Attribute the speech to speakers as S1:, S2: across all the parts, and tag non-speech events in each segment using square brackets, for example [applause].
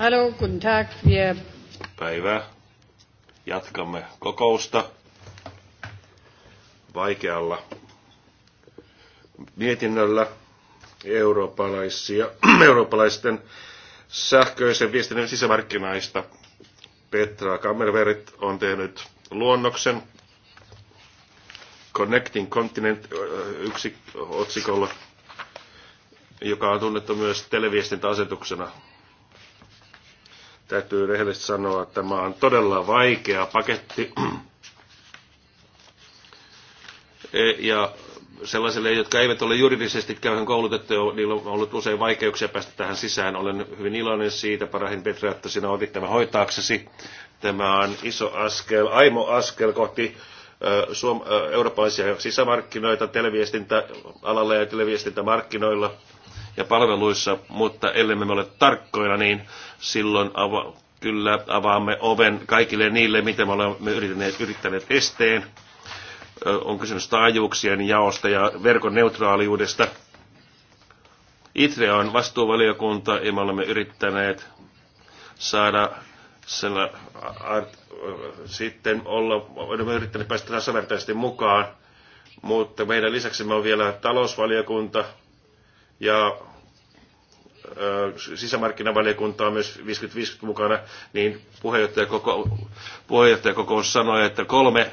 S1: Hallo, guten Tag. Wir...
S2: Päivää. Jatkamme kokousta vaikealla mietinnöllä eurooppalaisia, [clears throat] eurooppalaisten sähköisen viestinnän sisämarkkinaista. Petra Kammerverit on tehnyt luonnoksen Connecting Continent yksi otsikolla, joka on tunnettu myös televiestintäasetuksena Täytyy rehellisesti sanoa, että tämä on todella vaikea paketti. E, ja sellaisille, jotka eivät ole juridisesti käyhän koulutettu, niillä on ollut usein vaikeuksia päästä tähän sisään. Olen hyvin iloinen siitä, parahin Petra, että sinä otit tämän hoitaaksesi. Tämä on iso askel, aimo askel kohti suom- eurooppalaisia sisämarkkinoita televiestintäalalla ja televiestintämarkkinoilla ja palveluissa, mutta ellei me ole tarkkoina, niin silloin ava- kyllä avaamme oven kaikille niille, mitä me olemme yrittäneet, yrittäneet esteen. On kysymys taajuuksien jaosta ja verkon neutraaliudesta. ITRE on vastuuvaliokunta ja me olemme yrittäneet saada sillä, art, sitten olla, olemme yrittäneet päästä tasavertaisesti mukaan, mutta meidän lisäksi me on vielä talousvaliokunta, ja sisämarkkinavaliokunta on myös 50-50 mukana, niin puheenjohtajakoko, puheenjohtajakokous sanoi, että kolme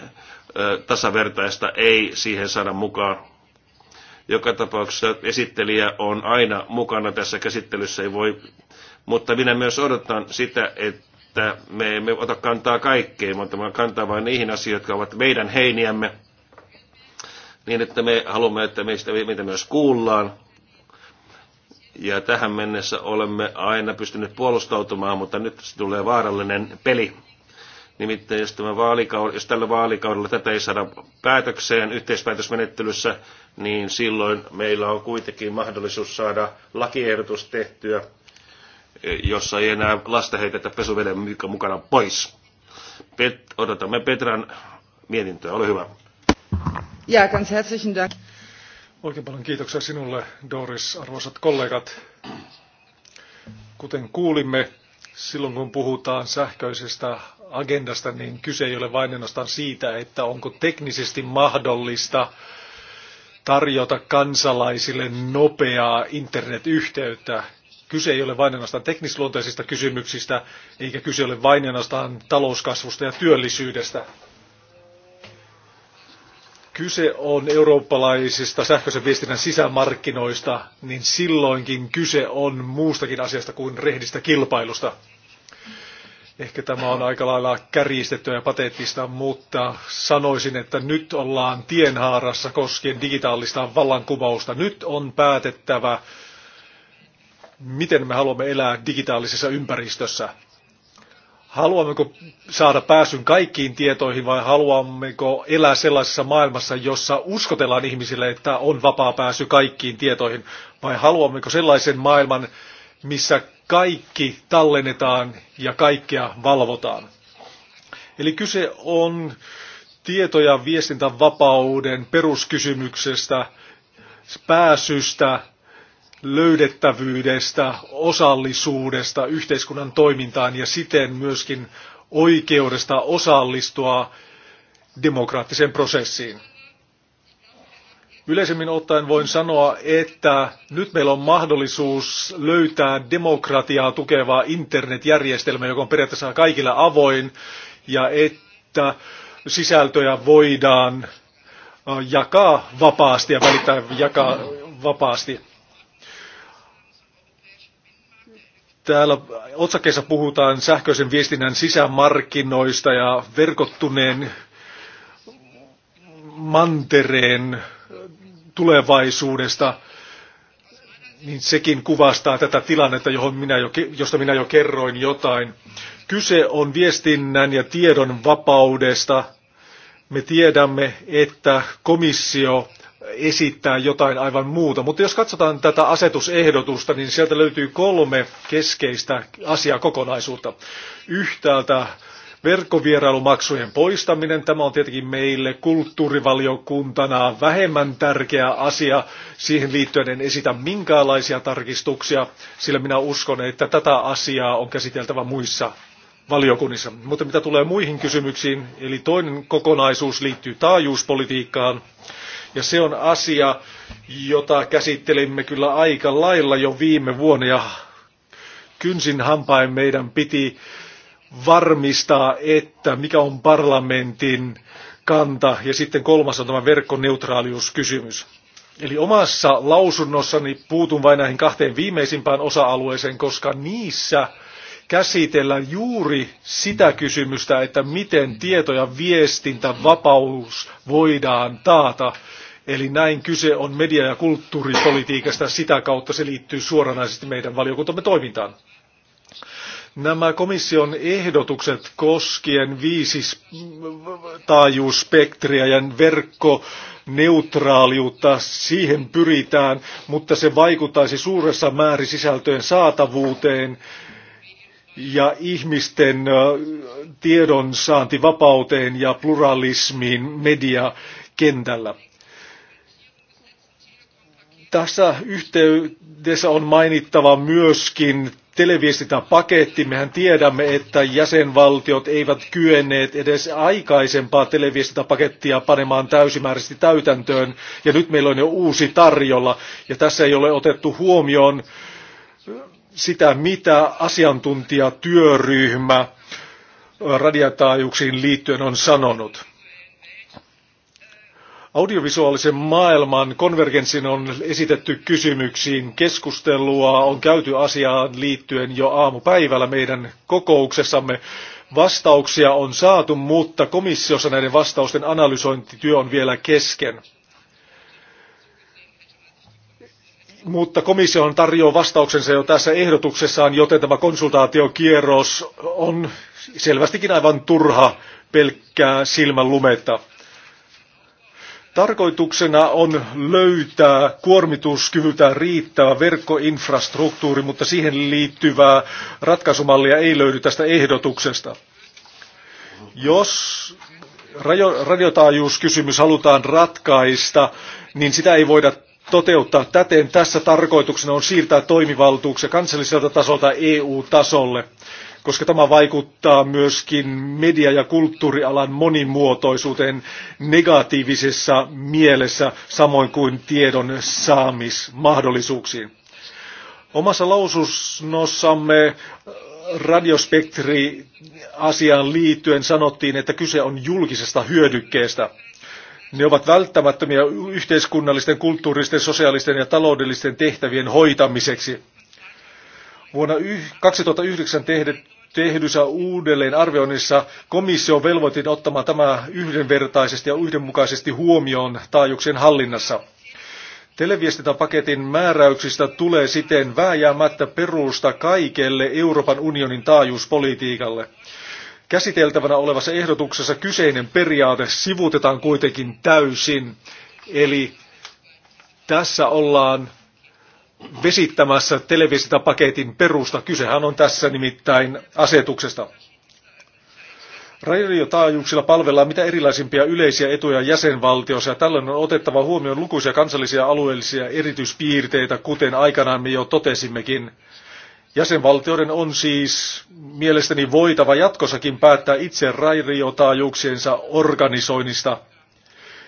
S2: tasavertaista ei siihen saada mukaan. Joka tapauksessa esittelijä on aina mukana tässä käsittelyssä, ei voi, mutta minä myös odotan sitä, että me emme ota kantaa kaikkeen, mutta me kantaa vain niihin asioihin, jotka ovat meidän heiniämme, niin että me haluamme, että meistä, meitä myös kuullaan, ja tähän mennessä olemme aina pystyneet puolustautumaan, mutta nyt tulee vaarallinen peli. Nimittäin jos, tämä vaalikaud- jos tällä vaalikaudella tätä ei saada päätökseen yhteispäätösmenettelyssä, niin silloin meillä on kuitenkin mahdollisuus saada lakiehdotus tehtyä, jossa ei enää lasta heitetä pesuveden mukana pois. Pet- odotamme Petran mietintöä. Ole hyvä.
S3: Ja, ganz herzlichen Dank. Oikein paljon kiitoksia sinulle, Doris, arvoisat kollegat. Kuten kuulimme, silloin kun puhutaan sähköisestä agendasta, niin kyse ei ole vain ainoastaan siitä, että onko teknisesti mahdollista tarjota kansalaisille nopeaa internetyhteyttä. Kyse ei ole vain ainoastaan teknisluonteisista kysymyksistä, eikä kyse ole vain ainoastaan talouskasvusta ja työllisyydestä kyse on eurooppalaisista sähköisen viestinnän sisämarkkinoista, niin silloinkin kyse on muustakin asiasta kuin rehdistä kilpailusta. Ehkä tämä on aika lailla kärjistettyä ja pateettista, mutta sanoisin, että nyt ollaan tienhaarassa koskien digitaalista vallankumousta. Nyt on päätettävä, miten me haluamme elää digitaalisessa ympäristössä. Haluammeko saada pääsyn kaikkiin tietoihin vai haluammeko elää sellaisessa maailmassa, jossa uskotellaan ihmisille, että on vapaa pääsy kaikkiin tietoihin? Vai haluammeko sellaisen maailman, missä kaikki tallennetaan ja kaikkea valvotaan? Eli kyse on tieto- ja viestintävapauden peruskysymyksestä, pääsystä löydettävyydestä, osallisuudesta yhteiskunnan toimintaan ja siten myöskin oikeudesta osallistua demokraattiseen prosessiin. Yleisemmin ottaen voin sanoa, että nyt meillä on mahdollisuus löytää demokratiaa tukevaa internetjärjestelmää, joka on periaatteessa kaikilla avoin, ja että sisältöjä voidaan äh, jakaa vapaasti ja välittää jakaa vapaasti. Täällä otsakeessa puhutaan sähköisen viestinnän sisämarkkinoista ja verkottuneen mantereen tulevaisuudesta, niin sekin kuvastaa tätä tilannetta, johon minä jo, josta minä jo kerroin jotain. Kyse on viestinnän ja tiedon vapaudesta. Me tiedämme, että komissio esittää jotain aivan muuta. Mutta jos katsotaan tätä asetusehdotusta, niin sieltä löytyy kolme keskeistä asiakokonaisuutta. Yhtäältä verkkovierailumaksujen poistaminen, tämä on tietenkin meille kulttuurivaliokuntana vähemmän tärkeä asia. Siihen liittyen en esitä minkäänlaisia tarkistuksia, sillä minä uskon, että tätä asiaa on käsiteltävä muissa valiokunnissa. Mutta mitä tulee muihin kysymyksiin, eli toinen kokonaisuus liittyy taajuuspolitiikkaan, ja se on asia, jota käsittelimme kyllä aika lailla jo viime vuonna ja kynsin hampain meidän piti varmistaa, että mikä on parlamentin kanta. Ja sitten kolmas on tämä verkkoneutraaliuskysymys. Eli omassa lausunnossani puutun vain näihin kahteen viimeisimpään osa-alueeseen, koska niissä käsitellään juuri sitä kysymystä, että miten tieto- ja viestintävapaus voidaan taata Eli näin kyse on media- ja kulttuuripolitiikasta, sitä kautta se liittyy suoranaisesti meidän valiokuntamme toimintaan. Nämä komission ehdotukset koskien viisi taajuusspektriä ja verkkoneutraaliutta, siihen pyritään, mutta se vaikuttaisi suuressa määrin sisältöjen saatavuuteen ja ihmisten tiedonsaantivapauteen ja pluralismiin mediakentällä. Tässä yhteydessä on mainittava myöskin televiestintäpaketti. Mehän tiedämme, että jäsenvaltiot eivät kyenneet edes aikaisempaa televiestintäpakettia panemaan täysimääräisesti täytäntöön, ja nyt meillä on jo uusi tarjolla, ja tässä ei ole otettu huomioon sitä, mitä asiantuntijatyöryhmä radiotaajuuksiin liittyen on sanonut. Audiovisuaalisen maailman konvergenssin on esitetty kysymyksiin. Keskustelua on käyty asiaan liittyen jo aamupäivällä meidän kokouksessamme. Vastauksia on saatu, mutta komissiossa näiden vastausten analysointityö on vielä kesken. Mutta komissio on tarjoaa vastauksensa jo tässä ehdotuksessaan, joten tämä konsultaatiokierros on selvästikin aivan turha pelkkää silmän lumetta. Tarkoituksena on löytää kuormituskyvyltään riittävä verkkoinfrastruktuuri, mutta siihen liittyvää ratkaisumallia ei löydy tästä ehdotuksesta. Jos radiotaajuuskysymys halutaan ratkaista, niin sitä ei voida toteuttaa täten. Tässä tarkoituksena on siirtää toimivaltuuksia kansalliselta tasolta EU-tasolle koska tämä vaikuttaa myöskin media- ja kulttuurialan monimuotoisuuteen negatiivisessa mielessä, samoin kuin tiedon saamismahdollisuuksiin. Omassa lausunnossamme äh, radiospektri-asiaan liittyen sanottiin, että kyse on julkisesta hyödykkeestä. Ne ovat välttämättömiä yhteiskunnallisten, kulttuuristen, sosiaalisten ja taloudellisten tehtävien hoitamiseksi. Vuonna 2009 tehdyssä uudelleen arvioinnissa komissio velvoitti ottamaan tämä yhdenvertaisesti ja yhdenmukaisesti huomioon taajuuksien hallinnassa. Televiestintäpaketin määräyksistä tulee siten vääjäämättä perusta kaikelle Euroopan unionin taajuuspolitiikalle. Käsiteltävänä olevassa ehdotuksessa kyseinen periaate sivutetaan kuitenkin täysin, eli tässä ollaan vesittämässä televisiopaketin perusta. Kysehän on tässä nimittäin asetuksesta. Radiotaajuuksilla palvellaan mitä erilaisimpia yleisiä etuja jäsenvaltioissa ja tällöin on otettava huomioon lukuisia kansallisia alueellisia erityispiirteitä, kuten aikanaan me jo totesimmekin. Jäsenvaltioiden on siis mielestäni voitava jatkossakin päättää itse radiotaajuuksiensa organisoinnista,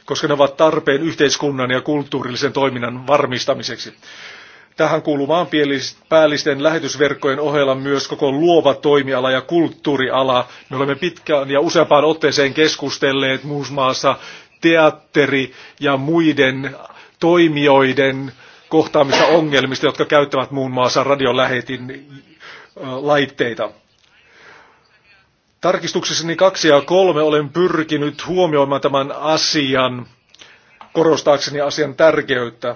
S3: koska ne ovat tarpeen yhteiskunnan ja kulttuurillisen toiminnan varmistamiseksi. Tähän kuuluu maanpäällisten lähetysverkkojen ohella myös koko luova toimiala ja kulttuuriala. Me olemme pitkään ja useampaan otteeseen keskustelleet muun maassa teatteri ja muiden toimijoiden kohtaamista ongelmista, jotka käyttävät muun muassa radiolähetin äh, laitteita. Tarkistuksessani kaksi ja kolme olen pyrkinyt huomioimaan tämän asian korostaakseni asian tärkeyttä.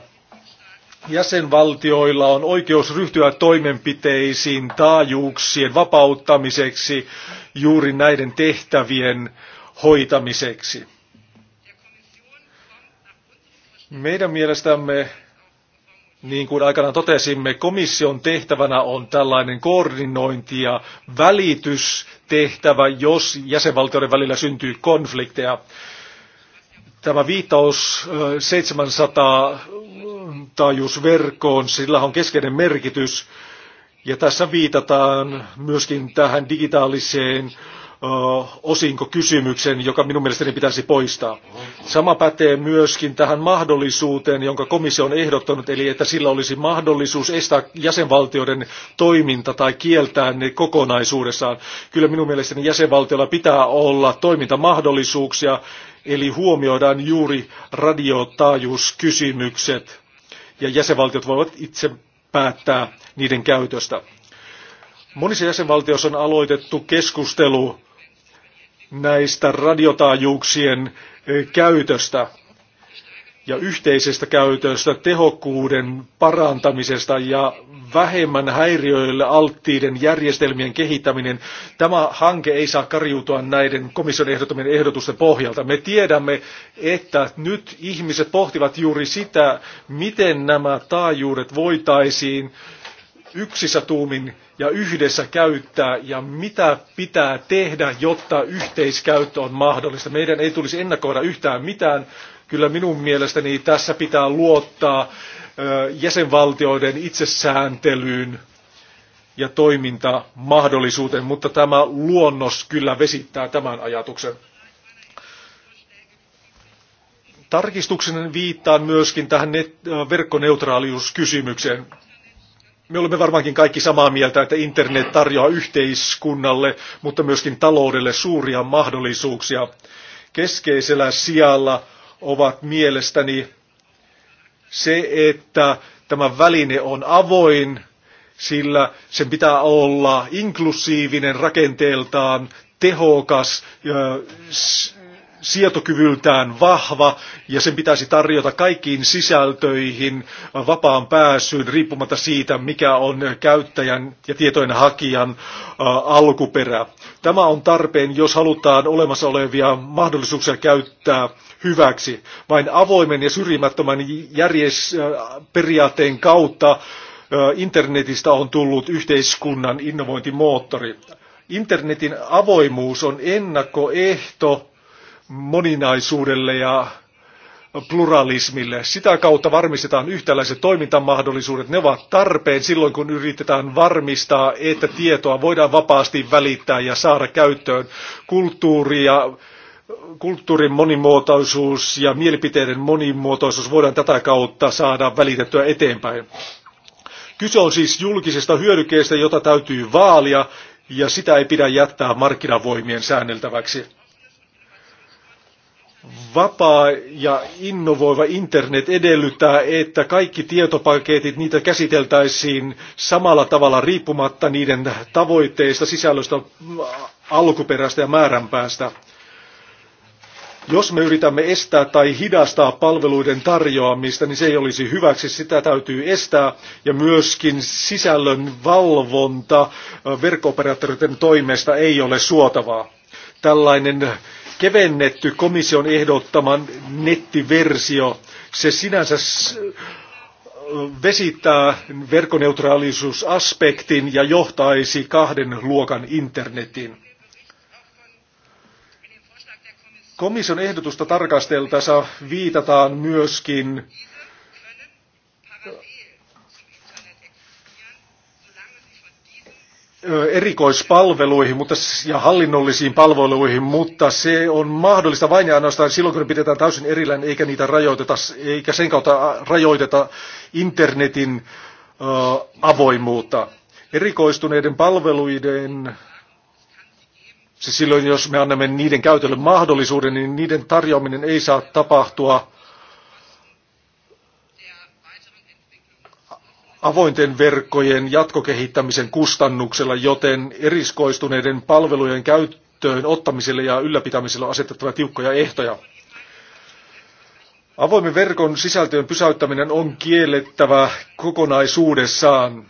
S3: Jäsenvaltioilla on oikeus ryhtyä toimenpiteisiin taajuuksien vapauttamiseksi juuri näiden tehtävien hoitamiseksi. Meidän mielestämme, niin kuin aikanaan totesimme, komission tehtävänä on tällainen koordinointi ja välitystehtävä, jos jäsenvaltioiden välillä syntyy konflikteja. Tämä viittaus 700 taajuusverkkoon, sillä on keskeinen merkitys. Ja tässä viitataan myöskin tähän digitaaliseen osinkokysymyksen, joka minun mielestäni pitäisi poistaa. Sama pätee myöskin tähän mahdollisuuteen, jonka komissio on ehdottanut, eli että sillä olisi mahdollisuus estää jäsenvaltioiden toiminta tai kieltää ne kokonaisuudessaan. Kyllä minun mielestäni jäsenvaltiolla pitää olla toimintamahdollisuuksia, eli huomioidaan juuri radiotaajuuskysymykset ja jäsenvaltiot voivat itse päättää niiden käytöstä. Monissa jäsenvaltioissa on aloitettu keskustelu näistä radiotaajuuksien eh, käytöstä ja yhteisestä käytöstä, tehokkuuden parantamisesta ja vähemmän häiriöille alttiiden järjestelmien kehittäminen. Tämä hanke ei saa kariutua näiden komission ehdottomien ehdotusten pohjalta. Me tiedämme, että nyt ihmiset pohtivat juuri sitä, miten nämä taajuudet voitaisiin yksissä tuumin ja yhdessä käyttää ja mitä pitää tehdä, jotta yhteiskäyttö on mahdollista. Meidän ei tulisi ennakoida yhtään mitään, Kyllä minun mielestäni tässä pitää luottaa jäsenvaltioiden itsesääntelyyn ja toimintamahdollisuuteen, mutta tämä luonnos kyllä vesittää tämän ajatuksen. Tarkistuksen viittaan myöskin tähän net- verkkoneutraaliuskysymykseen. Me olemme varmaankin kaikki samaa mieltä, että internet tarjoaa yhteiskunnalle, mutta myöskin taloudelle suuria mahdollisuuksia. Keskeisellä sijalla ovat mielestäni se, että tämä väline on avoin, sillä sen pitää olla inklusiivinen rakenteeltaan, tehokas, sietokyvyltään vahva ja sen pitäisi tarjota kaikkiin sisältöihin vapaan pääsyyn riippumatta siitä, mikä on käyttäjän ja tietojen hakijan alkuperä. Tämä on tarpeen, jos halutaan olemassa olevia mahdollisuuksia käyttää hyväksi. Vain avoimen ja syrjimättömän järjes- kautta internetistä on tullut yhteiskunnan innovointimoottori. Internetin avoimuus on ennakkoehto moninaisuudelle ja pluralismille. Sitä kautta varmistetaan yhtäläiset toimintamahdollisuudet. Ne ovat tarpeen silloin, kun yritetään varmistaa, että tietoa voidaan vapaasti välittää ja saada käyttöön. Kulttuuri ja kulttuurin monimuotoisuus ja mielipiteiden monimuotoisuus voidaan tätä kautta saada välitettyä eteenpäin. Kyse on siis julkisesta hyödykkeestä, jota täytyy vaalia, ja sitä ei pidä jättää markkinavoimien säänneltäväksi. Vapaa ja innovoiva internet edellyttää, että kaikki tietopaketit, niitä käsiteltäisiin samalla tavalla riippumatta niiden tavoitteista, sisällöstä, alkuperästä ja määränpäästä. Jos me yritämme estää tai hidastaa palveluiden tarjoamista, niin se ei olisi hyväksi. Sitä täytyy estää ja myöskin sisällön valvonta verkkooperaattoreiden toimesta ei ole suotavaa. Tällainen kevennetty komission ehdottaman nettiversio. Se sinänsä vesittää verkoneutraalisuusaspektin ja johtaisi kahden luokan internetin. Komission ehdotusta tarkasteltaessa viitataan myöskin erikoispalveluihin mutta, ja hallinnollisiin palveluihin, mutta se on mahdollista vain ja ainoastaan silloin, kun ne pidetään täysin erillään, eikä niitä rajoiteta, eikä sen kautta rajoiteta internetin ö, avoimuutta. Erikoistuneiden palveluiden, siis silloin jos me annamme niiden käytölle mahdollisuuden, niin niiden tarjoaminen ei saa tapahtua avointen verkkojen jatkokehittämisen kustannuksella, joten eriskoistuneiden palvelujen käyttöön ottamiselle ja ylläpitämiselle on asetettava tiukkoja ehtoja. Avoimen verkon sisältöjen pysäyttäminen on kiellettävä kokonaisuudessaan.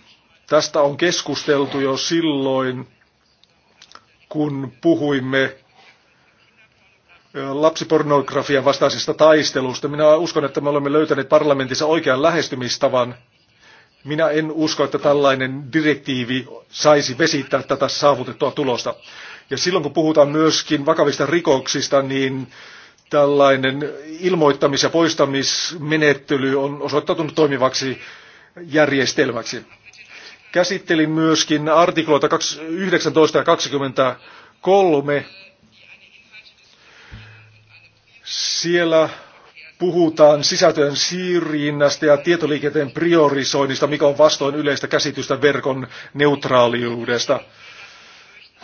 S3: Tästä on keskusteltu jo silloin, kun puhuimme lapsipornografian vastaisesta taistelusta. Minä uskon, että me olemme löytäneet parlamentissa oikean lähestymistavan – minä en usko, että tällainen direktiivi saisi vesittää tätä saavutettua tulosta. Ja silloin kun puhutaan myöskin vakavista rikoksista, niin tällainen ilmoittamis- ja poistamismenettely on osoittautunut toimivaksi järjestelmäksi. Käsittelin myöskin artikloita 19 ja 23. Siellä puhutaan sisältöjen siirrinnästä ja tietoliikenteen priorisoinnista, mikä on vastoin yleistä käsitystä verkon neutraaliudesta.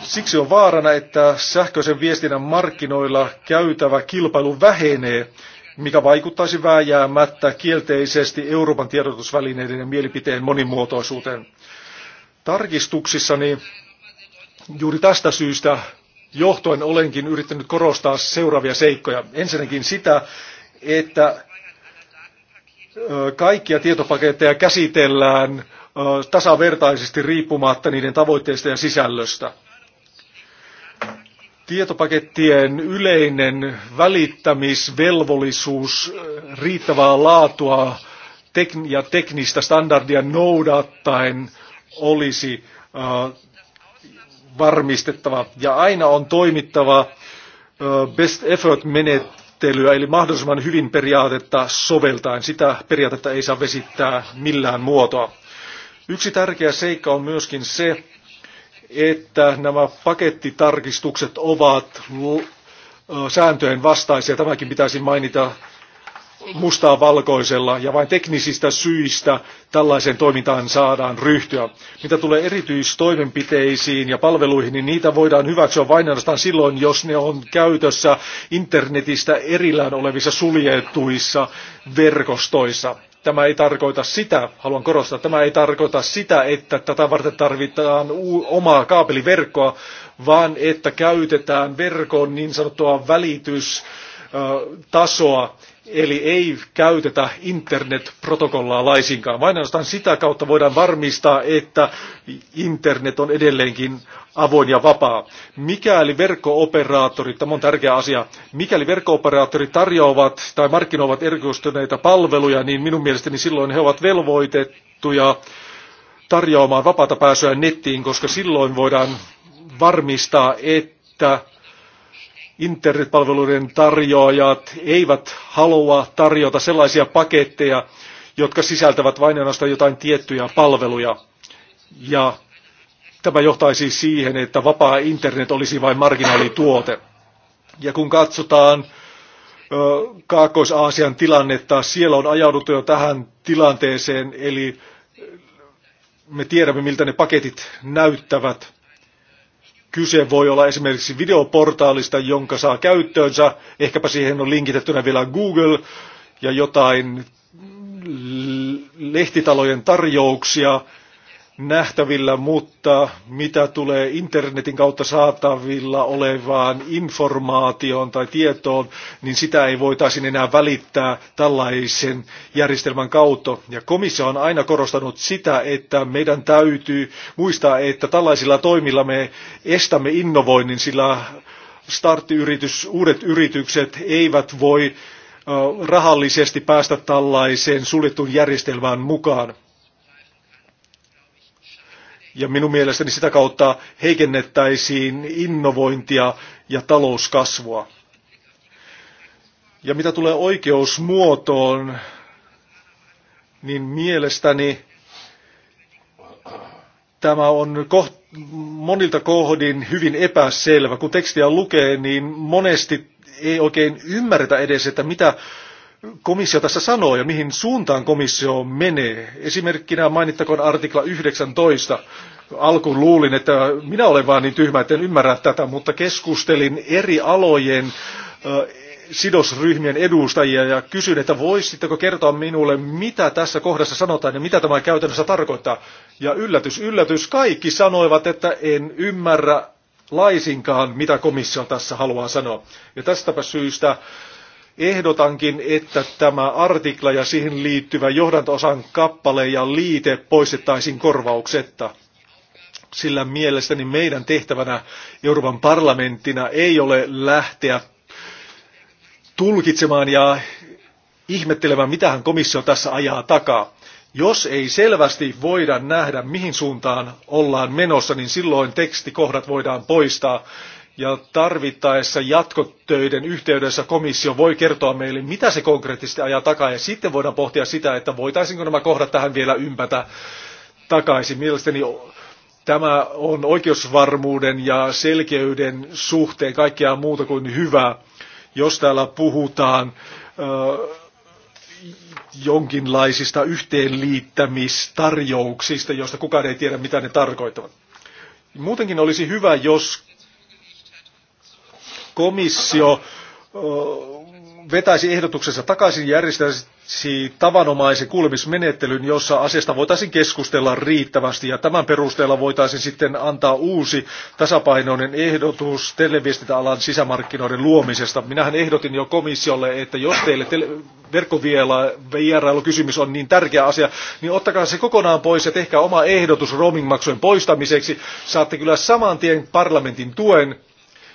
S3: Siksi on vaarana, että sähköisen viestinnän markkinoilla käytävä kilpailu vähenee, mikä vaikuttaisi vääjäämättä kielteisesti Euroopan tiedotusvälineiden ja mielipiteen monimuotoisuuteen. Tarkistuksissani juuri tästä syystä johtuen olenkin yrittänyt korostaa seuraavia seikkoja. Ensinnäkin sitä, että kaikkia tietopaketteja käsitellään tasavertaisesti riippumatta niiden tavoitteista ja sisällöstä. Tietopakettien yleinen välittämisvelvollisuus riittävää laatua ja teknistä standardia noudattaen olisi varmistettava. Ja aina on toimittava best effort menet sääntelyä, eli mahdollisimman hyvin periaatetta soveltaen. Sitä periaatetta ei saa vesittää millään muotoa. Yksi tärkeä seikka on myöskin se, että nämä pakettitarkistukset ovat sääntöjen vastaisia. Tämäkin pitäisi mainita mustaa valkoisella ja vain teknisistä syistä tällaiseen toimintaan saadaan ryhtyä. Mitä tulee erityistoimenpiteisiin ja palveluihin, niin niitä voidaan hyväksyä vain ainoastaan silloin, jos ne on käytössä internetistä erillään olevissa suljetuissa verkostoissa. Tämä ei tarkoita sitä, haluan korostaa, tämä ei tarkoita sitä, että tätä varten tarvitaan omaa kaapeliverkkoa, vaan että käytetään verkon niin sanottua välitystasoa. tasoa Eli ei käytetä internetprotokollaa laisinkaan, vain ainoastaan sitä kautta voidaan varmistaa, että internet on edelleenkin avoin ja vapaa. Mikäli verkkooperaattorit, tämä on tärkeä asia, mikäli verkkooperaattorit tarjoavat tai markkinoivat erikoistuneita palveluja, niin minun mielestäni silloin he ovat velvoitettuja tarjoamaan vapaata pääsyä nettiin, koska silloin voidaan varmistaa, että Internetpalveluiden tarjoajat eivät halua tarjota sellaisia paketteja, jotka sisältävät vain ainoastaan jotain tiettyjä palveluja. Ja tämä johtaisi siis siihen, että vapaa internet olisi vain marginaalituote. Ja kun katsotaan Kaakkois-Aasian tilannetta, siellä on ajauduttu jo tähän tilanteeseen, eli me tiedämme, miltä ne paketit näyttävät. Kyse voi olla esimerkiksi videoportaalista, jonka saa käyttöönsä. Ehkäpä siihen on linkitettynä vielä Google ja jotain lehtitalojen tarjouksia nähtävillä, mutta mitä tulee internetin kautta saatavilla olevaan informaatioon tai tietoon, niin sitä ei voitaisiin enää välittää tällaisen järjestelmän kautta. Ja komissio on aina korostanut sitä, että meidän täytyy muistaa, että tällaisilla toimilla me estämme innovoinnin, sillä starttiyritys, uudet yritykset eivät voi rahallisesti päästä tällaiseen suljettuun järjestelmään mukaan. Ja minun mielestäni sitä kautta heikennettäisiin innovointia ja talouskasvua. Ja mitä tulee oikeusmuotoon, niin mielestäni tämä on koht, monilta kohdin hyvin epäselvä. Kun tekstiä lukee, niin monesti ei oikein ymmärretä edes, että mitä komissio tässä sanoo ja mihin suuntaan komissio menee. Esimerkkinä mainittakoon artikla 19. Alkuun luulin, että minä olen vain niin tyhmä, että en ymmärrä tätä, mutta keskustelin eri alojen sidosryhmien edustajia ja kysyin, että voisitteko kertoa minulle, mitä tässä kohdassa sanotaan ja mitä tämä käytännössä tarkoittaa. Ja yllätys, yllätys, kaikki sanoivat, että en ymmärrä laisinkaan, mitä komissio tässä haluaa sanoa. Ja tästäpä syystä Ehdotankin, että tämä artikla ja siihen liittyvä johdantosan kappale ja liite poistettaisiin korvauksetta. Sillä mielestäni meidän tehtävänä Euroopan parlamenttina ei ole lähteä tulkitsemaan ja ihmettelemään, mitähän komissio tässä ajaa takaa. Jos ei selvästi voida nähdä, mihin suuntaan ollaan menossa, niin silloin tekstikohdat voidaan poistaa ja tarvittaessa jatkotöiden yhteydessä komissio voi kertoa meille, mitä se konkreettisesti ajaa takaa, ja sitten voidaan pohtia sitä, että voitaisiinko nämä kohdat tähän vielä ympätä takaisin. Mielestäni tämä on oikeusvarmuuden ja selkeyden suhteen kaikkea muuta kuin hyvä, jos täällä puhutaan jonkinlaisista yhteenliittämistarjouksista, joista kukaan ei tiedä, mitä ne tarkoittavat. Muutenkin olisi hyvä, jos komissio vetäisi ehdotuksensa takaisin ja järjestäisi tavanomaisen kuulemismenettelyn, jossa asiasta voitaisiin keskustella riittävästi ja tämän perusteella voitaisiin sitten antaa uusi tasapainoinen ehdotus televiestintäalan sisämarkkinoiden luomisesta. Minähän ehdotin jo komissiolle, että jos teille tele- verkkovierailukysymys on niin tärkeä asia, niin ottakaa se kokonaan pois ja tehkää oma ehdotus roamingmaksujen poistamiseksi. Saatte kyllä saman tien parlamentin tuen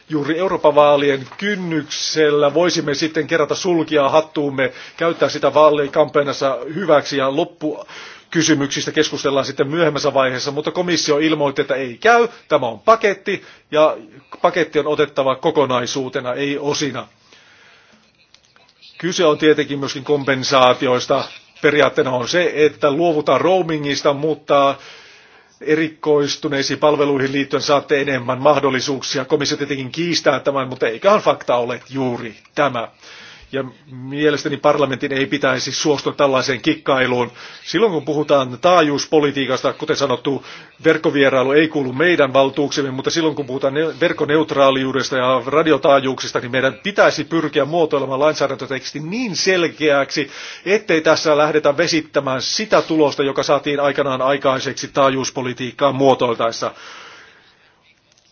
S3: juuri Euroopan vaalien kynnyksellä voisimme sitten kerätä sulkia hattuumme, käyttää sitä vaalikampanjassa hyväksi ja loppu kysymyksistä keskustellaan sitten myöhemmässä vaiheessa, mutta komissio ilmoitti, että ei käy, tämä on paketti ja paketti on otettava kokonaisuutena, ei osina. Kyse on tietenkin myöskin kompensaatioista. Periaatteena on se, että luovutaan roamingista, mutta erikoistuneisiin palveluihin liittyen saatte enemmän mahdollisuuksia. Komissio tietenkin kiistää tämän, mutta eiköhän fakta ole juuri tämä. Ja mielestäni parlamentin ei pitäisi suostua tällaiseen kikkailuun. Silloin kun puhutaan taajuuspolitiikasta, kuten sanottu, verkkovierailu ei kuulu meidän valtuuksimme, mutta silloin kun puhutaan verkkoneutraaliudesta ja radiotaajuuksista, niin meidän pitäisi pyrkiä muotoilemaan lainsäädäntöteksti niin selkeäksi, ettei tässä lähdetä vesittämään sitä tulosta, joka saatiin aikanaan aikaiseksi taajuuspolitiikkaa muotoiltaessa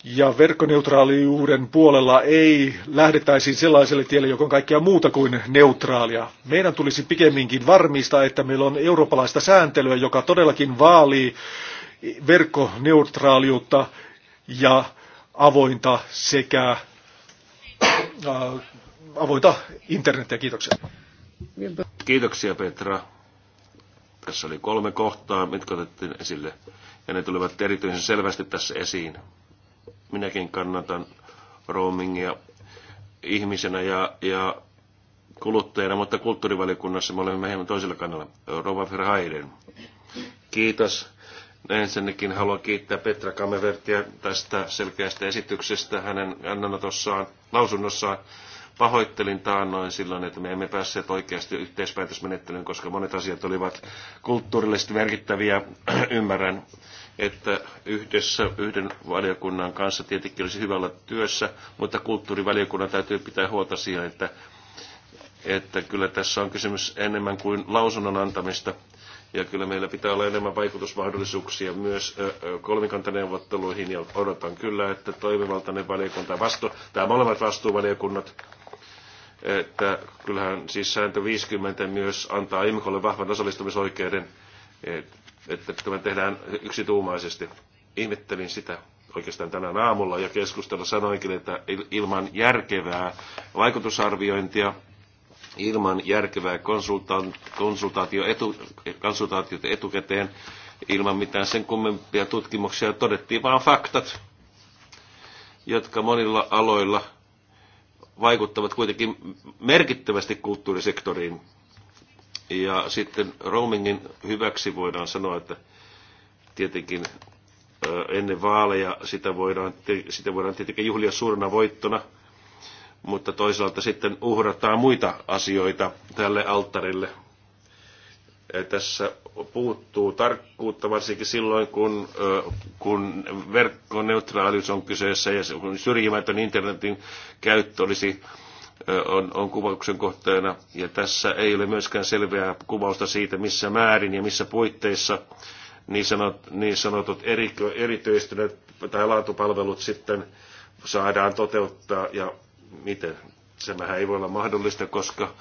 S3: ja verkkoneutraaliuden puolella ei lähdettäisi sellaiselle tielle, joka on kaikkea muuta kuin neutraalia. Meidän tulisi pikemminkin varmistaa, että meillä on eurooppalaista sääntelyä, joka todellakin vaalii verkkoneutraaliutta ja avointa sekä äh, avointa internetiä. Kiitoksia.
S2: Kiitoksia Petra. Tässä oli kolme kohtaa, mitkä otettiin esille, ja ne tulevat erityisen selvästi tässä esiin. Minäkin kannatan roamingia ihmisenä ja, ja kuluttajana, mutta kulttuurivalikunnassa me olemme hieman toisella kannalla. Rova Verheiden. Kiitos. Ensinnäkin haluan kiittää Petra Kamevertia tästä selkeästä esityksestä hänen annanotossaan, lausunnossaan. Pahoittelin taannoin silloin, että me emme päässeet oikeasti yhteispäätösmenettelyyn, koska monet asiat olivat kulttuurillisesti merkittäviä, ymmärrän että yhdessä yhden valiokunnan kanssa tietenkin olisi hyvällä työssä, mutta kulttuurivaliokunnan täytyy pitää huolta siihen, että, että kyllä tässä on kysymys enemmän kuin lausunnon antamista. Ja kyllä meillä pitää olla enemmän vaikutusmahdollisuuksia myös kolmikantaneuvotteluihin ja odotan kyllä, että toimivaltainen valiokunta vastu, tämä molemmat vastuuvaliokunnat, että kyllähän siis sääntö 50 myös antaa IMKOlle vahvan osallistumisoikeuden, että että me tehdään yksituumaisesti. Ihmettelin sitä oikeastaan tänään aamulla ja keskustella sanoinkin, että ilman järkevää vaikutusarviointia, ilman järkevää konsultaatio etu, konsultaatiota etukäteen, ilman mitään sen kummempia tutkimuksia, todettiin vain faktat, jotka monilla aloilla vaikuttavat kuitenkin merkittävästi kulttuurisektoriin ja sitten roamingin hyväksi voidaan sanoa, että tietenkin ennen vaaleja sitä voidaan, sitä voidaan tietenkin juhlia suurena voittona, mutta toisaalta sitten uhrataan muita asioita tälle alttarille. Ja tässä puuttuu tarkkuutta varsinkin silloin, kun, kun verkkoneutraalius on kyseessä ja kun syrjimätön internetin käyttö olisi on, on kuvauksen kohteena, ja tässä ei ole myöskään selveää kuvausta siitä, missä määrin ja missä puitteissa niin, sanot, niin sanotut eri, erityistyneet tai laatupalvelut sitten saadaan toteuttaa ja miten. Semähän ei voi olla mahdollista, koska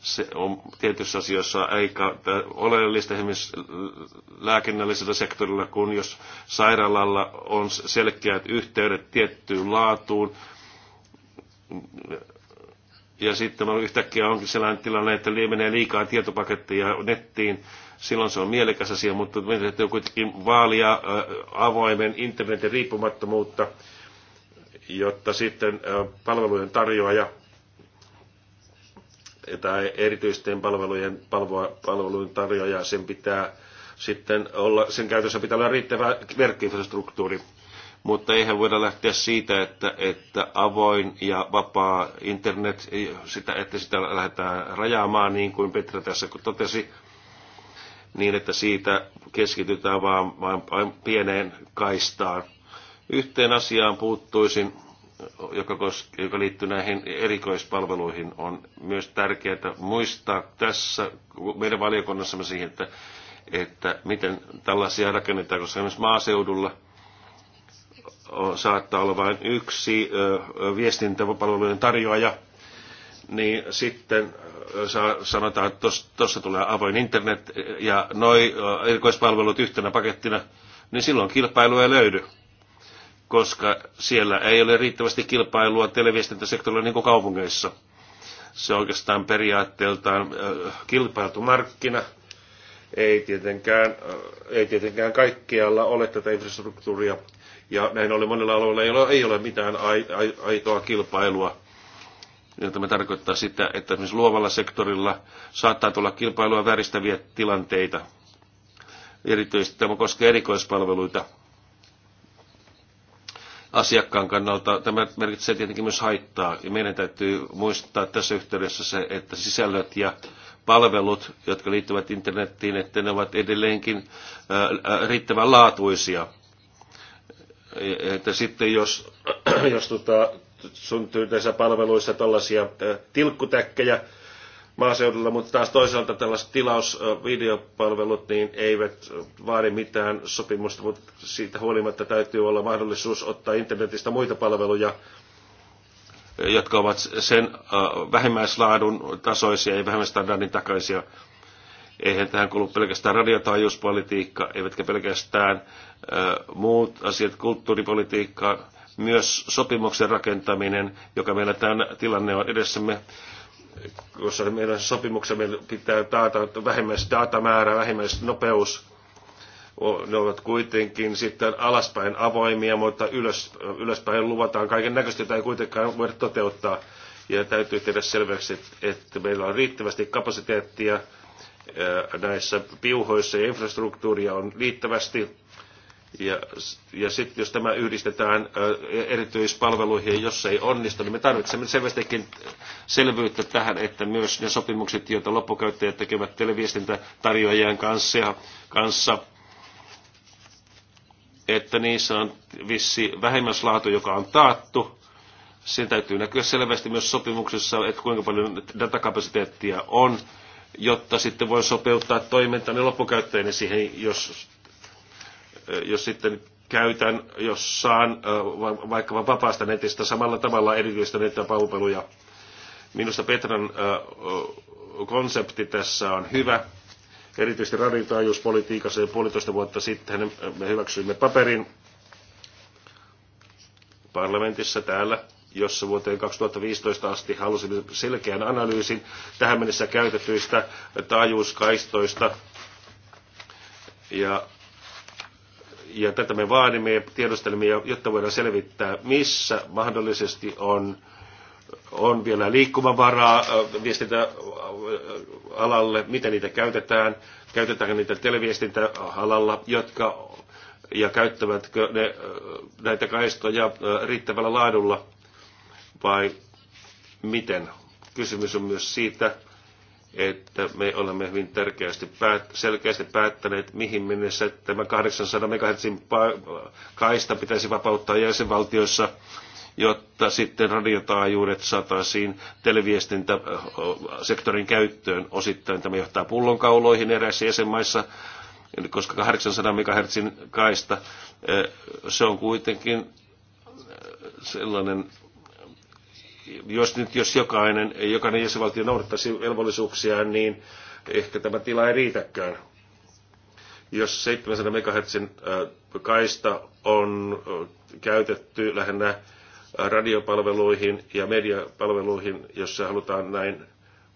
S2: se on tietyissä asioissa aika oleellista esimerkiksi lääkinnällisellä sektorilla, kun jos sairaalalla on selkeät yhteydet tiettyyn laatuun, ja sitten on yhtäkkiä onkin sellainen tilanne, että menee liikaa tietopaketteja nettiin, silloin se on mielekäs asia, mutta meidän on kuitenkin vaalia avoimen internetin riippumattomuutta, jotta sitten palvelujen tarjoaja tai erityisten palvelujen, palvelujen tarjoaja, sen pitää sitten olla, sen käytössä pitää olla riittävä verkkoinfrastruktuuri mutta eihän voida lähteä siitä, että, että avoin ja vapaa internet, sitä, että sitä lähdetään rajaamaan, niin kuin Petra tässä kun totesi, niin että siitä keskitytään vaan, vaan, vaan pieneen kaistaan. Yhteen asiaan puuttuisin, joka, koske, joka liittyy näihin erikoispalveluihin, on myös tärkeää muistaa tässä meidän valiokunnassamme siihen, että, että miten tällaisia rakennetaan, koska esimerkiksi maaseudulla – saattaa olla vain yksi viestintäpalvelujen tarjoaja, niin sitten sanotaan, että tuossa tulee avoin internet ja noi erikoispalvelut yhtenä pakettina, niin silloin kilpailu ei löydy, koska siellä ei ole riittävästi kilpailua televiestintäsektorilla niin kuin kaupungeissa. Se on oikeastaan periaatteeltaan kilpailtu markkina. Ei tietenkään, ei tietenkään kaikkialla ole tätä infrastruktuuria ja näin ollen monella alueella ei ole, ei ole mitään aitoa kilpailua. Ja tämä tarkoittaa sitä, että esimerkiksi luovalla sektorilla saattaa tulla kilpailua vääristäviä tilanteita. Erityisesti tämä koskee erikoispalveluita asiakkaan kannalta. Tämä merkitsee tietenkin myös haittaa. Ja meidän täytyy muistaa tässä yhteydessä se, että sisällöt ja palvelut, jotka liittyvät internettiin, että ne ovat edelleenkin riittävän laatuisia – että sitten jos, [clears throat] jos tota, syntyy näissä palveluissa tällaisia tilkkutäkkejä maaseudulla, mutta taas toisaalta tällaiset tilausvideopalvelut niin eivät vaadi mitään sopimusta, mutta siitä huolimatta täytyy olla mahdollisuus ottaa internetistä muita palveluja, jotka ovat sen vähimmäislaadun tasoisia ja vähimmäistandardin takaisia eihän tähän kuulu pelkästään radiotaajuuspolitiikka, eivätkä pelkästään muut asiat, kulttuuripolitiikka, myös sopimuksen rakentaminen, joka meillä tämä tilanne on edessämme, koska meidän sopimuksemme pitää taata vähimmäisdatamäärä, vähimmäisnopeus, ne ovat kuitenkin sitten alaspäin avoimia, mutta ylös, ylöspäin luvataan kaiken näköistä, jota ei kuitenkaan voi toteuttaa. Ja täytyy tehdä selväksi, että meillä on riittävästi kapasiteettia näissä piuhoissa ja infrastruktuuria on riittävästi ja, ja sitten jos tämä yhdistetään erityispalveluihin, jos se ei onnistu, niin me tarvitsemme selvästikin selvyyttä tähän, että myös ne sopimukset, joita loppukäyttäjät tekevät televiestintätarjoajien kanssa, kanssa että niissä on vissi vähimmäislaatu, joka on taattu. Sen täytyy näkyä selvästi myös sopimuksessa, että kuinka paljon datakapasiteettia on, jotta sitten voi sopeuttaa toimintani loppukäyttäjäni niin siihen, jos jos sitten käytän, jos saan vaikkapa vapaasta netistä samalla tavalla erityistä palveluja. Minusta Petran konsepti tässä on hyvä. Erityisesti radiotaajuuspolitiikassa jo puolitoista vuotta sitten me hyväksyimme paperin parlamentissa täällä, jossa vuoteen 2015 asti halusimme selkeän analyysin tähän mennessä käytetyistä taajuuskaistoista ja ja tätä me vaadimme ja tiedostelemme, jotta voidaan selvittää, missä mahdollisesti on, on vielä liikkumavaraa viestintäalalle, miten niitä käytetään, käytetäänkö niitä televiestintäalalla, jotka ja käyttävätkö ne näitä kaistoja riittävällä laadulla vai miten. Kysymys on myös siitä, että me olemme hyvin tärkeästi päät- selkeästi päättäneet, mihin mennessä tämä 800 megahertsin kaista pitäisi vapauttaa jäsenvaltioissa, jotta sitten radiotaajuudet saataisiin televiestintäsektorin käyttöön osittain. Tämä johtaa pullonkauloihin eräissä jäsenmaissa, koska 800 megahertsin kaista, eh, se on kuitenkin eh, sellainen jos nyt jos jokainen, jokainen jäsenvaltio noudattaisi velvollisuuksiaan, niin ehkä tämä tila ei riitäkään. Jos 700 MHz äh, kaista on äh, käytetty lähinnä radiopalveluihin ja mediapalveluihin, se halutaan näin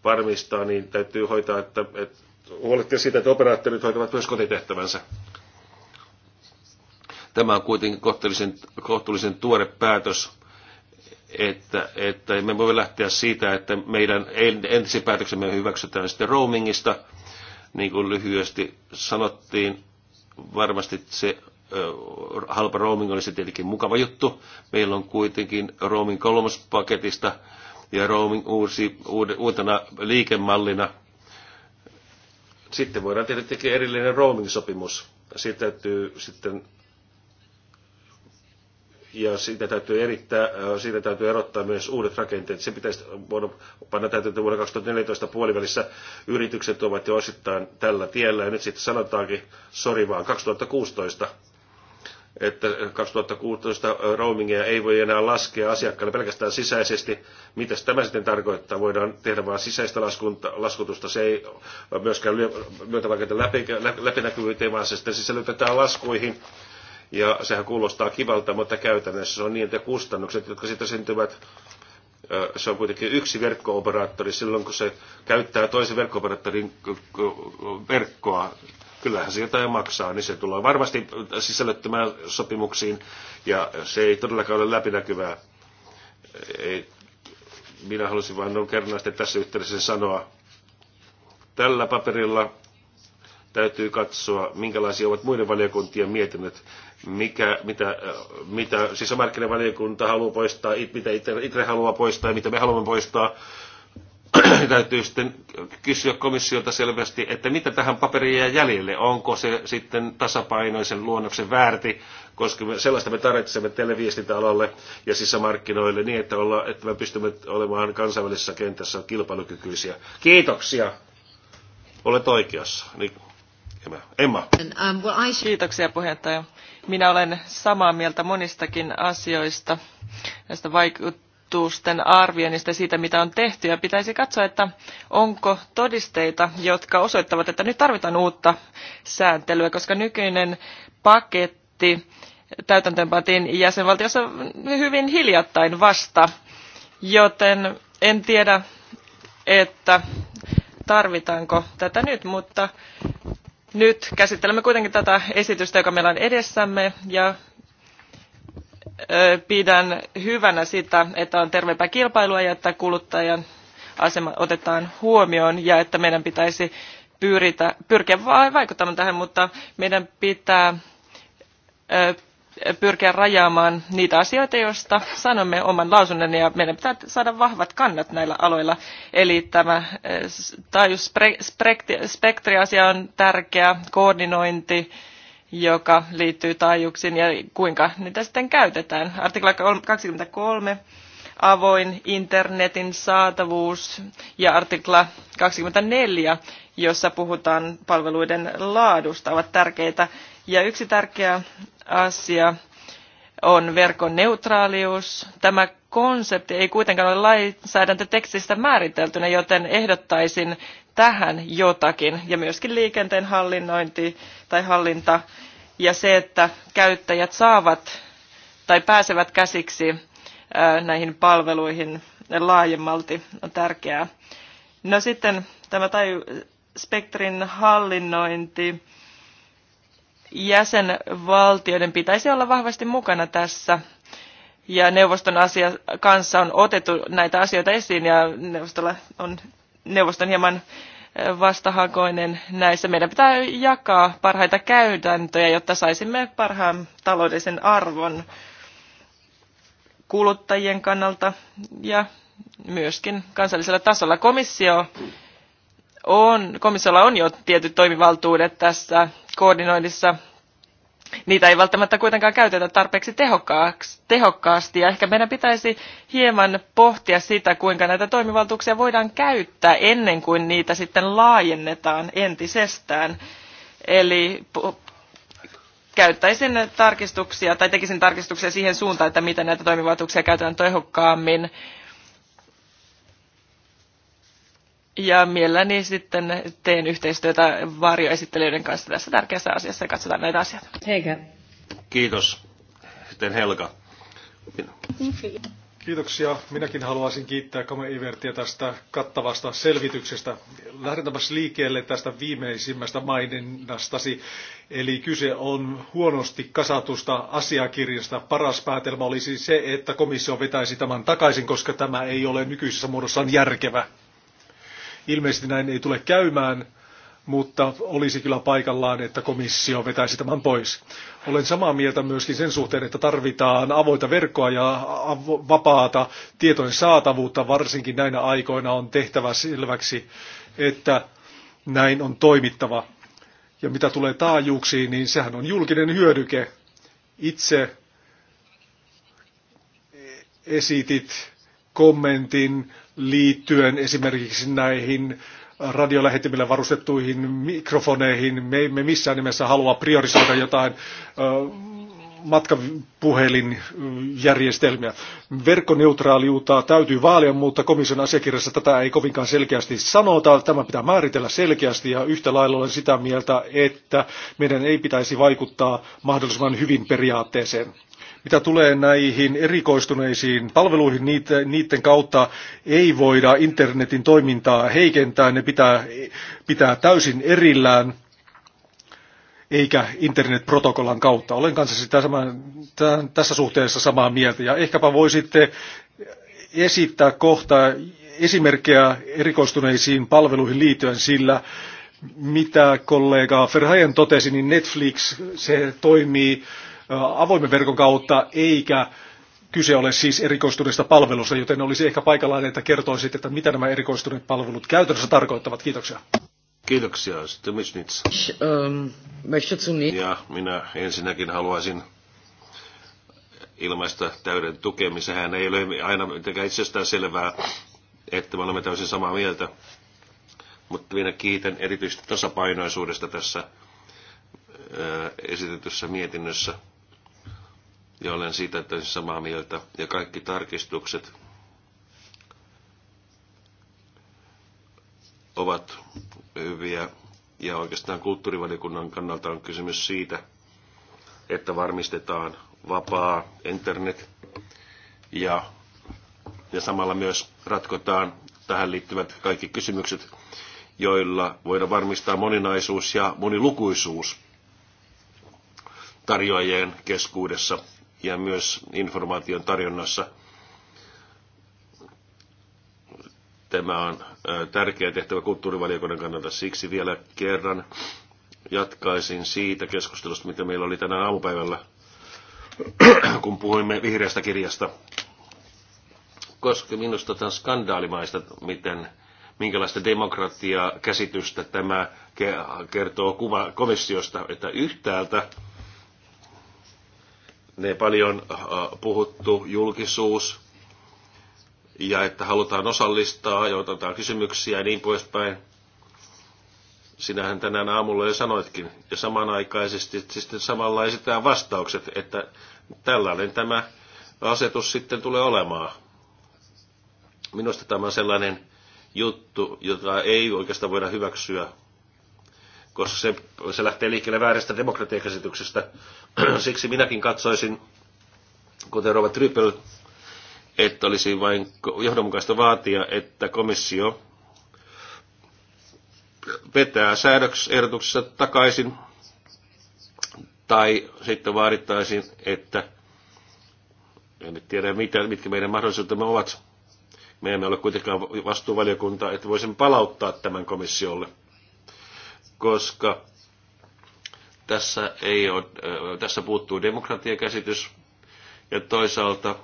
S2: varmistaa, niin täytyy hoitaa, että, että huolehtia siitä, että operaattorit hoitavat myös kotitehtävänsä. Tämä on kuitenkin kohtuullisen, kohtuullisen tuore päätös että, että me voi lähteä siitä, että meidän entisen päätöksemme hyväksytään sitten roamingista, niin kuin lyhyesti sanottiin, varmasti se halpa roaming olisi tietenkin mukava juttu. Meillä on kuitenkin roaming kolmospaketista ja roaming uusi, uutena liikemallina. Sitten voidaan tietenkin erillinen roaming-sopimus. Siitä täytyy sitten ja siitä täytyy, erittää, äh, siitä täytyy erottaa myös uudet rakenteet. Se pitäisi vuonna, panna täytyy vuonna 2014 puolivälissä yritykset ovat jo osittain tällä tiellä ja nyt sitten sanotaankin, sori vaan 2016 että 2016 äh, roamingia ei voi enää laskea asiakkaille pelkästään sisäisesti. Mitä tämä sitten tarkoittaa? Voidaan tehdä vain sisäistä laskunta, laskutusta. Se ei myöskään myötä vaikka läpinäkyvyyteen, vaan se sitten sisällytetään laskuihin ja sehän kuulostaa kivalta, mutta käytännössä se on niin, että kustannukset, jotka siitä syntyvät, se on kuitenkin yksi verkko-operaattori silloin, kun se käyttää toisen verkko verkkoa. Kyllähän se jotain maksaa, niin se tulee varmasti sisällyttämään sopimuksiin, ja se ei todellakaan ole läpinäkyvää. Ei, minä halusin vain kernaasti tässä yhteydessä sanoa, tällä paperilla täytyy katsoa, minkälaisia ovat muiden valiokuntien mietinnöt mikä, mitä, äh, mitä sisämarkkinavaliokunta haluaa poistaa, mitä itse haluaa poistaa ja mitä me haluamme poistaa. [clears throat] Täytyy sitten kysyä komissiolta selvästi, että mitä tähän paperiin jää jäljelle. Onko se sitten tasapainoisen luonnoksen väärti, koska me, sellaista me tarvitsemme televiestintäalalle ja sisämarkkinoille niin, että, olla, että me pystymme olemaan kansainvälisessä kentässä kilpailukykyisiä. Kiitoksia! Olet oikeassa. Niin Emma. Emma.
S1: Um, Kiitoksia puheenjohtaja. Minä olen samaa mieltä monistakin asioista, näistä vaikutusten arvioinnista siitä, mitä on tehty. Ja pitäisi katsoa, että onko todisteita, jotka osoittavat, että nyt tarvitaan uutta sääntelyä, koska nykyinen paketti täytäntöönpantiin jäsenvaltiossa hyvin hiljattain vasta. Joten en tiedä, että tarvitaanko tätä nyt, mutta nyt käsittelemme kuitenkin tätä esitystä, joka meillä on edessämme, ja pidän hyvänä sitä, että on terveempää kilpailua ja että kuluttajan asema otetaan huomioon ja että meidän pitäisi pyritä, pyrkiä vaikuttamaan tähän, mutta meidän pitää pyrkiä rajaamaan niitä asioita, joista sanomme oman lausunnon ja meidän pitää saada vahvat kannat näillä aloilla. Eli tämä eh, taajuusspektriasia on tärkeä, koordinointi, joka liittyy taajuuksiin ja kuinka niitä sitten käytetään. Artikla 23 avoin internetin saatavuus ja artikla 24, jossa puhutaan palveluiden laadusta, ovat tärkeitä ja yksi tärkeä asia on verkon neutraalius. Tämä konsepti ei kuitenkaan ole lainsäädäntötekstistä määriteltynä, joten ehdottaisin tähän jotakin. Ja myöskin liikenteen hallinnointi tai hallinta ja se, että käyttäjät saavat tai pääsevät käsiksi näihin palveluihin laajemmalti on tärkeää. No sitten tämä tai spektrin hallinnointi jäsenvaltioiden pitäisi olla vahvasti mukana tässä. Ja neuvoston asia kanssa on otettu näitä asioita esiin ja neuvostolla on neuvoston hieman eh, vastahakoinen näissä. Meidän pitää jakaa parhaita käytäntöjä, jotta saisimme parhaan taloudellisen arvon kuluttajien kannalta ja myöskin kansallisella tasolla. Komissio on, komissiolla on jo tietyt toimivaltuudet tässä koordinoinnissa niitä ei välttämättä kuitenkaan käytetä tarpeeksi tehokkaasti ja ehkä meidän pitäisi hieman pohtia sitä, kuinka näitä toimivaltuuksia voidaan käyttää ennen kuin niitä sitten laajennetaan entisestään. Eli käyttäisin tarkistuksia tai tekisin tarkistuksia siihen suuntaan, että miten näitä toimivaltuuksia käytetään tehokkaammin Ja mielelläni sitten teen yhteistyötä varjoesittelijöiden kanssa tässä tärkeässä asiassa ja katsotaan näitä asioita.
S2: Heikä. Kiitos. Sitten Helga.
S3: Kiitoksia. Minäkin haluaisin
S1: kiittää Kame
S3: Ivertiä tästä kattavasta selvityksestä. Lähdetäänpäs liikkeelle tästä viimeisimmästä maininnastasi. Eli kyse on huonosti kasatusta asiakirjasta. Paras päätelmä olisi se, että komissio vetäisi tämän takaisin, koska tämä ei ole nykyisessä muodossaan järkevä. Ilmeisesti näin ei tule käymään, mutta olisi kyllä paikallaan, että komissio vetäisi tämän pois. Olen samaa mieltä myöskin sen suhteen, että tarvitaan avoita verkkoa ja vapaata tietojen saatavuutta, varsinkin näinä aikoina on tehtävä selväksi, että näin on toimittava. Ja mitä tulee taajuuksiin, niin sehän on julkinen hyödyke. Itse esitit kommentin liittyen esimerkiksi näihin radiolähetimillä varustettuihin mikrofoneihin. Me emme missään nimessä halua priorisoida jotain matkapuhelinjärjestelmiä. Verkkoneutraaliutta täytyy vaalia, mutta komission asiakirjassa tätä ei kovinkaan selkeästi sanota. Tämä pitää määritellä selkeästi ja yhtä lailla olen sitä mieltä, että meidän ei pitäisi vaikuttaa mahdollisimman hyvin periaatteeseen. Mitä tulee näihin erikoistuneisiin palveluihin, niiden kautta ei voida internetin toimintaa heikentää, ne pitää pitää täysin erillään eikä internetprotokollan kautta. Olen kanssasi tässä suhteessa samaa mieltä ja ehkäpä voisitte esittää kohta esimerkkejä erikoistuneisiin palveluihin liittyen, sillä mitä kollega Ferhajen totesi, niin Netflix, se toimii avoimen verkon kautta, eikä kyse ole siis erikoistuneesta palvelusta, joten olisi ehkä paikallaan, että kertoisit, että mitä nämä erikoistuneet palvelut käytännössä tarkoittavat. Kiitoksia.
S2: Kiitoksia. Sitten ähm, Ja minä ensinnäkin haluaisin ilmaista täyden tukemisen. ei ole aina mitenkään itsestään selvää, että me olemme täysin samaa mieltä. Mutta minä kiitän erityisesti tasapainoisuudesta tässä esitetyssä mietinnössä ja olen siitä täysin samaa mieltä. Ja kaikki tarkistukset ovat hyviä. Ja oikeastaan kulttuurivaliokunnan kannalta on kysymys siitä, että varmistetaan vapaa internet ja, ja samalla myös ratkotaan tähän liittyvät kaikki kysymykset, joilla voidaan varmistaa moninaisuus ja monilukuisuus tarjoajien keskuudessa ja myös informaation tarjonnassa. Tämä on tärkeä tehtävä kulttuurivaliokunnan kannalta. Siksi vielä kerran jatkaisin siitä keskustelusta, mitä meillä oli tänään aamupäivällä, kun puhuimme vihreästä kirjasta. Koska minusta tämä on skandaalimaista, miten minkälaista demokratiakäsitystä tämä kertoo kuva komissiosta, että yhtäältä ne paljon äh, puhuttu julkisuus ja että halutaan osallistaa ja otetaan kysymyksiä ja niin poispäin. Sinähän tänään aamulla jo sanoitkin. Ja samanaikaisesti sitten samalla esitetään vastaukset, että tällainen tämä asetus sitten tulee olemaan. Minusta tämä on sellainen juttu, jota ei oikeastaan voida hyväksyä koska se, se lähtee liikkeelle väärästä demokratiakäsityksestä. [clears throat] Siksi minäkin katsoisin, kuten Rova Trypel, että olisi vain johdonmukaista vaatia, että komissio vetää säädöksehdotuksessa takaisin, tai sitten vaadittaisiin, että en tiedä, mitä, mitkä meidän mahdollisuutemme ovat. Me emme ole kuitenkaan vastuuvaliokunta, että voisimme palauttaa tämän komissiolle – koska tässä, ei ole, äh, tässä puuttuu demokratiakäsitys ja toisaalta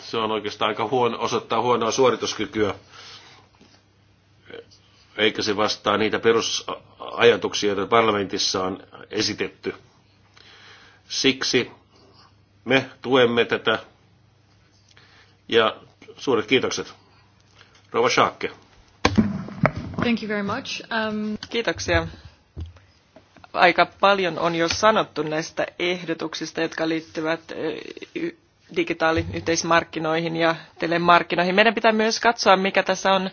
S2: se on oikeastaan aika huono, osoittaa huonoa suorituskykyä, eikä se vastaa niitä perusajatuksia, joita parlamentissa on esitetty. Siksi me tuemme tätä ja suuret kiitokset. Rova Schaakke.
S1: Thank you very much. Um... Kiitoksia. Aika paljon on jo sanottu näistä ehdotuksista, jotka liittyvät digitaaliyhteismarkkinoihin ja telemarkkinoihin. Meidän pitää myös katsoa, mikä tässä on,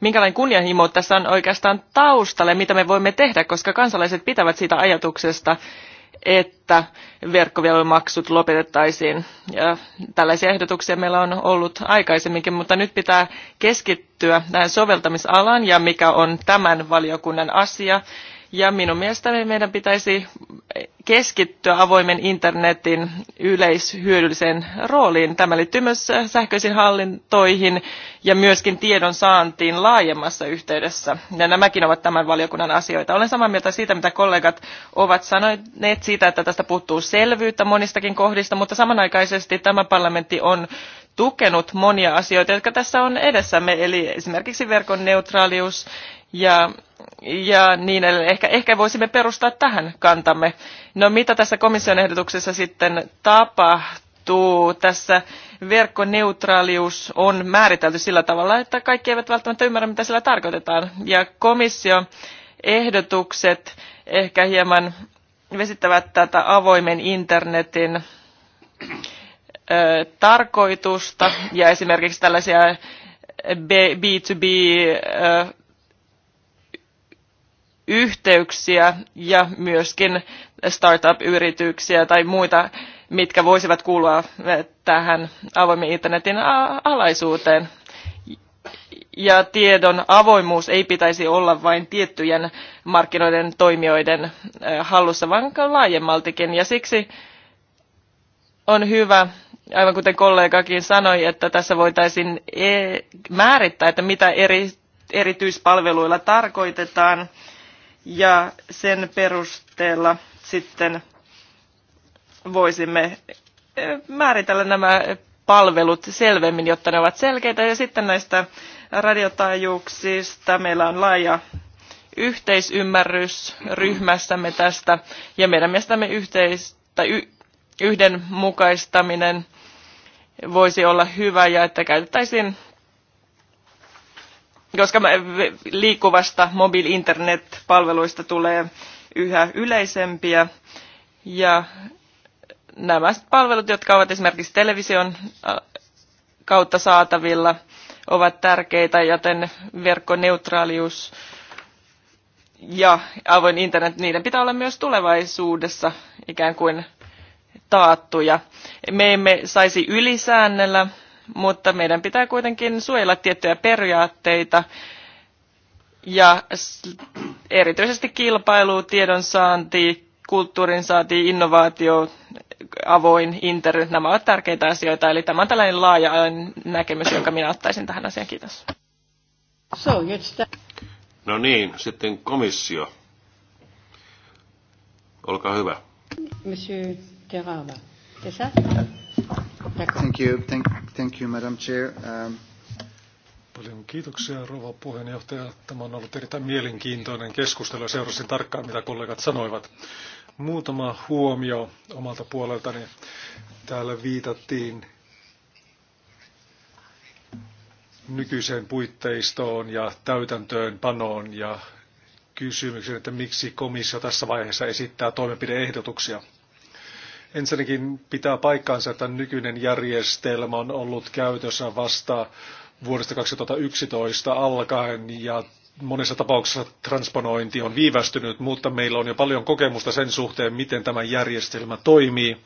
S1: minkälainen kunnianhimo tässä on oikeastaan taustalle, mitä me voimme tehdä, koska kansalaiset pitävät siitä ajatuksesta, että verkkovielmaksut lopetettaisiin. Ja tällaisia ehdotuksia meillä on ollut aikaisemminkin, mutta nyt pitää keskittyä tähän soveltamisalaan ja mikä on tämän valiokunnan asia. Ja minun mielestäni meidän pitäisi keskittyä avoimen internetin yleishyödylliseen rooliin. Tämä liittyy myös sähköisiin hallintoihin ja myöskin tiedon saantiin laajemmassa yhteydessä. Ja nämäkin ovat tämän valiokunnan asioita. Olen samaa mieltä siitä, mitä kollegat ovat sanoneet siitä, että tästä puuttuu selvyyttä monistakin kohdista, mutta samanaikaisesti tämä parlamentti on tukenut monia asioita, jotka tässä on edessämme, eli esimerkiksi verkon neutraalius ja, ja niin edelleen. Ehkä, ehkä voisimme perustaa tähän kantamme. No mitä tässä komission ehdotuksessa sitten tapahtuu? Tässä verkkoneutraalius on määritelty sillä tavalla, että kaikki eivät välttämättä ymmärrä, mitä sillä tarkoitetaan. Ja komission ehdotukset ehkä hieman vesittävät tätä avoimen internetin tarkoitusta ja esimerkiksi tällaisia B2B yhteyksiä ja myöskin startup-yrityksiä tai muita, mitkä voisivat kuulua tähän avoimen internetin alaisuuteen. Ja tiedon avoimuus ei pitäisi olla vain tiettyjen markkinoiden toimijoiden hallussa, vaan laajemmaltikin. Ja siksi on hyvä, aivan kuten kollegakin sanoi, että tässä voitaisiin e- määrittää, että mitä eri erityispalveluilla tarkoitetaan ja sen perusteella sitten voisimme eh, määritellä nämä palvelut selvemmin, jotta ne ovat selkeitä. Ja sitten näistä radiotaajuuksista meillä on laaja yhteisymmärrys ryhmässämme tästä ja meidän mielestämme yhteis- tai y- yhdenmukaistaminen voisi olla hyvä ja että käytettäisiin koska liikkuvasta mobiili internet palveluista tulee yhä yleisempiä. Ja nämä palvelut, jotka ovat esimerkiksi television kautta saatavilla, ovat tärkeitä, joten verkkoneutraalius ja avoin internet, niiden pitää olla myös tulevaisuudessa ikään kuin taattuja. Me emme saisi ylisäännellä mutta meidän pitää kuitenkin suojella tiettyjä periaatteita ja erityisesti kilpailu, tiedonsaanti, kulttuurin saanti, innovaatio, avoin, internet, nämä ovat tärkeitä asioita. Eli tämä on tällainen laaja näkemys, jonka minä ottaisin tähän asiaan. Kiitos. So,
S2: no niin, sitten komissio.
S1: Olkaa hyvä. Monsieur
S4: Terava, c'est ça? Thank you,
S3: thank, thank you, Madam Chair. Um... Paljon kiitoksia, rouva puheenjohtaja. Tämä on ollut erittäin mielenkiintoinen keskustelu ja seurasin tarkkaan, mitä kollegat sanoivat. Muutama huomio omalta puoleltani. Täällä viitattiin nykyiseen puitteistoon ja täytäntöönpanoon ja kysymykseen, että miksi komissio tässä vaiheessa esittää toimenpideehdotuksia. Ensinnäkin pitää paikkaansa, että nykyinen järjestelmä on ollut käytössä vasta vuodesta 2011 alkaen ja monissa tapauksissa transponointi on viivästynyt, mutta meillä on jo paljon kokemusta sen suhteen, miten tämä järjestelmä toimii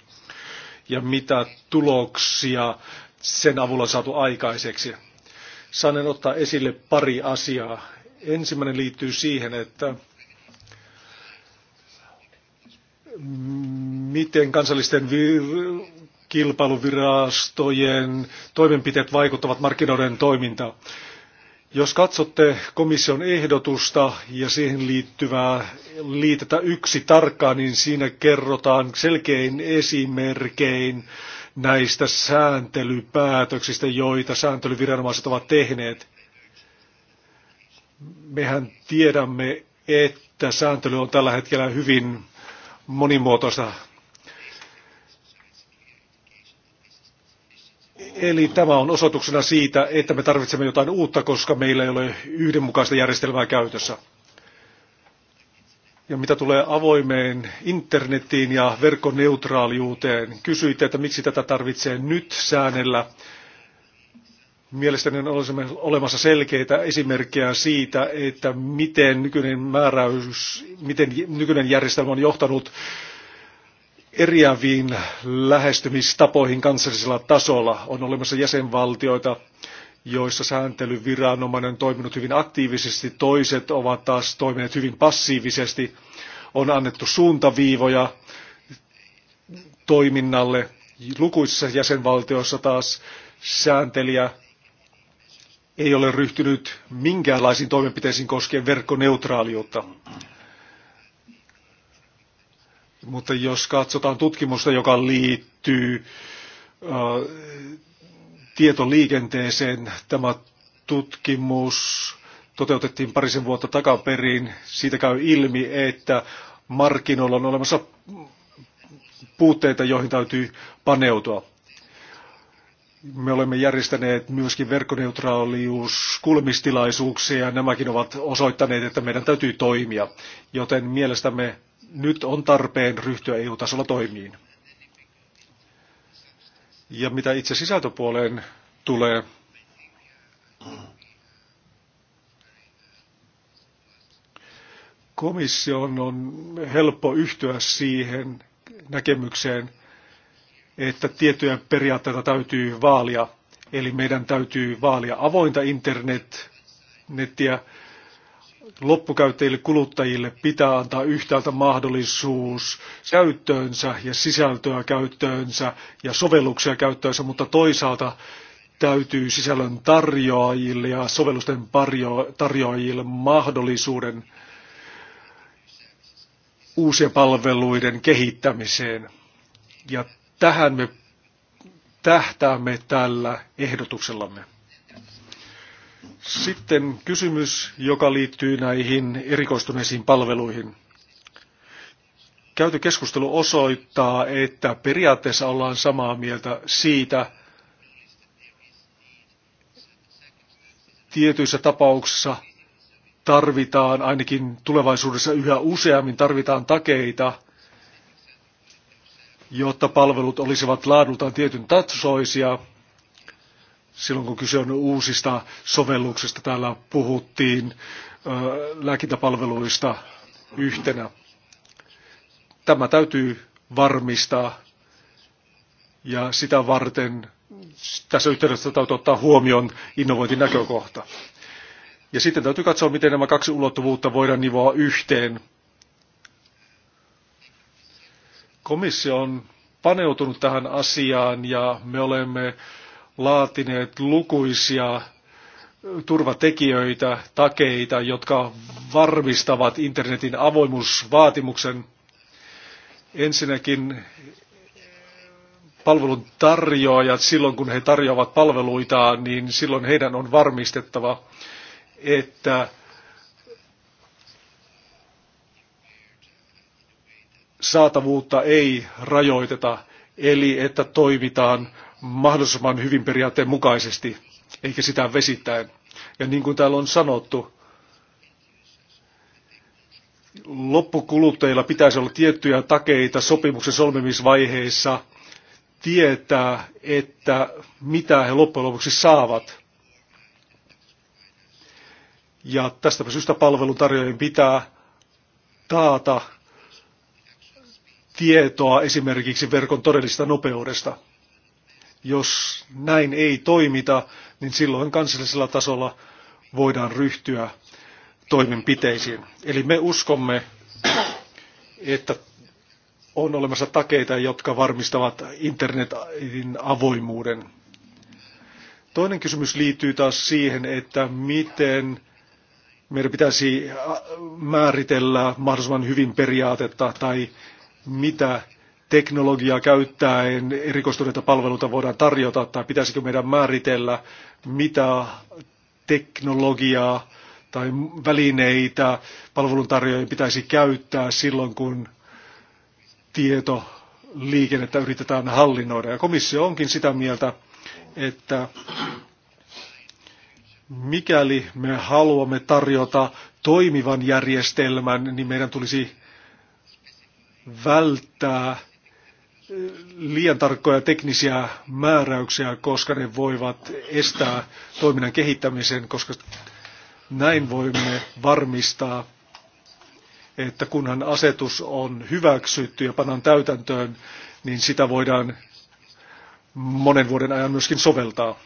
S3: ja mitä tuloksia sen avulla on saatu aikaiseksi. Saan ottaa esille pari asiaa. Ensimmäinen liittyy siihen, että miten kansallisten vir- kilpailuvirastojen toimenpiteet vaikuttavat markkinoiden toimintaan. Jos katsotte komission ehdotusta ja siihen liittyvää liitetä yksi tarkkaan, niin siinä kerrotaan selkein esimerkein näistä sääntelypäätöksistä, joita sääntelyviranomaiset ovat tehneet. Mehän tiedämme, että sääntely on tällä hetkellä hyvin monimuotoista. Eli tämä on osoituksena siitä, että me tarvitsemme jotain uutta, koska meillä ei ole yhdenmukaista järjestelmää käytössä. Ja mitä tulee avoimeen internettiin ja verkkoneutraaliuteen, kysyitte, että miksi tätä tarvitsee nyt säännellä. Mielestäni on olemassa selkeitä esimerkkejä siitä, että miten nykyinen määräys, miten nykyinen järjestelmä on johtanut eriäviin lähestymistapoihin kansallisella tasolla. On olemassa jäsenvaltioita, joissa sääntelyviranomainen on toiminut hyvin aktiivisesti, toiset ovat taas toimineet hyvin passiivisesti. On annettu suuntaviivoja toiminnalle. Lukuisissa jäsenvaltioissa taas sääntelijä ei ole ryhtynyt minkäänlaisiin toimenpiteisiin koskien verkkoneutraaliutta. Mutta jos katsotaan tutkimusta, joka liittyy äh, tietoliikenteeseen, tämä tutkimus toteutettiin parisen vuotta takaperin. Siitä käy ilmi, että markkinoilla on olemassa puutteita, joihin täytyy paneutua. Me olemme järjestäneet myöskin verkkoneutraaliuskulmistilaisuuksia ja nämäkin ovat osoittaneet, että meidän täytyy toimia, joten mielestämme nyt on tarpeen ryhtyä EU-tasolla toimiin. Ja mitä itse sisältöpuoleen tulee, komission on helppo yhtyä siihen näkemykseen, että tietojen periaatteita täytyy vaalia. Eli meidän täytyy vaalia avointa internet, nettiä. Loppukäyttäjille kuluttajille pitää antaa yhtäältä mahdollisuus käyttöönsä ja sisältöä käyttöönsä ja sovelluksia käyttöönsä, mutta toisaalta täytyy sisällön tarjoajille ja sovellusten tarjoajille mahdollisuuden uusien palveluiden kehittämiseen. Ja Tähän me tähtäämme tällä ehdotuksellamme. Sitten kysymys, joka liittyy näihin erikoistuneisiin palveluihin. Käyty keskustelu osoittaa, että periaatteessa ollaan samaa mieltä siitä, tietyissä tapauksissa tarvitaan ainakin tulevaisuudessa yhä useammin tarvitaan takeita – jotta palvelut olisivat laadultaan tietyn tasoisia. Silloin kun kyse on uusista sovelluksista, täällä puhuttiin lääkintäpalveluista yhtenä. Tämä täytyy varmistaa ja sitä varten tässä yhteydessä täytyy ottaa huomioon innovointinäkökohta. Ja sitten täytyy katsoa, miten nämä kaksi ulottuvuutta voidaan nivoa yhteen Komissio on paneutunut tähän asiaan ja me olemme laatineet lukuisia turvatekijöitä, takeita, jotka varmistavat internetin avoimuusvaatimuksen. Ensinnäkin palvelun tarjoajat, silloin kun he tarjoavat palveluitaan, niin silloin heidän on varmistettava, että saatavuutta ei rajoiteta, eli että toimitaan mahdollisimman hyvin periaatteen mukaisesti, eikä sitä vesittäen. Ja niin kuin täällä on sanottu, loppukuluttajilla pitäisi olla tiettyjä takeita sopimuksen solmimisvaiheessa tietää, että mitä he loppujen lopuksi saavat. Ja tästä syystä palveluntarjoajien pitää taata tietoa esimerkiksi verkon todellisesta nopeudesta. Jos näin ei toimita, niin silloin kansallisella tasolla voidaan ryhtyä toimenpiteisiin. Eli me uskomme, että on olemassa takeita, jotka varmistavat internetin avoimuuden. Toinen kysymys liittyy taas siihen, että miten meidän pitäisi määritellä mahdollisimman hyvin periaatetta tai mitä teknologiaa käyttäen erikoistuneita palveluita voidaan tarjota, tai pitäisikö meidän määritellä, mitä teknologiaa tai välineitä palveluntarjoajien pitäisi käyttää silloin, kun tieto liikennettä yritetään hallinnoida. Ja komissio onkin sitä mieltä, että mikäli me haluamme tarjota toimivan järjestelmän, niin meidän tulisi välttää liian tarkkoja teknisiä määräyksiä, koska ne voivat estää toiminnan kehittämisen, koska näin voimme varmistaa, että kunhan asetus on hyväksytty ja pannaan täytäntöön, niin sitä voidaan monen vuoden ajan myöskin soveltaa.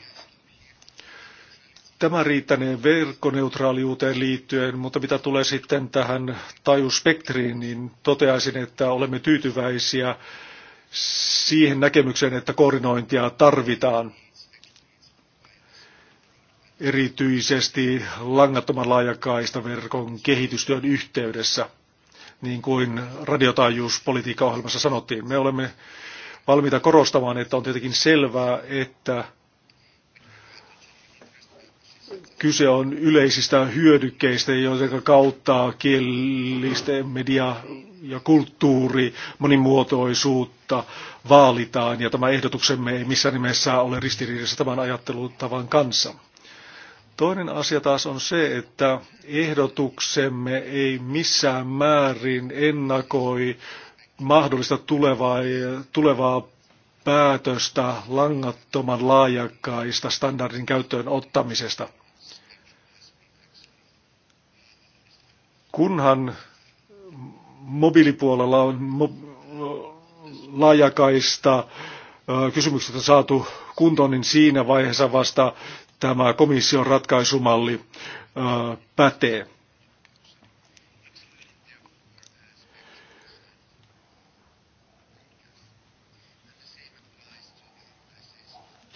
S3: Tämä riittänee verkkoneutraaliuteen liittyen, mutta mitä tulee sitten tähän taajuusspektriin, niin toteaisin, että olemme tyytyväisiä siihen näkemykseen, että koordinointia tarvitaan erityisesti langattoman laajakaistaverkon kehitystyön yhteydessä, niin kuin radiotaajuuspolitiikkaohjelmassa sanottiin. Me olemme valmiita korostamaan, että on tietenkin selvää, että kyse on yleisistä hyödykkeistä, joiden kautta kielisten media ja kulttuuri, monimuotoisuutta vaalitaan, ja tämä ehdotuksemme ei missään nimessä ole ristiriidassa tämän ajattelutavan kanssa. Toinen asia taas on se, että ehdotuksemme ei missään määrin ennakoi mahdollista tulevaa, tulevaa päätöstä langattoman laajakkaista standardin käyttöön ottamisesta – kunhan mobiilipuolella on laajakaista kysymykset on saatu kuntoon, niin siinä vaiheessa vasta tämä komission ratkaisumalli pätee.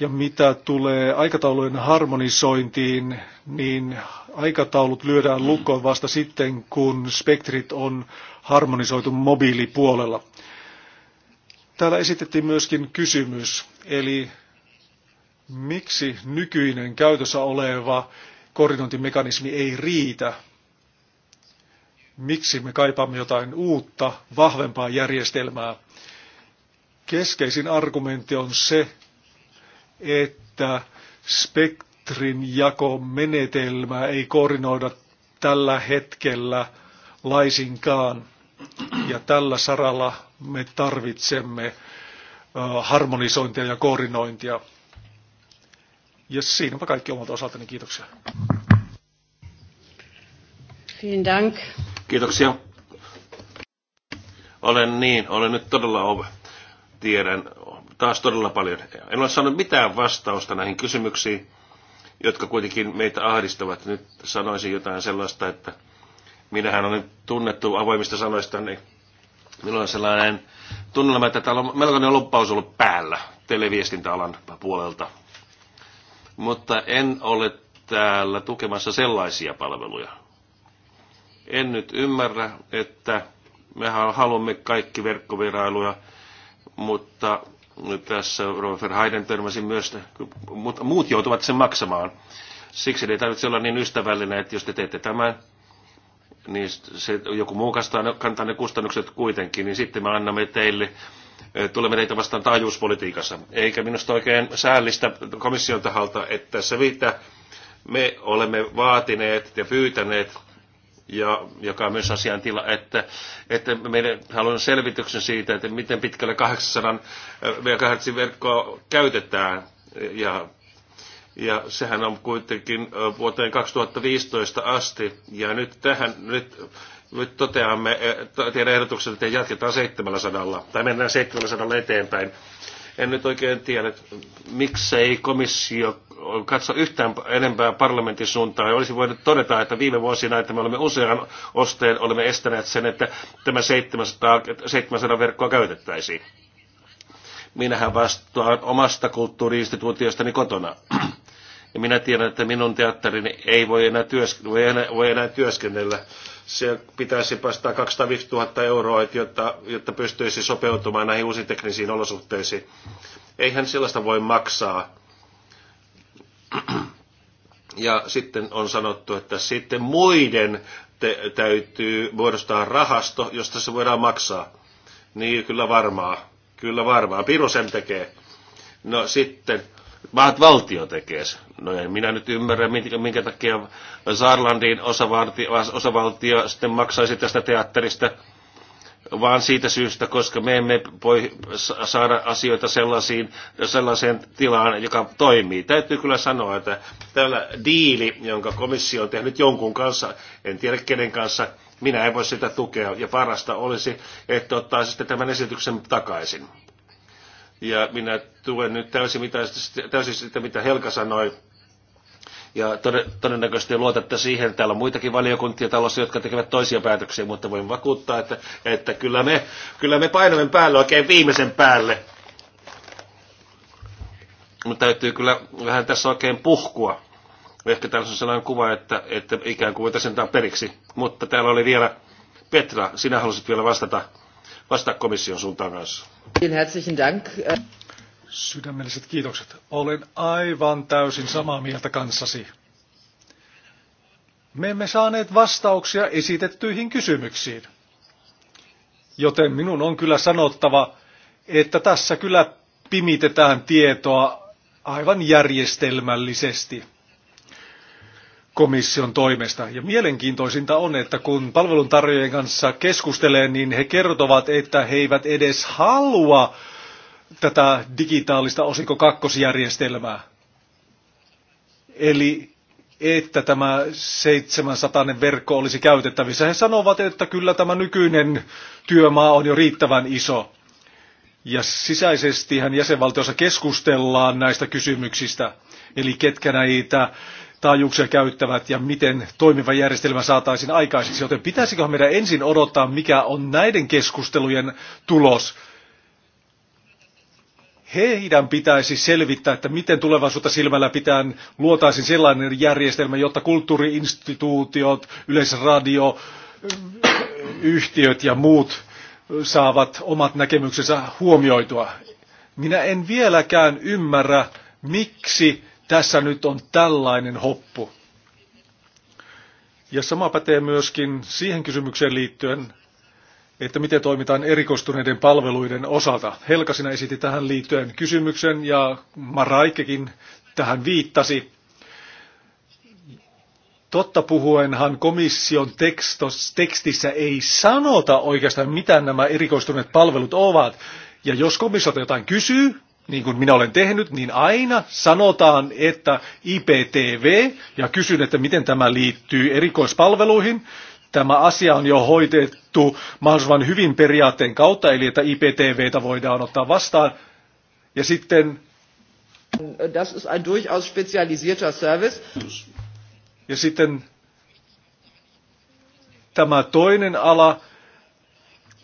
S3: Ja mitä tulee aikataulujen harmonisointiin, niin aikataulut lyödään lukkoon vasta sitten, kun spektrit on harmonisoitu mobiilipuolella. Täällä esitettiin myöskin kysymys, eli miksi nykyinen käytössä oleva koordinointimekanismi ei riitä? Miksi me kaipaamme jotain uutta, vahvempaa järjestelmää? Keskeisin argumentti on se, että spektrin jakomenetelmää ei koordinoida tällä hetkellä laisinkaan. Ja tällä saralla me tarvitsemme harmonisointia ja koordinointia. Ja siinäpä kaikki omalta osaltani.
S2: Kiitoksia. Dank. Kiitoksia. Olen niin, olen nyt todella ove. Tiedän taas todella paljon. En ole saanut mitään vastausta näihin kysymyksiin, jotka kuitenkin meitä ahdistavat. Nyt sanoisin jotain sellaista, että minähän olen tunnettu avoimista sanoista, niin minulla on sellainen tunnelma, että täällä on melkoinen loppaus ollut päällä televiestintäalan puolelta. Mutta en ole täällä tukemassa sellaisia palveluja. En nyt ymmärrä, että mehän haluamme kaikki verkkovirailuja, mutta tässä Robert Haiden törmäsi myös, mutta muut joutuvat sen maksamaan. Siksi ei tarvitse olla niin ystävällinen, että jos te teette tämän, niin se, joku muu kantaa, kantaa ne kustannukset kuitenkin, niin sitten me annamme teille, tulemme teitä vastaan taajuuspolitiikassa. Eikä minusta oikein säällistä komission taholta, että tässä viittaa, me olemme vaatineet ja pyytäneet ja, joka on myös asiantila, että, että meidän haluan selvityksen siitä, että miten pitkälle 800 eh, MHz-verkkoa käytetään. Ja, ja sehän on kuitenkin eh, vuoteen 2015 asti. Ja nyt tähän, nyt, nyt toteamme eh, tiedän ehdotuksen, että jatketaan 700, tai mennään 700 eteenpäin. En nyt oikein tiedä, miksei komissio katso yhtään enempää parlamentin suuntaan. Ja olisi voinut todeta, että viime vuosina, että me olemme usean osteen olemme estäneet sen, että tämä 700, 700 verkkoa käytettäisiin. Minähän vastaan omasta kulttuuriinstituutiostani kotona. Ja minä tiedän, että minun teatterini ei voi enää, työsk- voi enää, voi enää työskennellä. Se pitäisi päästää 250 000 euroa, jotta, jotta pystyisi sopeutumaan näihin uusiin teknisiin olosuhteisiin. Eihän sellaista voi maksaa ja sitten on sanottu, että sitten muiden te- täytyy muodostaa rahasto, josta se voidaan maksaa. Niin, kyllä varmaa. Kyllä varmaa. Piru sen tekee. No sitten, maat valtio tekee sen. No en minä nyt ymmärrä, minkä, minkä takia Saarlandin osavaltio, osavaltio sitten maksaisi tästä teatterista vaan siitä syystä, koska me emme voi saada asioita sellaisiin, sellaiseen tilaan, joka toimii. Täytyy kyllä sanoa, että tällä diili, jonka komissio on tehnyt jonkun kanssa, en tiedä kenen kanssa, minä en voi sitä tukea, ja parasta olisi, että sitten tämän esityksen takaisin. Ja minä tuen nyt täysin, mitä, täysin sitä, mitä Helka sanoi, ja todennäköisesti luotatte siihen, täällä on muitakin valiokuntia talossa, jotka tekevät toisia päätöksiä, mutta voin vakuuttaa, että, että kyllä, me, kyllä me painamme päälle oikein viimeisen päälle. Mutta täytyy kyllä vähän tässä oikein puhkua. Ehkä tässä on sellainen kuva, että, että ikään kuin voitaisiin antaa periksi. Mutta täällä oli vielä Petra, sinä halusit vielä vastata, vastata komission suuntaan kanssa.
S4: Herzlichen Dank.
S3: Sydämelliset kiitokset. Olen aivan täysin samaa mieltä kanssasi. Me emme saaneet vastauksia esitettyihin kysymyksiin. Joten minun on kyllä sanottava, että tässä kyllä pimitetään tietoa aivan järjestelmällisesti komission toimesta. Ja mielenkiintoisinta on, että kun palveluntarjoajien kanssa keskustelee, niin he kertovat, että he eivät edes halua tätä digitaalista osinko kakkosjärjestelmää. Eli että tämä 700 verkko olisi käytettävissä. He sanovat, että kyllä tämä nykyinen työmaa on jo riittävän iso. Ja sisäisesti hän jäsenvaltiossa keskustellaan näistä kysymyksistä, eli ketkä näitä taajuuksia käyttävät ja miten toimiva järjestelmä saataisiin aikaiseksi. Joten pitäisikö meidän ensin odottaa, mikä on näiden keskustelujen tulos, heidän pitäisi selvittää, että miten tulevaisuutta silmällä pitää luotaisin sellainen järjestelmä, jotta kulttuuriinstituutiot, yleisradio, yhtiöt ja muut saavat omat näkemyksensä huomioitua. Minä en vieläkään ymmärrä, miksi tässä nyt on tällainen hoppu. Ja sama pätee myöskin siihen kysymykseen liittyen, että miten toimitaan erikoistuneiden palveluiden osalta. Helkasina esitti tähän liittyen kysymyksen ja Maraikekin tähän viittasi. Totta puhuenhan komission tekstos, tekstissä ei sanota oikeastaan, mitä nämä erikoistuneet palvelut ovat. Ja jos komissiota jotain kysyy, niin kuin minä olen tehnyt, niin aina sanotaan, että IPTV, ja kysyn, että miten tämä liittyy erikoispalveluihin tämä asia on jo hoitettu mahdollisimman hyvin periaatteen kautta, eli että IPTVtä voidaan ottaa vastaan. Ja sitten...
S4: Das ist ein durchaus spezialisierter Service.
S3: Ja sitten tämä toinen ala,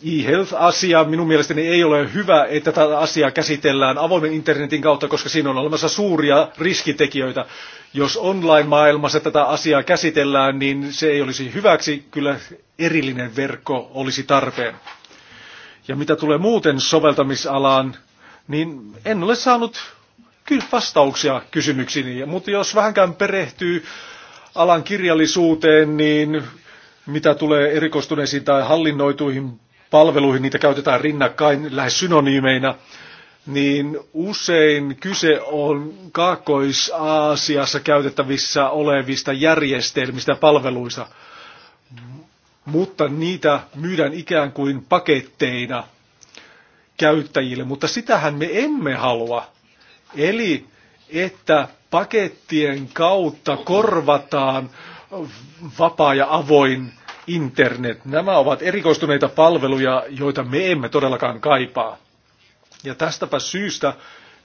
S3: e-health-asia. Minun mielestäni ei ole hyvä, että tätä asiaa käsitellään avoimen internetin kautta, koska siinä on olemassa suuria riskitekijöitä. Jos online-maailmassa tätä asiaa käsitellään, niin se ei olisi hyväksi. Kyllä erillinen verkko olisi tarpeen. Ja mitä tulee muuten soveltamisalaan, niin en ole saanut kyllä vastauksia kysymyksiini, mutta jos vähänkään perehtyy alan kirjallisuuteen, niin mitä tulee erikoistuneisiin tai hallinnoituihin palveluihin, niitä käytetään rinnakkain lähes synonyymeina, niin usein kyse on Kaakkois-Aasiassa käytettävissä olevista järjestelmistä ja palveluista, mutta niitä myydään ikään kuin paketteina käyttäjille, mutta sitähän me emme halua. Eli että pakettien kautta korvataan vapaa ja avoin internet. Nämä ovat erikoistuneita palveluja, joita me emme todellakaan kaipaa. Ja tästäpä syystä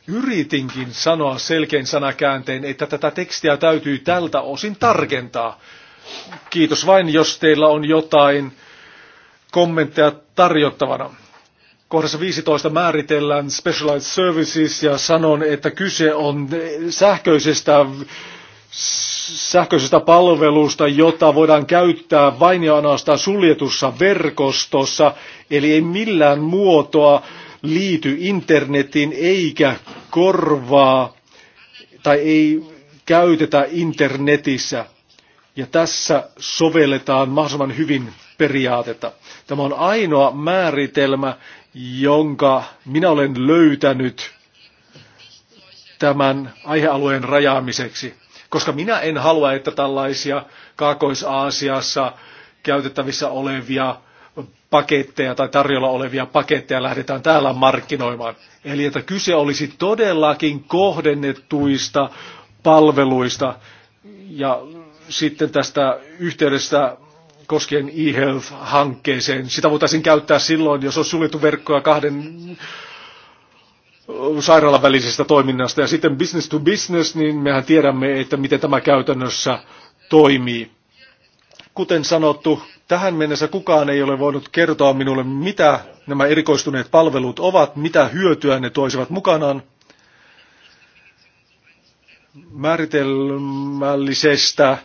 S3: yritinkin sanoa selkein sanakäänteen, että tätä tekstiä täytyy tältä osin tarkentaa. Kiitos vain, jos teillä on jotain kommentteja tarjottavana. Kohdassa 15 määritellään specialized services ja sanon, että kyse on sähköisestä sähköisestä palvelusta, jota voidaan käyttää vain ja ainoastaan suljetussa verkostossa, eli ei millään muotoa liity internetiin eikä korvaa tai ei käytetä internetissä. Ja tässä sovelletaan mahdollisimman hyvin periaatetta. Tämä on ainoa määritelmä, jonka minä olen löytänyt tämän aihealueen rajaamiseksi koska minä en halua, että tällaisia Kaakois-Aasiassa käytettävissä olevia paketteja tai tarjolla olevia paketteja lähdetään täällä markkinoimaan. Eli että kyse olisi todellakin kohdennettuista palveluista ja sitten tästä yhteydestä koskien e-health-hankkeeseen. Sitä voitaisiin käyttää silloin, jos on suljettu verkkoja kahden sairaalan välisestä toiminnasta. Ja sitten business to business, niin mehän tiedämme, että miten tämä käytännössä toimii. Kuten sanottu, tähän mennessä kukaan ei ole voinut kertoa minulle, mitä nämä erikoistuneet palvelut ovat, mitä hyötyä ne toisivat mukanaan. Määritelmällisestä,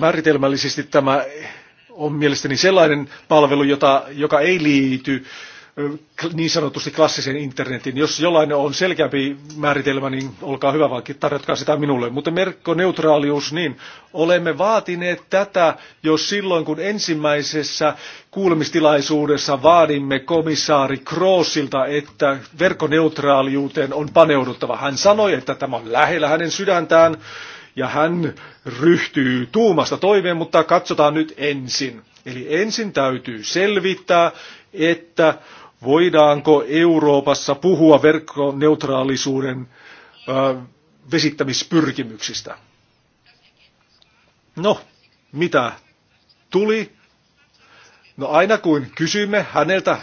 S3: määritelmällisesti tämä on mielestäni sellainen palvelu, jota, joka ei liity niin sanotusti klassisen internetin. Jos jollain on selkeämpi määritelmä, niin olkaa hyvä, vaikka tarjotkaa sitä minulle. Mutta merkkoneutraalius, niin olemme vaatineet tätä jo silloin, kun ensimmäisessä kuulemistilaisuudessa vaadimme komissaari Kroosilta, että verkkoneutraaliuteen on paneuduttava. Hän sanoi, että tämä on lähellä hänen sydäntään ja hän ryhtyy tuumasta toimeen, mutta katsotaan nyt ensin. Eli ensin täytyy selvittää, että Voidaanko Euroopassa puhua verkkoneutraalisuuden vesittämispyrkimyksistä? No, mitä tuli? No aina kun kysymme häneltä,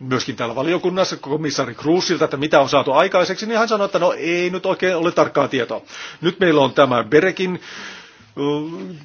S3: myöskin täällä valiokunnassa, komissaari Kruusilta, että mitä on saatu aikaiseksi, niin hän sanoi, että no ei nyt oikein ole tarkkaa tietoa. Nyt meillä on tämä Berekin äh,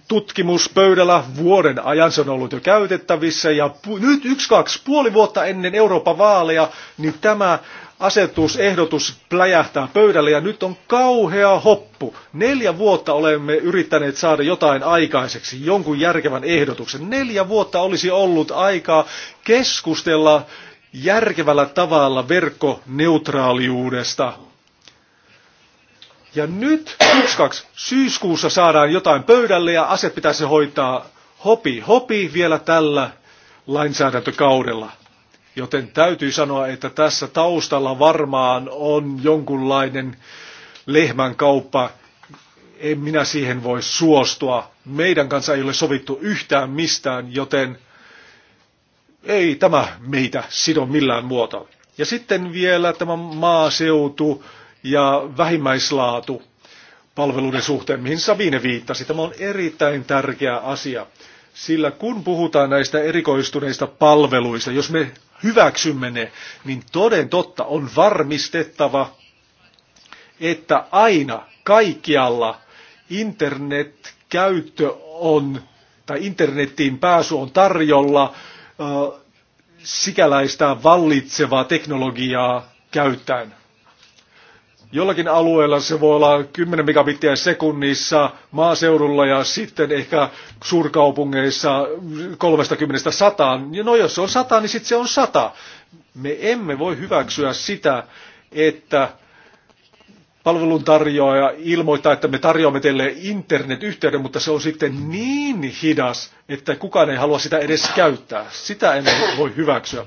S3: tutkimuspöydällä vuoden ajan, se on ollut jo käytettävissä, ja nyt yksi, kaksi, puoli vuotta ennen Euroopan vaaleja, niin tämä asetusehdotus pläjähtää pöydälle, ja nyt on kauhea hoppu. Neljä vuotta olemme yrittäneet saada jotain aikaiseksi, jonkun järkevän ehdotuksen. Neljä vuotta olisi ollut aikaa keskustella järkevällä tavalla verkkoneutraaliudesta ja nyt, yksi, kaksi, syyskuussa saadaan jotain pöydälle ja asiat pitäisi hoitaa hopi hopi vielä tällä lainsäädäntökaudella. Joten täytyy sanoa, että tässä taustalla varmaan on jonkunlainen lehmän kauppa. En minä siihen voi suostua. Meidän kanssa ei ole sovittu yhtään mistään, joten ei tämä meitä sido millään muotoa. Ja sitten vielä tämä maaseutu ja vähimmäislaatu palveluiden suhteen, mihin Sabine viittasi. Tämä on erittäin tärkeä asia, sillä kun puhutaan näistä erikoistuneista palveluista, jos me hyväksymme ne, niin toden totta on varmistettava, että aina kaikkialla internetkäyttö on, tai internettiin pääsy on tarjolla sikäläistä vallitsevaa teknologiaa käyttäen. Jollakin alueella se voi olla 10 megabittiä sekunnissa maaseudulla ja sitten ehkä suurkaupungeissa 30 sataan. No jos se on 100, niin sitten se on 100. Me emme voi hyväksyä sitä, että palveluntarjoaja ilmoittaa, että me tarjoamme teille internetyhteyden, mutta se on sitten niin hidas, että kukaan ei halua sitä edes käyttää. Sitä en voi hyväksyä.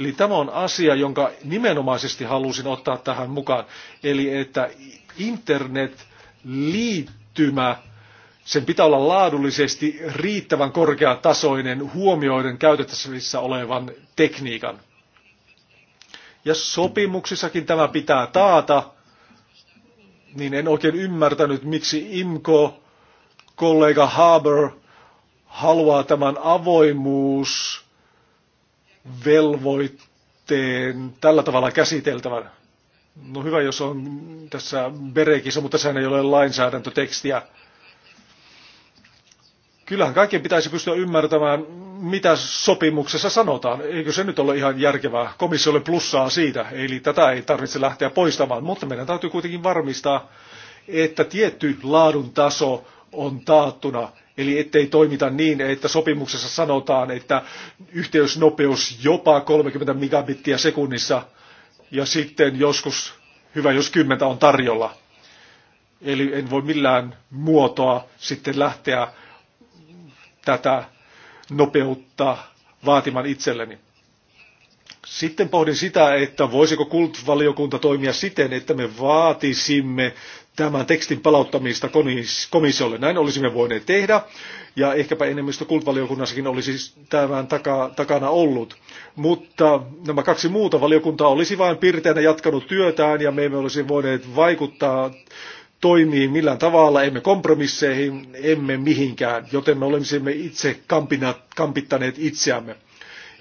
S3: Eli tämä on asia, jonka nimenomaisesti halusin ottaa tähän mukaan. Eli että internetliittymä, sen pitää olla laadullisesti riittävän korkeatasoinen huomioiden käytettävissä olevan tekniikan. Ja sopimuksissakin tämä pitää taata niin en oikein ymmärtänyt, miksi IMKO kollega Haber haluaa tämän avoimuus velvoitteen tällä tavalla käsiteltävän. No hyvä, jos on tässä Berekissä, mutta sehän ei ole lainsäädäntötekstiä. Kyllähän kaikkien pitäisi pystyä ymmärtämään, mitä sopimuksessa sanotaan. Eikö se nyt ole ihan järkevää? Komissiolle plussaa siitä, eli tätä ei tarvitse lähteä poistamaan, mutta meidän täytyy kuitenkin varmistaa, että tietty laadun taso on taattuna, eli ettei toimita niin, että sopimuksessa sanotaan, että yhteysnopeus jopa 30 megabittiä sekunnissa, ja sitten joskus hyvä, jos kymmentä on tarjolla. Eli en voi millään muotoa sitten lähteä tätä nopeutta vaatiman itselleni. Sitten pohdin sitä, että voisiko kultvaliokunta toimia siten, että me vaatisimme tämän tekstin palauttamista komissiolle. Näin olisimme voineet tehdä, ja ehkäpä enemmistö kultvaliokunnassakin olisi tämän takana ollut. Mutta nämä kaksi muuta valiokuntaa olisi vain pirteänä jatkanut työtään, ja me emme olisi voineet vaikuttaa toimii millään tavalla, emme kompromisseihin, emme mihinkään, joten me olemme itse kampittaneet itseämme.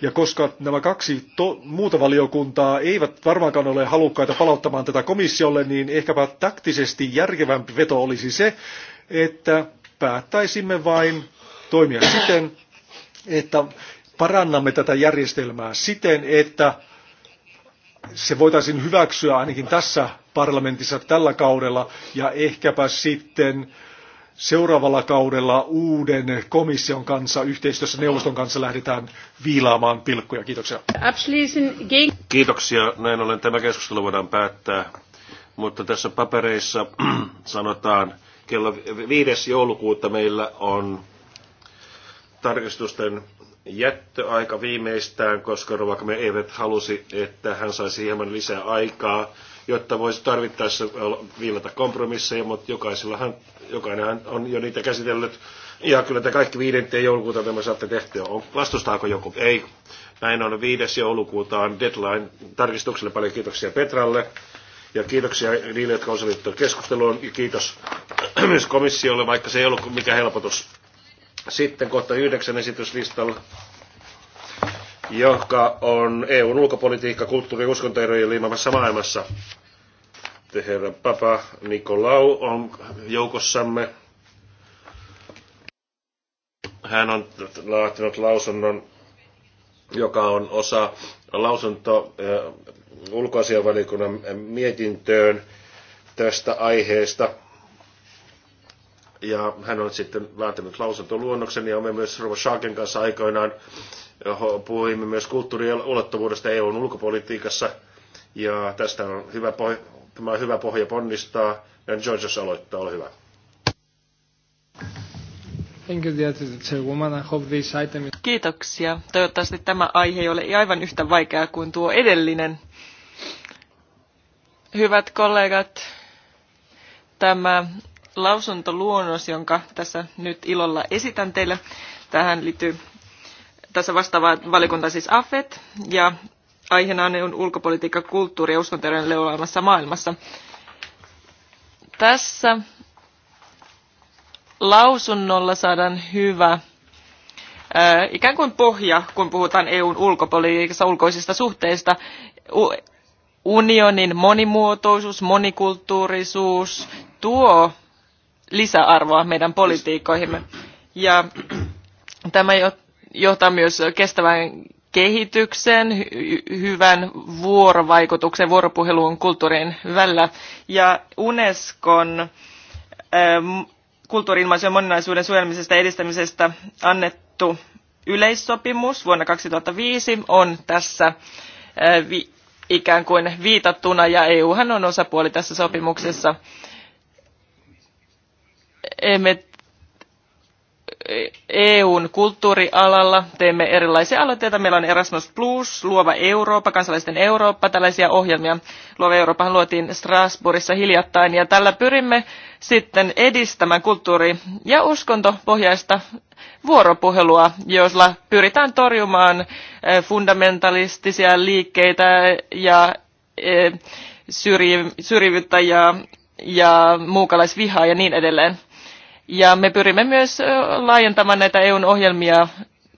S3: Ja koska nämä kaksi to- muuta valiokuntaa eivät varmaankaan ole halukkaita palauttamaan tätä komissiolle, niin ehkäpä taktisesti järkevämpi veto olisi se, että päättäisimme vain toimia siten, että parannamme tätä järjestelmää siten, että se voitaisiin hyväksyä ainakin tässä parlamentissa tällä kaudella ja ehkäpä sitten seuraavalla kaudella uuden komission kanssa, yhteistyössä neuvoston kanssa lähdetään
S2: viilaamaan pilkkuja. Kiitoksia. Kiitoksia. Näin ollen tämä keskustelu voidaan päättää. Mutta tässä papereissa [clears throat] sanotaan, kello 5. joulukuuta meillä on tarkistusten jättöaika viimeistään, koska Rovakme eivät halusi, että hän saisi hieman lisää aikaa jotta voisi tarvittaessa viilata kompromisseja, mutta jokaisellahan, jokainenhan on jo niitä käsitellyt. Ja kyllä te kaikki viidenteen joulukuuta tämä saatte tehtyä. On, vastustaako joku? Ei. Näin on viides joulukuuta on deadline tarkistukselle. Paljon kiitoksia Petralle. Ja kiitoksia niille, jotka osallistuivat keskusteluun. Ja kiitos [clears throat] myös komissiolle, vaikka se ei ollut mikään helpotus. Sitten kohta yhdeksän esityslistalla joka on EUn ulkopolitiikka, kulttuuri- ja uskontoerojen liimavassa maailmassa. Te Papa Nikolau on joukossamme. Hän on laatinut lausunnon, joka on osa lausunto eh, ulkoasianvalikunnan mietintöön tästä aiheesta – ja hän on sitten laatinut lausuntoluonnoksen ja me myös Rova Schaken kanssa aikoinaan eh, puhuimme myös kulttuuriulottuvuudesta EUn ulkopolitiikassa ja tästä on hyvä pohja, tämä on hyvä pohja ponnistaa ja jos aloittaa, ole hyvä.
S1: Kiitoksia. Toivottavasti tämä aihe ei ole aivan yhtä vaikea kuin tuo edellinen. Hyvät kollegat, tämä lausuntoluonnos, jonka tässä nyt ilolla esitän teille. Tähän liittyy tässä vastaava valikunta siis AFET ja aiheena on EUn ulkopolitiikka, kulttuuri ja uskontojen leulaamassa maailmassa. Tässä lausunnolla saadaan hyvä äh, ikään kuin pohja, kun puhutaan EUn ulkopolitiikassa, ulkoisista suhteista. Unionin monimuotoisuus, monikulttuurisuus tuo lisäarvoa meidän politiikkoihimme. Ja tämä johtaa myös kestävään kehityksen, hyvän vuorovaikutuksen, vuoropuheluun kulttuurin välillä. Ja Unescon ja ähm, moninaisuuden suojelmisesta ja edistämisestä annettu yleissopimus vuonna 2005 on tässä äh, ikään kuin viitattuna, ja EUhan on osapuoli tässä sopimuksessa emme EUn kulttuurialalla teemme erilaisia aloitteita. Meillä on Erasmus Plus, Luova Eurooppa, Kansalaisten Eurooppa, tällaisia ohjelmia. Luova Eurooppahan luotiin Strasbourgissa hiljattain ja tällä pyrimme sitten edistämään kulttuuri- ja uskontopohjaista vuoropuhelua, jolla pyritään torjumaan eh, fundamentalistisia liikkeitä ja eh, syrjivyttä ja, ja muukalaisvihaa ja niin edelleen ja me pyrimme myös laajentamaan näitä EUn ohjelmia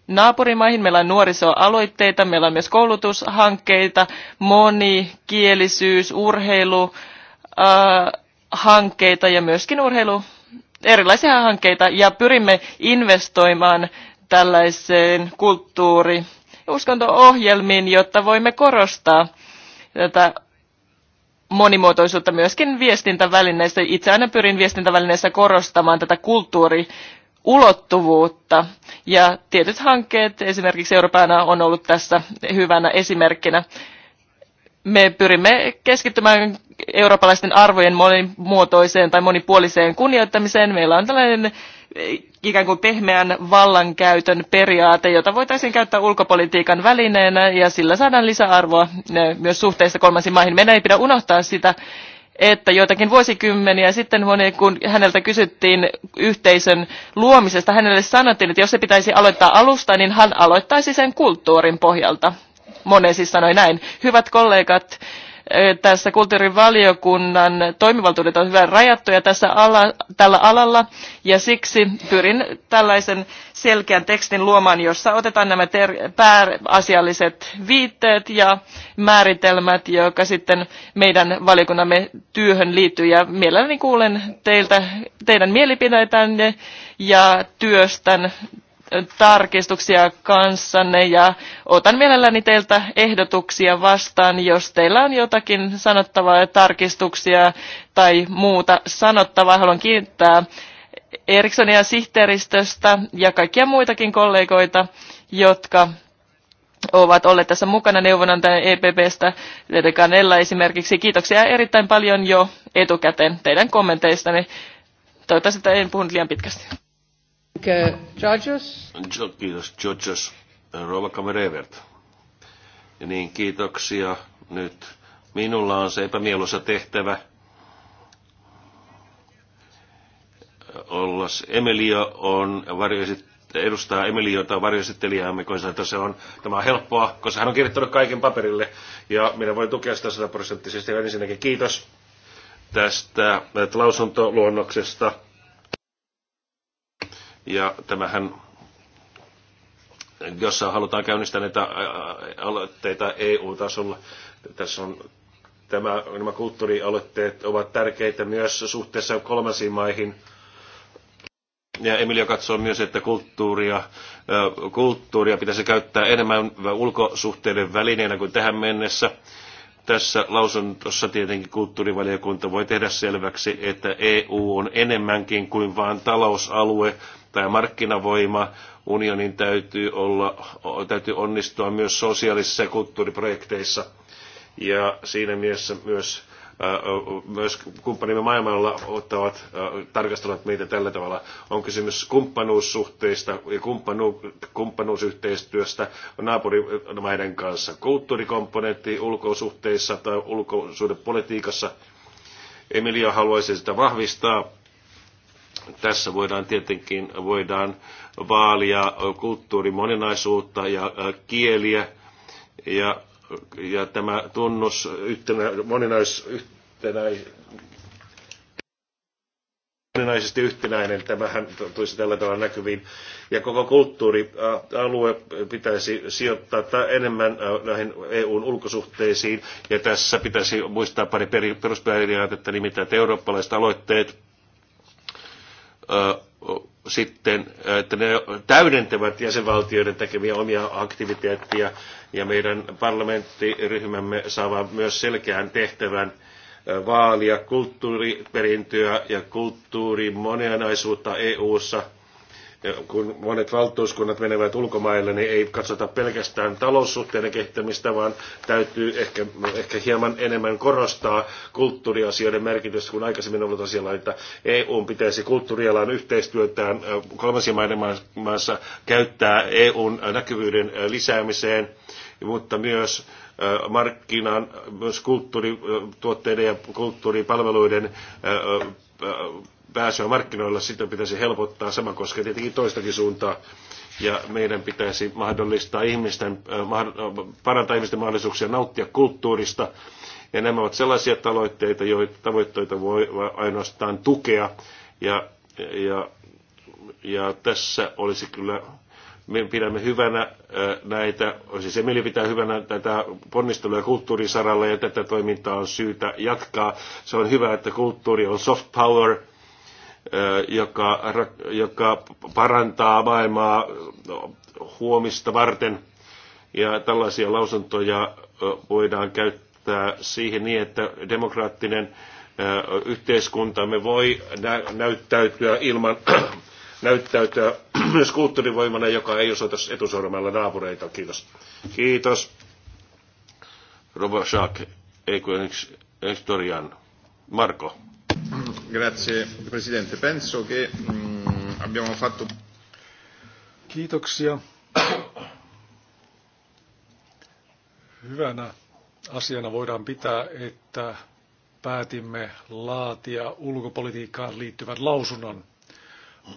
S1: naapurimaihin. Meillä on nuorisoaloitteita, meillä on myös koulutushankkeita, monikielisyys, urheilu, hankkeita ja myöskin urheilu, erilaisia hankkeita ja pyrimme investoimaan tällaiseen kulttuuri- ja uskonto-ohjelmiin, jotta voimme korostaa tätä monimuotoisuutta myöskin viestintävälineistä. Itse aina pyrin viestintävälineissä korostamaan tätä kulttuuri ulottuvuutta. Ja tietyt hankkeet, esimerkiksi Euroopana on ollut tässä hyvänä esimerkkinä. Me pyrimme keskittymään eurooppalaisten arvojen monimuotoiseen tai monipuoliseen kunnioittamiseen. Meillä on tällainen ikään kuin pehmeän vallankäytön periaate, jota voitaisiin käyttää ulkopolitiikan välineenä ja sillä saadaan lisäarvoa eh, myös suhteessa kolmansiin maihin. Meidän ei pidä unohtaa sitä, että joitakin vuosikymmeniä sitten, kun häneltä kysyttiin yhteisön luomisesta, hänelle sanottiin, että jos se pitäisi aloittaa alusta, niin hän aloittaisi sen kulttuurin pohjalta. Mone siis sanoi näin. Hyvät kollegat, tässä kulttuurivaliokunnan toimivaltuudet on hyvin rajattuja tässä ala, tällä alalla ja siksi pyrin tällaisen selkeän tekstin luomaan, jossa otetaan nämä ter- pääasialliset viitteet ja määritelmät, jotka sitten meidän valiokunnamme työhön liittyy ja mielelläni kuulen teiltä, teidän mielipiteitänne ja työstän tarkistuksia kanssanne ja otan mielelläni teiltä ehdotuksia vastaan, jos teillä on jotakin sanottavaa tarkistuksia tai muuta sanottavaa. Haluan kiittää Erikssonia sihteeristöstä ja kaikkia muitakin kollegoita, jotka ovat olleet tässä mukana neuvonantajan EPPstä, Lede esimerkiksi. Kiitoksia erittäin paljon jo etukäteen teidän kommenteistanne. Toivottavasti, että en puhunut liian pitkästi.
S2: Uh, Georgios. Kiitos, Georgios. Uh, Rova Kamerevert. Ja niin, kiitoksia. Nyt minulla on se epämieluisa tehtävä uh, olla. Emilio on varjoesittelijä edustaa Emiliota varjosittelijäämme, että se on, tämä on helppoa, koska hän on kirjoittanut kaiken paperille ja minä voin tukea sitä sataprosenttisesti. Ensinnäkin kiitos tästä lausuntoluonnoksesta ja tämähän jossa halutaan käynnistää näitä aloitteita EU-tasolla. Tässä on tämä, nämä kulttuurialoitteet ovat tärkeitä myös suhteessa kolmansiin maihin. Ja Emilio katsoo myös, että kulttuuria, kulttuuria pitäisi käyttää enemmän ulkosuhteiden välineenä kuin tähän mennessä. Tässä lausuntossa tietenkin kulttuurivaliokunta voi tehdä selväksi, että EU on enemmänkin kuin vain talousalue, Tämä markkinavoima. Unionin täytyy, olla, täytyy onnistua myös sosiaalisissa ja kulttuuriprojekteissa. Ja siinä mielessä myös äh, myös kumppanimme maailmalla ottavat, äh, tarkastavat meitä tällä tavalla. On kysymys kumppanuussuhteista ja kumppanu, kumppanuusyhteistyöstä naapurimaiden kanssa. Kulttuurikomponentti ulkosuhteissa tai ulkosuhdepolitiikassa. Emilia haluaisi sitä vahvistaa tässä voidaan tietenkin voidaan vaalia kulttuurin moninaisuutta ja äh, kieliä ja, ja tämä tunnus yhtenä, moninais, yhtenä, moninaisesti yhtenäinen, tämähän tulisi tällä tavalla näkyviin. Ja koko kulttuurialue pitäisi sijoittaa enemmän äh, näihin EUn ulkosuhteisiin. Ja tässä pitäisi muistaa pari peruspääriaatetta, nimittäin että eurooppalaiset aloitteet sitten, että ne täydentävät jäsenvaltioiden tekemiä omia aktiviteetteja ja meidän parlamenttiryhmämme saa myös selkeän tehtävän vaalia kulttuuriperintöä ja kulttuurin moninaisuutta EU-ssa – kun monet valtuuskunnat menevät ulkomaille, niin ei katsota pelkästään taloussuhteiden kehittämistä, vaan täytyy ehkä, ehkä hieman enemmän korostaa kulttuuriasioiden merkitystä, kun aikaisemmin ollut asialla, että EU pitäisi kulttuurialan yhteistyötään kolmansien maiden maassa käyttää EUn näkyvyyden lisäämiseen, mutta myös markkinan, myös kulttuurituotteiden ja kulttuuripalveluiden pääsyä markkinoilla, sitä pitäisi helpottaa. Sama koskee tietenkin toistakin suuntaa. Ja meidän pitäisi mahdollistaa ihmisten, parantaa ihmisten mahdollisuuksia nauttia kulttuurista. Ja nämä ovat sellaisia tavoitteita, joita tavoitteita voi ainoastaan tukea. Ja, ja, ja tässä olisi kyllä me pidämme hyvänä näitä, siis Emeli pitää hyvänä tätä ponnistelua kulttuurisaralla ja tätä toimintaa on syytä jatkaa. Se on hyvä, että kulttuuri on soft power joka, joka parantaa maailmaa huomista varten. Ja tällaisia lausuntoja voidaan käyttää siihen niin, että demokraattinen yhteiskuntamme voi nä- näyttäytyä ilman [clears throat] näyttäytyä [clears throat] myös kulttuurivoimana, joka ei osoita etusormella naapureita. Kiitos. Kiitos. Robert Schaak, eikö Marko. Grazie Presidente. Penso che mm, abbiamo fatto... Kiitoksia.
S3: Hyvänä asiana voidaan pitää, että päätimme laatia ulkopolitiikkaan liittyvän lausunnon.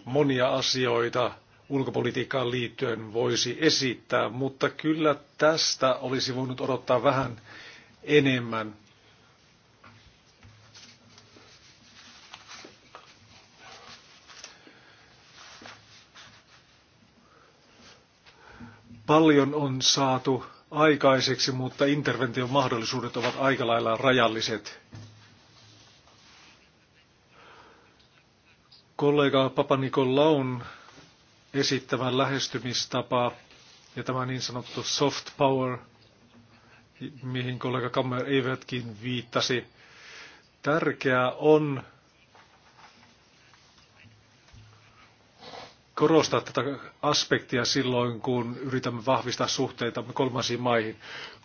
S3: Monia asioita ulkopolitiikkaan liittyen voisi esittää, mutta kyllä tästä olisi voinut odottaa vähän enemmän. Paljon on saatu aikaiseksi, mutta intervention mahdollisuudet ovat aika lailla rajalliset. Kollega Papanikolaun esittämä lähestymistapa ja tämä niin sanottu soft power, mihin kollega Kammer Evertkin viittasi, tärkeää on korostaa tätä aspektia silloin, kun yritämme vahvistaa suhteita kolmansiin maihin.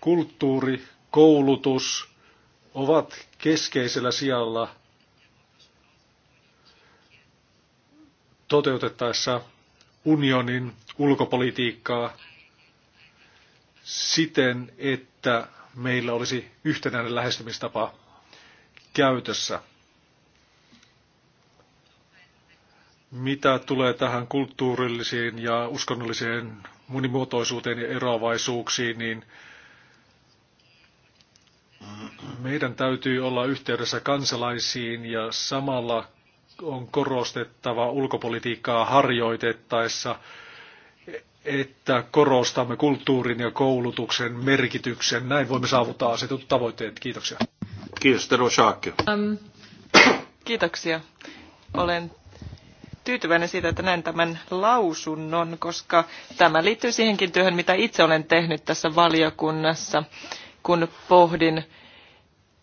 S3: Kulttuuri, koulutus ovat keskeisellä sijalla toteutettaessa unionin ulkopolitiikkaa siten, että meillä olisi yhtenäinen lähestymistapa käytössä. Mitä tulee tähän kulttuurillisiin ja uskonnolliseen monimuotoisuuteen ja eroavaisuuksiin, niin meidän täytyy olla yhteydessä kansalaisiin ja samalla on korostettava ulkopolitiikkaa harjoitettaessa, että korostamme kulttuurin ja koulutuksen merkityksen. Näin voimme saavuttaa asetut tavoitteet. Kiitoksia.
S2: Kiitos, Tero
S1: Um, kiitoksia. Olen tyytyväinen siitä, että näen tämän lausunnon, koska tämä liittyy siihenkin työhön, mitä itse olen tehnyt tässä valiokunnassa, kun pohdin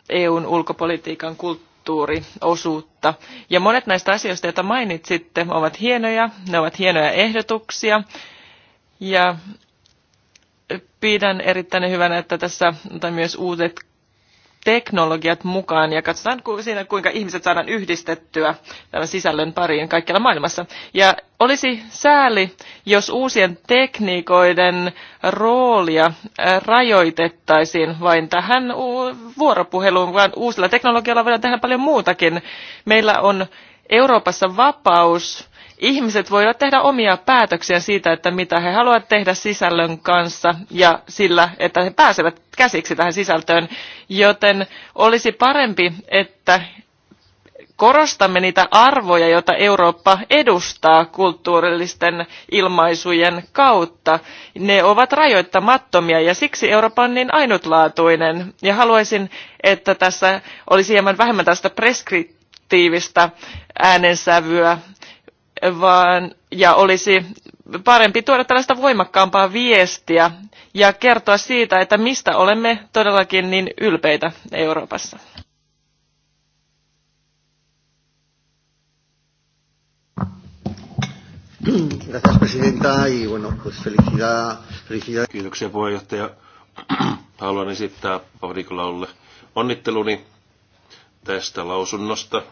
S1: EUn ulkopolitiikan kulttuuriosuutta. Ja monet näistä asioista, joita mainitsitte, ovat hienoja, ne ovat hienoja ehdotuksia. Ja pidän erittäin hyvänä, että tässä on myös uudet teknologiat mukaan ja katsotaan siinä, kuinka ihmiset saadaan yhdistettyä tämän sisällön pariin kaikkialla maailmassa. Ja olisi sääli, jos uusien tekniikoiden roolia rajoitettaisiin vain tähän vuoropuheluun, vaan uusilla teknologioilla voidaan tehdä paljon muutakin. Meillä on Euroopassa vapaus Ihmiset voivat tehdä omia päätöksiä siitä, että mitä he haluavat tehdä sisällön kanssa ja sillä, että he pääsevät käsiksi tähän sisältöön, joten olisi parempi, että korostamme niitä arvoja, joita Eurooppa edustaa kulttuurillisten ilmaisujen kautta. Ne ovat rajoittamattomia ja siksi Eurooppa on niin ainutlaatuinen. Ja haluaisin, että tässä olisi hieman vähemmän tästä preskriptiivistä äänensävyä vaan, ja olisi parempi tuoda tällaista voimakkaampaa viestiä ja kertoa siitä, että mistä olemme todellakin niin ylpeitä Euroopassa.
S2: Gracias, presidenta, y bueno, pues felicidad, felicidad. Kiitoksia puheenjohtaja. [clears throat] Haluan esittää Pahdikolaululle onnitteluni tästä lausunnosta.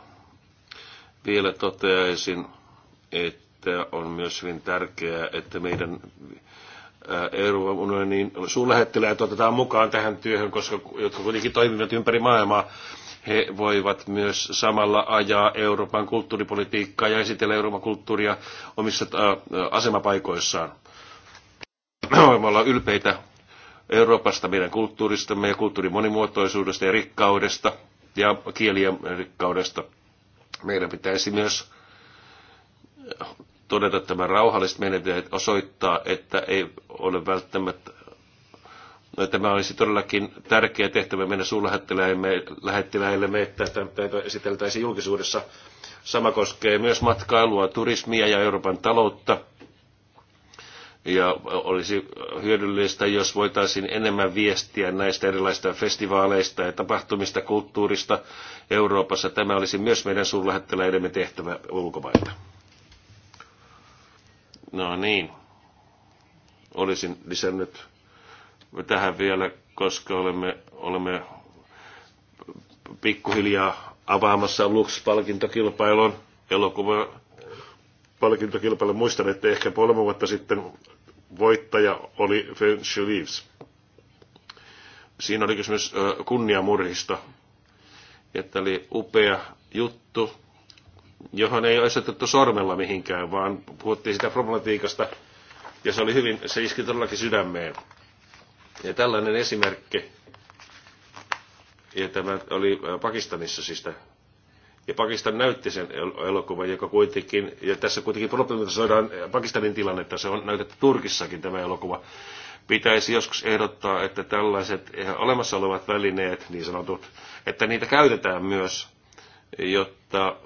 S2: Vielä toteaisin, että on myös hyvin tärkeää, että meidän Euroopan unionin suurlähettiläät otetaan mukaan tähän työhön, koska jotka kuitenkin toimivat ympäri maailmaa, he voivat myös samalla ajaa Euroopan kulttuuripolitiikkaa ja esitellä Euroopan kulttuuria omissa asemapaikoissaan. Me voimme olla ylpeitä Euroopasta, meidän kulttuuristamme ja kulttuurin monimuotoisuudesta ja rikkaudesta ja kielien rikkaudesta. Meidän pitäisi myös todeta tämän rauhalliset menetelmät osoittaa, että ei ole välttämättä No, tämä olisi todellakin tärkeä tehtävä meidän suurlähettiläillemme, että tätä esiteltäisiin julkisuudessa. Sama koskee myös matkailua, turismia ja Euroopan taloutta. Ja olisi hyödyllistä, jos voitaisiin enemmän viestiä näistä erilaisista festivaaleista ja tapahtumista, kulttuurista Euroopassa. Tämä olisi myös meidän suurlähettiläidemme tehtävä ulkomailla. No niin. Olisin lisännyt tähän vielä, koska olemme, olemme pikkuhiljaa avaamassa Lux-palkintokilpailun elokuva palkintokilpailun. Muistan, että ehkä kolme vuotta sitten voittaja oli French Leaves. Siinä oli kysymys kunniamurhista. Että oli upea juttu, johon ei osoitettu sormella mihinkään, vaan puhuttiin sitä problematiikasta, ja se oli hyvin, se iski todellakin sydämeen. Ja tällainen esimerkki, ja tämä oli äh, Pakistanissa siis ja Pakistan näytti sen elokuvan, joka kuitenkin, ja tässä kuitenkin problematisoidaan äh, Pakistanin tilannetta, se on näytetty Turkissakin tämä elokuva. Pitäisi joskus ehdottaa, että tällaiset äh, olemassa olevat välineet, niin sanotut, että niitä käytetään myös, jotta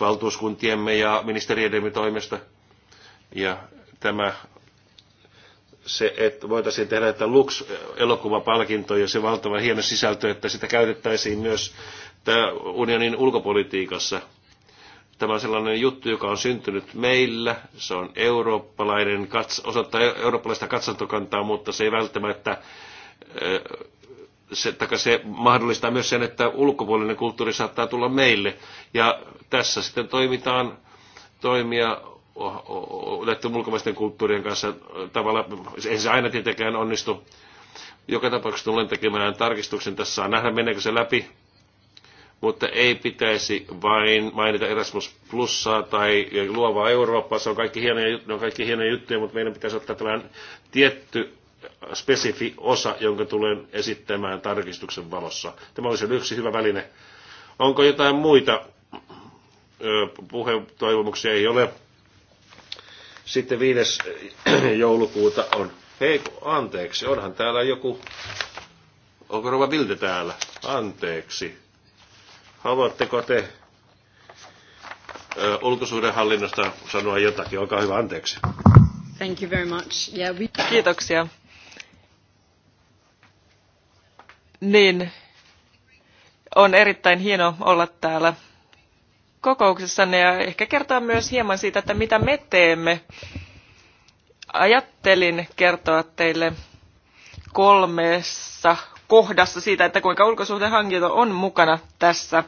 S2: valtuuskuntiemme ja ministeriöidemme toimesta. Ja tämä se, että voitaisiin tehdä että Lux-elokuvapalkinto ja se valtava hieno sisältö, että sitä käytettäisiin myös unionin ulkopolitiikassa. Tämä on sellainen juttu, joka on syntynyt meillä. Se on eurooppalainen, osoittaa e-, eurooppalaista katsantokantaa, mutta se ei välttämättä se, se mahdollistaa myös sen, että ulkopuolinen kulttuuri saattaa tulla meille. Ja tässä sitten toimitaan toimia näiden ulkomaisten kulttuurien kanssa tavalla, ei se aina tietenkään onnistu. Joka tapauksessa tulen tekemään tarkistuksen, tässä saa nähdä meneekö se läpi, mutta ei pitäisi vain mainita Erasmus Plussaa tai luovaa Eurooppaa, se on kaikki hienoja, ne on kaikki hienoja juttuja, mutta meidän pitäisi ottaa tällainen tietty spesifi osa, jonka tulen esittämään tarkistuksen valossa. Tämä olisi yksi hyvä väline. Onko jotain muita puheentoivomuksia? Ei ole. Sitten 5. [clears throat] joulukuuta on. Hei, anteeksi, onhan täällä joku... Onko Rova Vilde täällä? Anteeksi. Haluatteko te ulkosuhdehallinnosta sanoa jotakin? Olkaa hyvä, anteeksi.
S1: Thank you very much. Yeah, we... Kiitoksia. niin on erittäin hieno olla täällä kokouksessanne ja ehkä kertoa myös hieman siitä, että mitä me teemme. Ajattelin kertoa teille kolmessa kohdassa siitä, että kuinka ulkosuhdehankinta on mukana tässä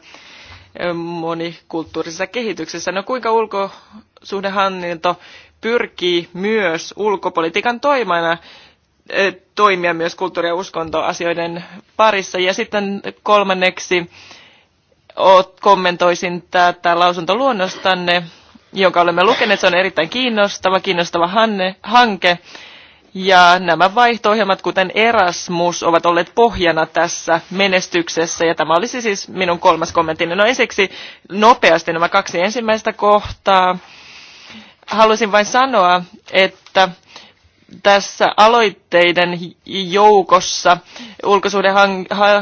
S1: monikulttuurisessa kehityksessä. No kuinka ulkosuhdehankinto pyrkii myös ulkopolitiikan toimana toimia myös kulttuuri- ja uskontoasioiden parissa. Ja sitten kolmanneksi kommentoisin tätä lausuntoluonnostanne, jonka olemme lukeneet. Se on erittäin kiinnostava, kiinnostava hanne, hanke. Ja nämä vaihto kuten Erasmus, ovat olleet pohjana tässä menestyksessä. Ja tämä olisi siis minun kolmas kommenttini. No ensiksi nopeasti nämä kaksi ensimmäistä kohtaa. Haluaisin vain sanoa, että tässä aloitteiden joukossa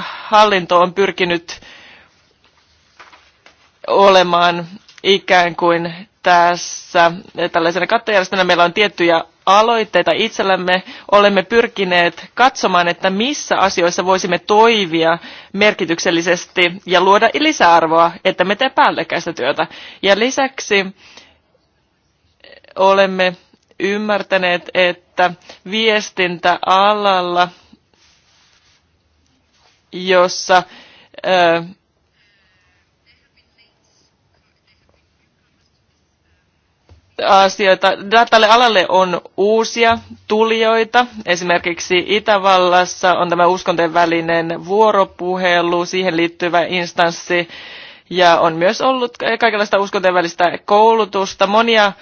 S1: hallinto on pyrkinyt olemaan ikään kuin tässä tällaisena kattojärjestelmänä. Meillä on tiettyjä aloitteita itsellämme. Olemme pyrkineet katsomaan, että missä asioissa voisimme toivia merkityksellisesti ja luoda lisäarvoa, että me tee päällekkäistä työtä. Ja lisäksi olemme ymmärtäneet, että että viestintäalalla, jossa ö, asioita. Tälle alalle on uusia tulijoita. Esimerkiksi Itävallassa on tämä uskonten välinen vuoropuhelu, siihen liittyvä instanssi. Ja on myös ollut kaikenlaista uskonten välistä koulutusta. Monia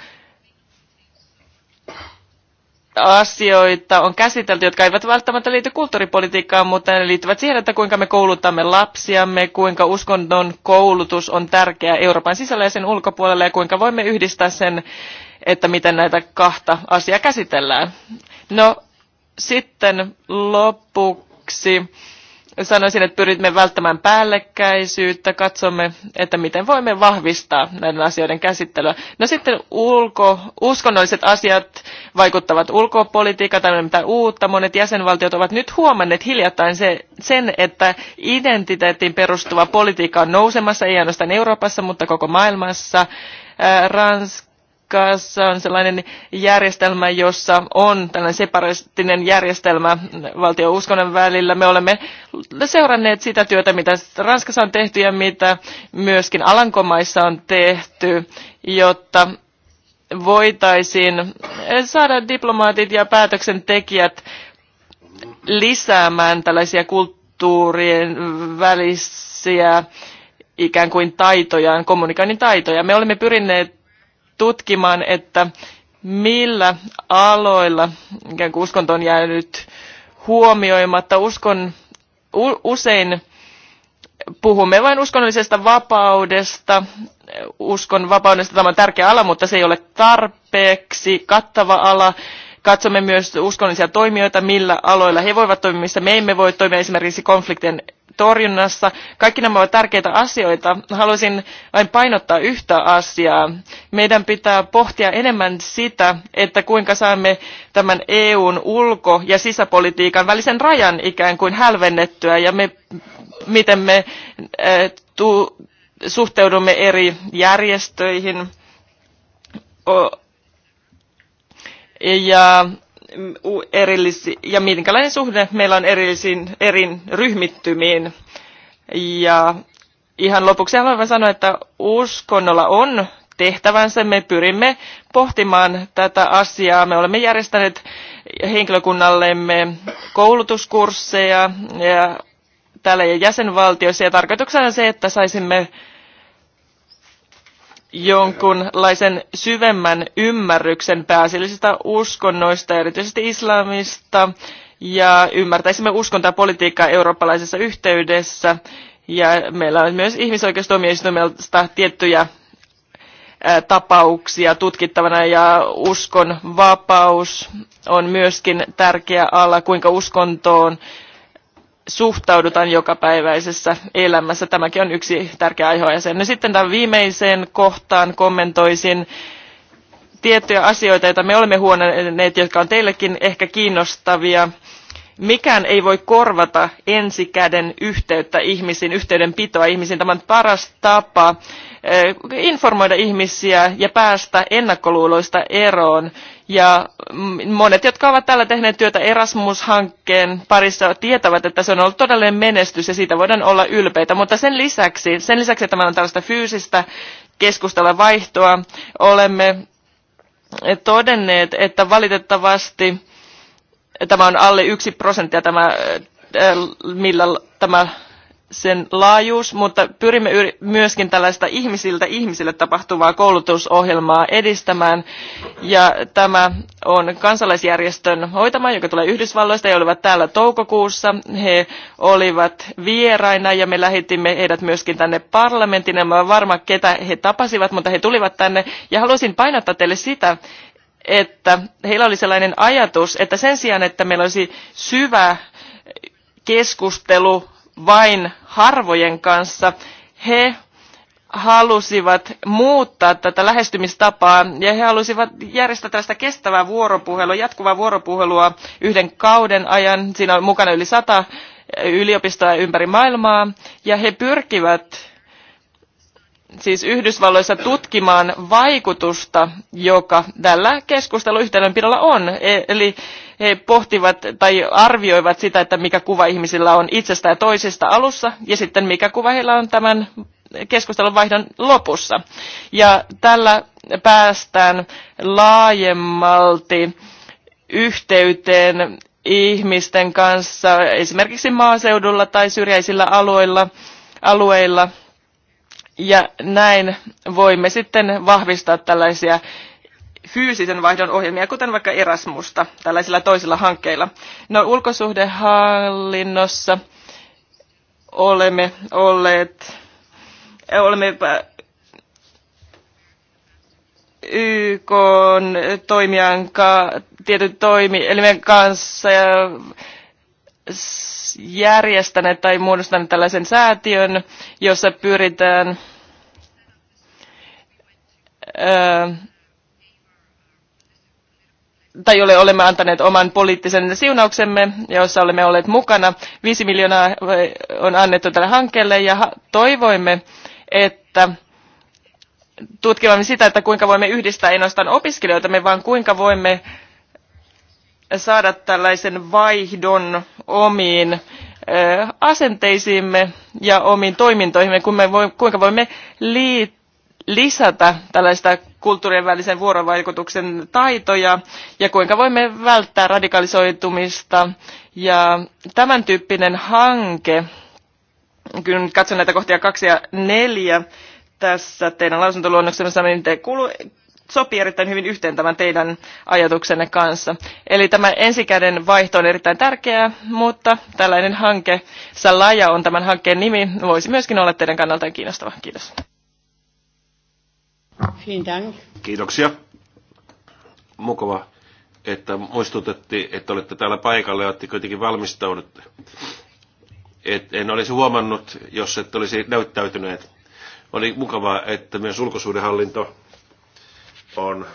S1: asioita on käsitelty, jotka eivät välttämättä liity kulttuuripolitiikkaan, mutta ne liittyvät siihen, että kuinka me koulutamme lapsiamme, kuinka uskonnon koulutus on tärkeä Euroopan sisällä ja sen ulkopuolella ja kuinka voimme yhdistää sen, että miten näitä kahta asiaa käsitellään. No sitten lopuksi Sanoisin, että pyrimme välttämään päällekkäisyyttä, katsomme, että miten voimme vahvistaa näiden asioiden käsittelyä. No sitten ulko, uskonnolliset asiat vaikuttavat ulkopolitiikkaan, tai mitä uutta. Monet jäsenvaltiot ovat nyt huomanneet hiljattain se, sen, että identiteettiin perustuva politiikka on nousemassa, ei ainoastaan Euroopassa, mutta koko maailmassa. Äh, Ranska Ranskassa on sellainen järjestelmä, jossa on tällainen separatistinen järjestelmä valtion uskonnon välillä. Me olemme seuranneet sitä työtä, mitä Ranskassa on tehty ja mitä myöskin Alankomaissa on tehty, jotta voitaisiin saada diplomaatit ja päätöksentekijät lisäämään tällaisia kulttuurien välisiä ikään kuin taitojaan, kommunikoinnin taitoja. Me olemme pyrinneet tutkimaan, että millä aloilla ikään kuin uskonto on jäänyt huomioimatta. Uskon usein puhumme vain uskonnollisesta vapaudesta. Uskon vapaudesta tämä on tärkeä ala, mutta se ei ole tarpeeksi kattava ala. Katsomme myös uskonnollisia toimijoita, millä aloilla he voivat toimia, missä me emme voi toimia esimerkiksi konfliktien torjunnassa. Kaikki nämä ovat tärkeitä asioita. Haluaisin vain painottaa yhtä asiaa. Meidän pitää pohtia enemmän sitä, että kuinka saamme tämän EUn ulko- ja sisäpolitiikan välisen rajan ikään kuin hälvennettyä ja me, miten me eh, tu, suhteudumme eri järjestöihin ja erillisi, ja minkälainen suhde meillä on erillisiin erin ryhmittymiin. Ja ihan lopuksi haluan sanoa, että uskonnolla on tehtävänsä. Me pyrimme pohtimaan tätä asiaa. Me olemme järjestäneet henkilökunnallemme koulutuskursseja ja täällä jäsenvaltioissa ja tarkoituksena on se, että saisimme jonkunlaisen syvemmän ymmärryksen pääasiallisista uskonnoista, erityisesti islamista, ja ymmärtäisimme uskontaa politiikkaa eurooppalaisessa yhteydessä. Ja meillä on myös ihmisoikeustuomioistuimelta tiettyjä tapauksia tutkittavana ja uskon vapaus on myöskin tärkeä ala, kuinka uskontoon suhtaudutaan jokapäiväisessä elämässä. Tämäkin on yksi tärkeä aiheeseen. No sitten tämän viimeiseen kohtaan kommentoisin tiettyjä asioita, joita me olemme huoneet, jotka on teillekin ehkä kiinnostavia. Mikään ei voi korvata ensikäden yhteyttä ihmisiin, yhteydenpitoa ihmisiin. Tämä on paras tapa eh, informoida ihmisiä ja päästä ennakkoluuloista eroon. Ja monet, jotka ovat täällä tehneet työtä Erasmus-hankkeen parissa, tietävät, että se on ollut todellinen menestys ja siitä voidaan olla ylpeitä. Mutta sen lisäksi, sen lisäksi että meillä on tällaista fyysistä keskustella vaihtoa, olemme todenneet, että valitettavasti tämä on alle yksi prosenttia tämä, äh, millä tämä sen laajuus, mutta pyrimme myöskin tällaista ihmisiltä ihmisille tapahtuvaa koulutusohjelmaa edistämään. Ja tämä on kansalaisjärjestön hoitama, joka tulee Yhdysvalloista ja olivat täällä toukokuussa. He olivat vieraina ja me lähetimme heidät myöskin tänne parlamentin. En ole varma, ketä he tapasivat, mutta he tulivat tänne. Ja haluaisin painottaa teille sitä, että heillä oli sellainen ajatus, että sen sijaan, että meillä olisi syvä keskustelu vain harvojen kanssa. He halusivat muuttaa tätä lähestymistapaa ja he halusivat järjestää tällaista kestävää vuoropuhelua, jatkuvaa vuoropuhelua yhden kauden ajan. Siinä on mukana yli sata yliopistoa ympäri maailmaa ja he pyrkivät siis Yhdysvalloissa tutkimaan vaikutusta, joka tällä keskusteluyhteydenpidolla on. E- eli he pohtivat tai arvioivat sitä, että mikä kuva ihmisillä on itsestä ja toisesta alussa ja sitten mikä kuva heillä on tämän keskustelun vaihdon lopussa. Ja tällä päästään laajemmalti yhteyteen ihmisten kanssa esimerkiksi maaseudulla tai syrjäisillä alueilla, alueilla. Ja näin voimme sitten vahvistaa tällaisia fyysisen vaihdon ohjelmia, kuten vaikka Erasmusta tällaisilla toisilla hankkeilla. No ulkosuhdehallinnossa olemme olleet, olemme äh, YK toimijan ka, tietyn eli kanssa ja järjestäneet tai muodostaneet tällaisen säätiön, jossa pyritään ää, äh, tai jolle olemme antaneet oman poliittisen siunauksemme, jossa olemme olleet mukana. Viisi miljoonaa on annettu tälle hankkeelle ja toivoimme, että tutkivamme sitä, että kuinka voimme yhdistää ainoastaan opiskelijoita me vaan kuinka voimme saada tällaisen vaihdon omiin asenteisiimme ja omiin toimintoihimme, kuinka voimme liittyä lisätä tällaista kulttuurien välisen vuorovaikutuksen taitoja ja kuinka voimme välttää radikalisoitumista. Ja tämän tyyppinen hanke, kun katson näitä kohtia kaksi ja neljä tässä teidän lausuntoluonnoksessa, niin te kuulu, sopii erittäin hyvin yhteen tämän teidän ajatuksenne kanssa. Eli tämä ensikäden vaihto on erittäin tärkeää, mutta tällainen hanke, Salaja on tämän hankkeen nimi, voisi myöskin olla teidän kannaltaan kiinnostava. Kiitos.
S2: Kiitoksia. Mukava, että muistutettiin, että olette täällä paikalla ja olette kuitenkin valmistaudutte. Et en olisi huomannut, jos et olisi näyttäytyneet. Oli mukavaa, että myös ulkosuudenhallinto on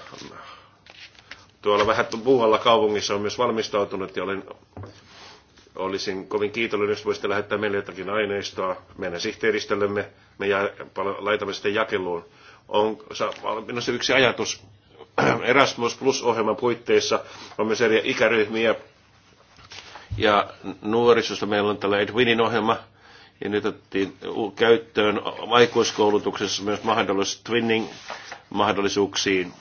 S2: tuolla vähän muualla kaupungissa on myös valmistautunut ja olen, olisin kovin kiitollinen, jos voisitte lähettää meille jotakin aineistoa meidän sihteeristöllemme. Me laitamme sitten jakeluun on se yksi ajatus Erasmus Plus-ohjelman puitteissa on myös eri ikäryhmiä ja nuorisosta meillä on tällä Edwinin ohjelma, ja nyt otettiin käyttöön aikuiskoulutuksessa myös mahdollisuus twinning-mahdollisuuksiin.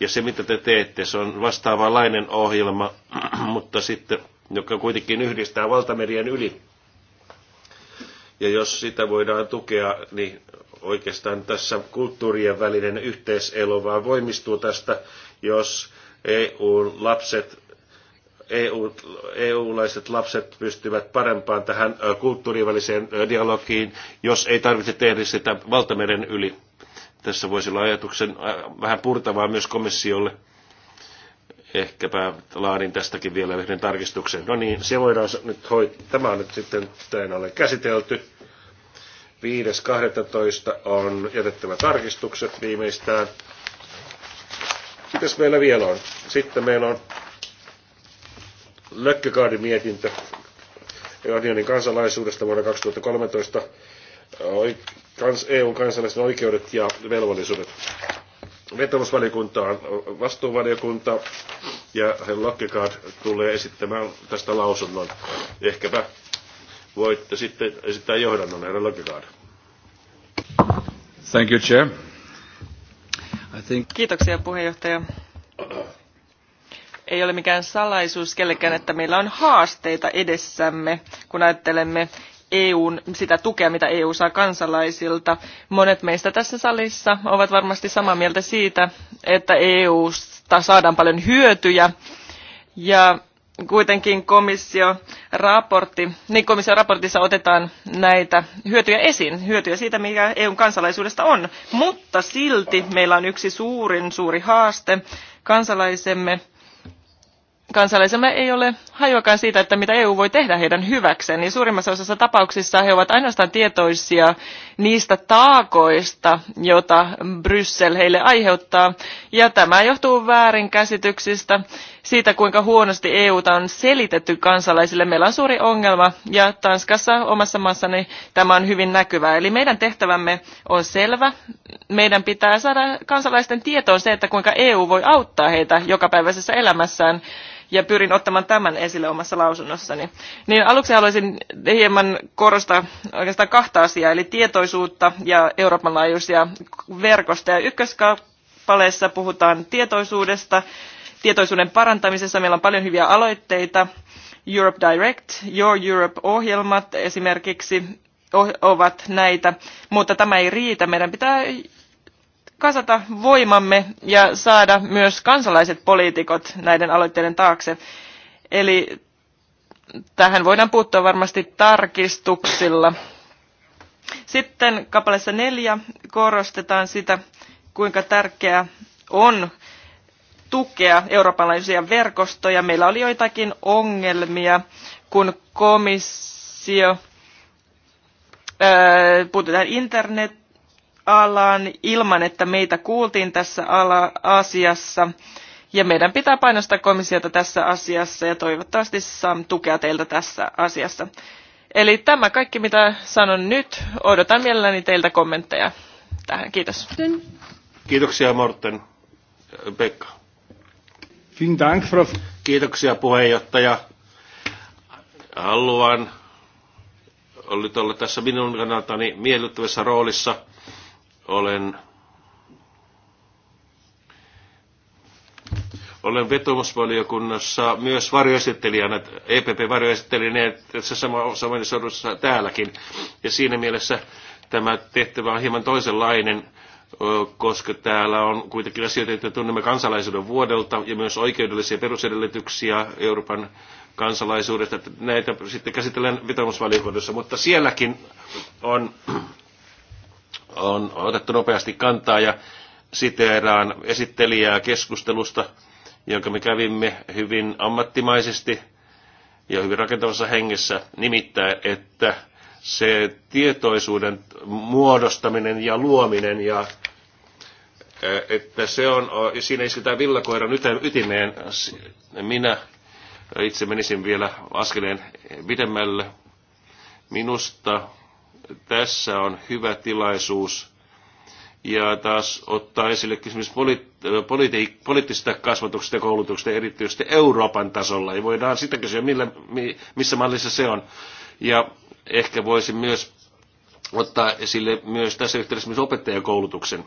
S2: Ja se, mitä te teette, se on vastaavanlainen ohjelma, [clears throat] mutta sitten, joka kuitenkin yhdistää valtamedian yli. Ja jos sitä voidaan tukea, niin oikeastaan tässä kulttuurien välinen yhteiselo vaan voimistuu tästä, jos EU-lapset EU, EU-laiset lapset pystyvät parempaan tähän kulttuuriväliseen dialogiin, jos ei tarvitse tehdä sitä valtameren yli. Tässä voisi olla ajatuksen vähän purtavaa myös komissiolle. Ehkäpä laadin tästäkin vielä yhden tarkistuksen. No niin, se voidaan nyt hoitaa. Tämä on nyt sitten tein alle käsitelty. 5.12. on jätettävä tarkistukset viimeistään. Mitäs meillä vielä on? Sitten meillä on Lökkökaardin mietintö unionin kansalaisuudesta vuonna 2013 EUn kansalaisten oikeudet ja velvollisuudet. Vetomusvaliokunta on vastuuvaliokunta ja Lokkegaard tulee esittämään tästä lausunnon. Ehkäpä Voitte sitten esittää johdannon, herra Lokikaard.
S3: Thank you, Chair. I
S1: think... Kiitoksia puheenjohtaja. Ei ole mikään salaisuus kellekään, että meillä on haasteita edessämme, kun ajattelemme EUn, sitä tukea, mitä EU saa kansalaisilta. Monet meistä tässä salissa ovat varmasti samaa mieltä siitä, että EUsta saadaan paljon hyötyjä ja kuitenkin komissio raportti, niin komission raportissa otetaan näitä hyötyjä esiin, hyötyjä siitä, mikä EUn kansalaisuudesta on. Mutta silti meillä on yksi suurin suuri haaste. Kansalaisemme, kansalaisemme ei ole hajuakaan siitä, että mitä EU voi tehdä heidän hyväkseen. Niin suurimmassa osassa tapauksissa he ovat ainoastaan tietoisia niistä taakoista, joita Bryssel heille aiheuttaa. Ja tämä johtuu väärinkäsityksistä. käsityksistä siitä, kuinka huonosti EUta on selitetty kansalaisille. Meillä on suuri ongelma ja Tanskassa omassa maassani tämä on hyvin näkyvää. Eli meidän tehtävämme on selvä. Meidän pitää saada kansalaisten tietoon se, että kuinka EU voi auttaa heitä jokapäiväisessä elämässään ja pyrin ottamaan tämän esille omassa lausunnossani. Niin aluksi haluaisin hieman korostaa oikeastaan kahta asiaa, eli tietoisuutta ja Euroopan laajuisia verkostoja. Ykköskappaleessa puhutaan tietoisuudesta tietoisuuden parantamisessa. Meillä on paljon hyviä aloitteita. Europe Direct, Your Europe-ohjelmat esimerkiksi oh, ovat näitä, mutta tämä ei riitä. Meidän pitää kasata voimamme ja saada myös kansalaiset poliitikot näiden aloitteiden taakse. Eli tähän voidaan puuttua varmasti tarkistuksilla. Sitten kappaleessa neljä korostetaan sitä, kuinka tärkeää on tukea Euroopan verkostoja. Meillä oli joitakin ongelmia, kun komissio puututaan internet-alaan ilman, että meitä kuultiin tässä ala- asiassa. Ja meidän pitää painostaa komissiota tässä asiassa ja toivottavasti saamme tukea teiltä tässä asiassa. Eli tämä kaikki, mitä sanon nyt. Odotan mielelläni teiltä kommentteja tähän. Kiitos.
S2: Kiitoksia Morten. Pekka. Kiitoksia puheenjohtaja. Haluan nyt olla tässä minun kannaltani miellyttävässä roolissa. Olen, olen vetomusvaliokunnassa myös varjoesittelijänä, EPP-varjoesittelijänä, tässä sama, samassa täälläkin. Ja siinä mielessä tämä tehtävä on hieman toisenlainen koska täällä on kuitenkin asioita, joita tunnemme kansalaisuuden vuodelta ja myös oikeudellisia perusedellytyksiä Euroopan kansalaisuudesta. Näitä sitten käsitellään vetomusvaliokunnassa, mutta sielläkin on, on otettu nopeasti kantaa ja siteeraan esittelijää keskustelusta, jonka me kävimme hyvin ammattimaisesti ja hyvin rakentavassa hengessä, nimittäin, että se tietoisuuden muodostaminen ja luominen ja että se on, siinä isketään villakoiran ytimeen. Minä itse menisin vielä askeleen pidemmälle. Minusta tässä on hyvä tilaisuus ja taas ottaa esille kysymys politi- poliittisesta kasvatuksesta ja koulutuksesta erityisesti Euroopan tasolla. Ja voidaan sitä kysyä, millä, missä mallissa se on. Ja ehkä voisi myös ottaa esille myös tässä yhteydessä myös opettajakoulutuksen.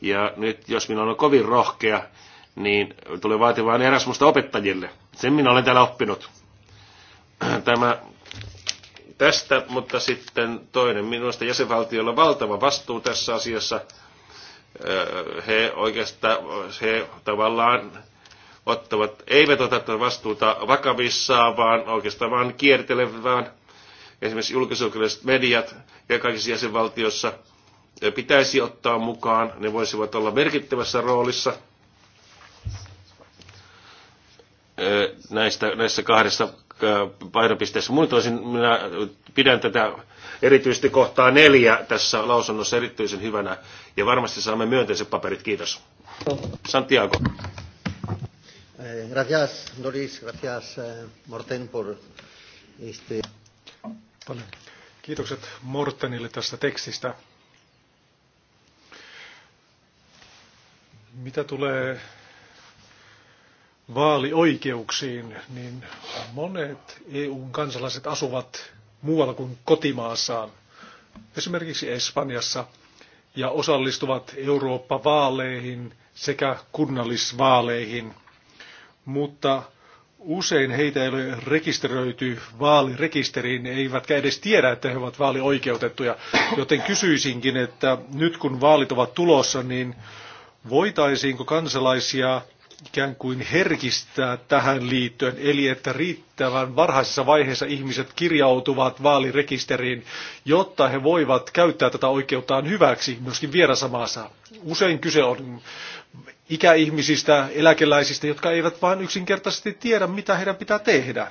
S2: Ja nyt, jos minä olen kovin rohkea, niin tulee vaatimaan Erasmusta opettajille. Sen minä olen täällä oppinut. [clears throat] Tämä tästä, mutta sitten toinen. Minusta jäsenvaltioilla on valtava vastuu tässä asiassa. Öö, he oikeastaan, he tavallaan ottavat, eivät ota vastuuta vakavissaan, vaan oikeastaan vaan kiertelevät esimerkiksi julkisoikeudelliset mediat ja kaikissa jäsenvaltioissa pitäisi ottaa mukaan. Ne voisivat olla merkittävässä roolissa näistä, näissä kahdessa painopisteessä. Muilta osin minä pidän tätä erityisesti kohtaa neljä tässä lausunnossa erityisen hyvänä ja varmasti saamme myönteiset paperit. Kiitos. Santiago.
S3: Eh, gracias, Doris. Gracias, eh, Morten, por este... Paljon. Kiitokset Mortenille tästä tekstistä. Mitä tulee vaalioikeuksiin, niin monet EUn kansalaiset asuvat muualla kuin kotimaassaan, esimerkiksi Espanjassa, ja osallistuvat Eurooppa-vaaleihin sekä kunnallisvaaleihin. Mutta Usein heitä ei ole rekisteröity vaalirekisteriin, eivätkä edes tiedä, että he ovat vaalioikeutettuja. Joten kysyisinkin, että nyt kun vaalit ovat tulossa, niin voitaisiinko kansalaisia ikään kuin herkistää tähän liittyen, eli että riittävän varhaisessa vaiheessa ihmiset kirjautuvat vaalirekisteriin, jotta he voivat käyttää tätä oikeuttaan hyväksi myöskin vierassa maassa. Usein kyse on ikäihmisistä, eläkeläisistä, jotka eivät vain yksinkertaisesti tiedä, mitä heidän pitää tehdä.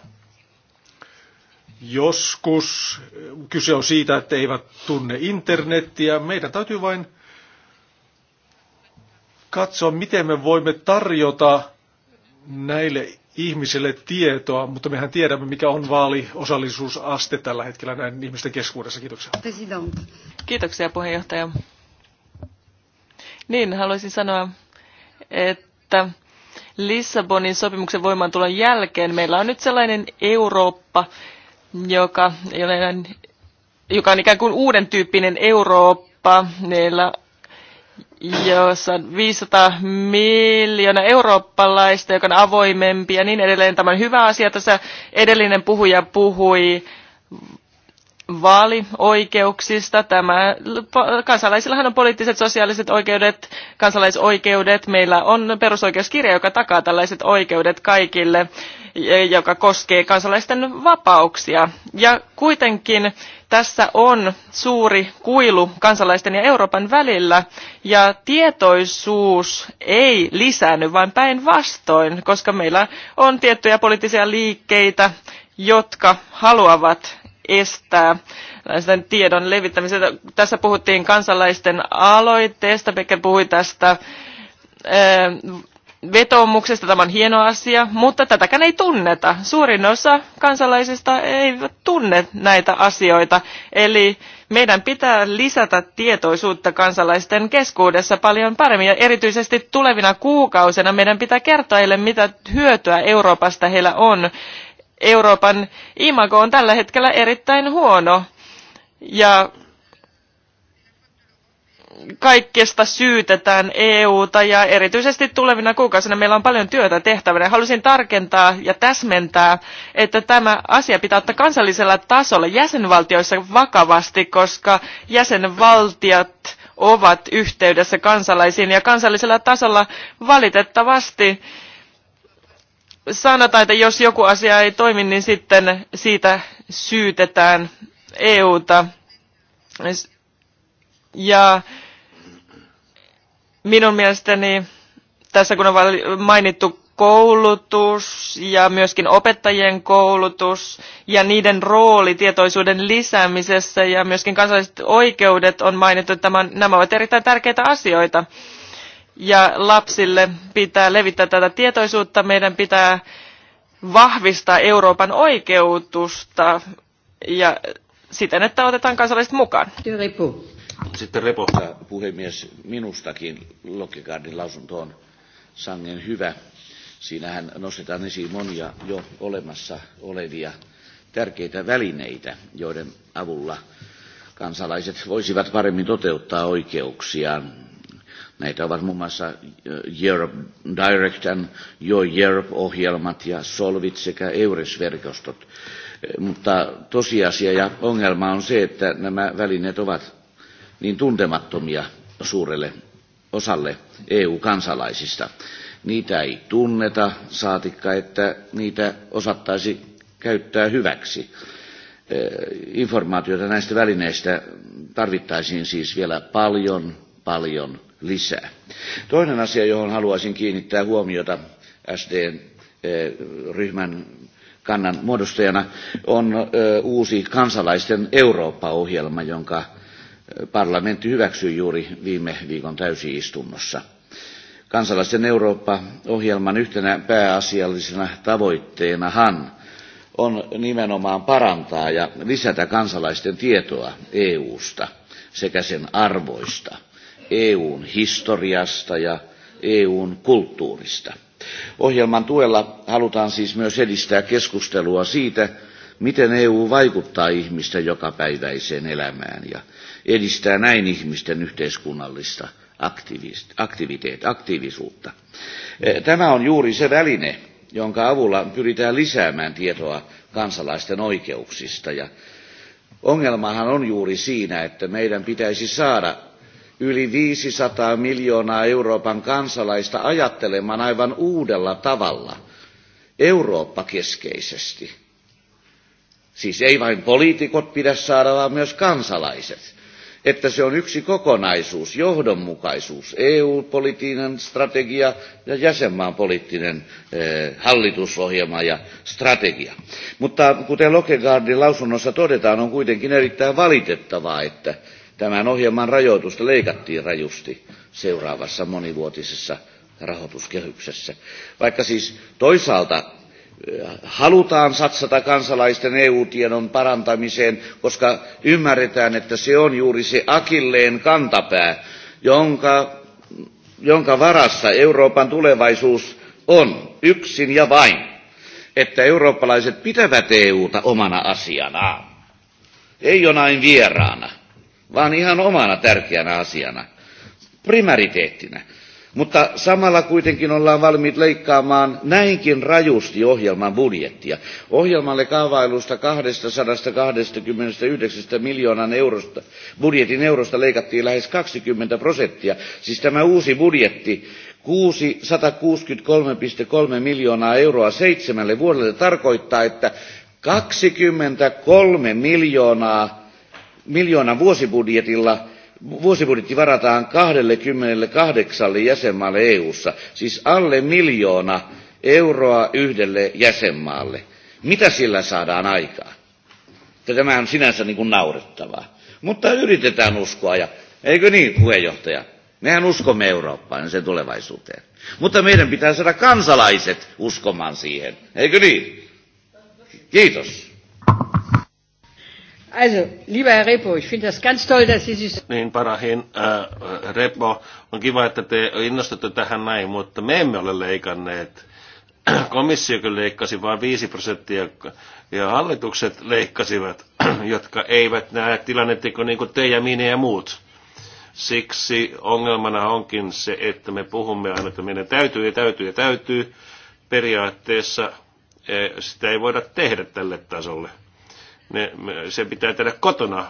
S3: Joskus kyse on siitä, että eivät tunne internettiä. Meidän täytyy vain katsoa, miten me voimme tarjota näille ihmisille tietoa, mutta mehän tiedämme, mikä on vaaliosallisuusaste tällä hetkellä näin ihmisten keskuudessa. Kiitoksia.
S1: President. Kiitoksia puheenjohtaja. Niin, haluaisin sanoa, että Lissabonin sopimuksen voimaantulon jälkeen meillä on nyt sellainen Eurooppa, joka, joka on ikään kuin uuden tyyppinen Eurooppa. Meillä jossa on 500 miljoonaa eurooppalaista, joka on avoimempi ja niin edelleen. Tämä on hyvä asia. Tässä edellinen puhuja puhui vaalioikeuksista. Tämä, kansalaisillahan on poliittiset, sosiaaliset oikeudet, kansalaisoikeudet. Meillä on perusoikeuskirja, joka takaa tällaiset oikeudet kaikille. E, joka koskee kansalaisten vapauksia. Ja kuitenkin tässä on suuri kuilu kansalaisten ja Euroopan välillä, ja tietoisuus ei lisäänny, vain päinvastoin, koska meillä on tiettyjä poliittisia liikkeitä, jotka haluavat estää sen tiedon levittämisen. Tässä puhuttiin kansalaisten aloitteesta, Pekka puhui tästä e, vetoomuksesta, tämä on hieno asia, mutta tätäkään ei tunneta. Suurin osa kansalaisista ei tunne näitä asioita, eli meidän pitää lisätä tietoisuutta kansalaisten keskuudessa paljon paremmin ja erityisesti tulevina kuukausina meidän pitää kertoa heille, mitä hyötyä Euroopasta heillä on. Euroopan imago on tällä hetkellä erittäin huono ja kaikesta syytetään EUta ja erityisesti tulevina kuukausina meillä on paljon työtä tehtävänä. Haluaisin tarkentaa ja täsmentää, että tämä asia pitää ottaa kansallisella tasolla jäsenvaltioissa vakavasti, koska jäsenvaltiot ovat yhteydessä kansalaisiin ja kansallisella tasolla valitettavasti sanotaan, että jos joku asia ei toimi, niin sitten siitä syytetään EUta ja minun mielestäni tässä kun on mainittu koulutus ja myöskin opettajien koulutus ja niiden rooli tietoisuuden lisäämisessä ja myöskin kansalliset oikeudet on mainittu, että nämä ovat erittäin tärkeitä asioita. Ja lapsille pitää levittää tätä tietoisuutta, meidän pitää vahvistaa Euroopan oikeutusta ja siten, että otetaan kansalaiset mukaan.
S4: Sitten reporta puhemies minustakin Lokkikaardin lausunto on sangen hyvä. Siinähän nostetaan esiin monia jo olemassa olevia tärkeitä välineitä, joiden avulla kansalaiset voisivat paremmin toteuttaa oikeuksiaan. Näitä ovat muun muassa eh, Europe Direct and Your Europe-ohjelmat ja Solvit sekä Eures-verkostot. Eh, mutta tosiasia ja ongelma on se, että nämä välineet ovat niin tuntemattomia suurelle osalle EU-kansalaisista. Niitä ei tunneta, saatikka, että niitä osattaisi käyttää hyväksi. Informaatiota näistä välineistä tarvittaisiin siis vielä paljon, paljon lisää. Toinen asia, johon haluaisin kiinnittää huomiota SD-ryhmän kannan muodostajana, on uusi kansalaisten Eurooppa-ohjelma, jonka parlamentti hyväksyi juuri viime viikon täysistunnossa. Kansalaisten Eurooppa-ohjelman yhtenä pääasiallisena tavoitteenahan on nimenomaan parantaa ja lisätä kansalaisten tietoa EUsta sekä sen arvoista, EUn historiasta ja EUn kulttuurista. Ohjelman tuella halutaan siis myös edistää keskustelua siitä, miten EU vaikuttaa ihmisten jokapäiväiseen elämään ja edistää näin ihmisten yhteiskunnallista aktiviteet, aktiivisuutta. E, tämä on juuri se väline, jonka avulla pyritään lisäämään tietoa kansalaisten oikeuksista. Ja ongelmahan on juuri siinä, että meidän pitäisi saada yli 500 miljoonaa Euroopan kansalaista ajattelemaan aivan uudella tavalla, Eurooppa-keskeisesti. Siis ei vain poliitikot pidä saada, vaan myös kansalaiset – että se on yksi kokonaisuus, johdonmukaisuus, EU-poliittinen strategia ja jäsenmaan poliittinen eh, hallitusohjelma ja strategia. Mutta kuten Lokegaardin lausunnossa todetaan, on kuitenkin erittäin valitettavaa, että tämän ohjelman rajoitusta leikattiin rajusti seuraavassa monivuotisessa rahoituskehyksessä. Vaikka siis toisaalta halutaan satsata kansalaisten EU-tiedon parantamiseen, koska ymmärretään, että se on juuri se akilleen kantapää, jonka, jonka varassa Euroopan tulevaisuus on yksin ja vain, että eurooppalaiset pitävät EUta omana asianaan. Ei jonain vieraana, vaan ihan omana tärkeänä asiana, primäriteettinä. Mutta samalla kuitenkin ollaan valmiit leikkaamaan näinkin rajusti ohjelman budjettia. Ohjelmalle kaavailusta 229 miljoonan eurosta, budjetin eurosta leikattiin lähes 20 prosenttia. Siis tämä uusi budjetti 663,3 miljoonaa euroa seitsemälle vuodelle tarkoittaa, että 23 miljoonaa miljoonan vuosibudjetilla – vuosibudjetti varataan 28 jäsenmaalle EU:ssa, siis alle miljoona euroa yhdelle jäsenmaalle. Mitä sillä saadaan aikaan? Tämä on sinänsä niin kuin naurettavaa. Mutta yritetään uskoa, ja eikö niin, puheenjohtaja? Mehän uskomme Eurooppaan ja sen tulevaisuuteen. Mutta meidän pitää saada kansalaiset uskomaan siihen, eikö niin? Kiitos.
S1: Also, lieber Herr Repo, ich finde das ganz toll, dass Sie sich...
S4: Niin, parahin
S2: äh, Repo, on kiva, että te innostatte tähän näin, mutta me emme ole leikanneet. kyllä leikkasi vain 5 prosenttia ja hallitukset leikkasivat, jotka eivät näe tilannetta niin kuin te ja minä ja muut. Siksi ongelmana onkin se, että me puhumme aina, että meidän täytyy ja täytyy ja täytyy. Periaatteessa eh, sitä ei voida tehdä tälle tasolle ne, se pitää tehdä kotona.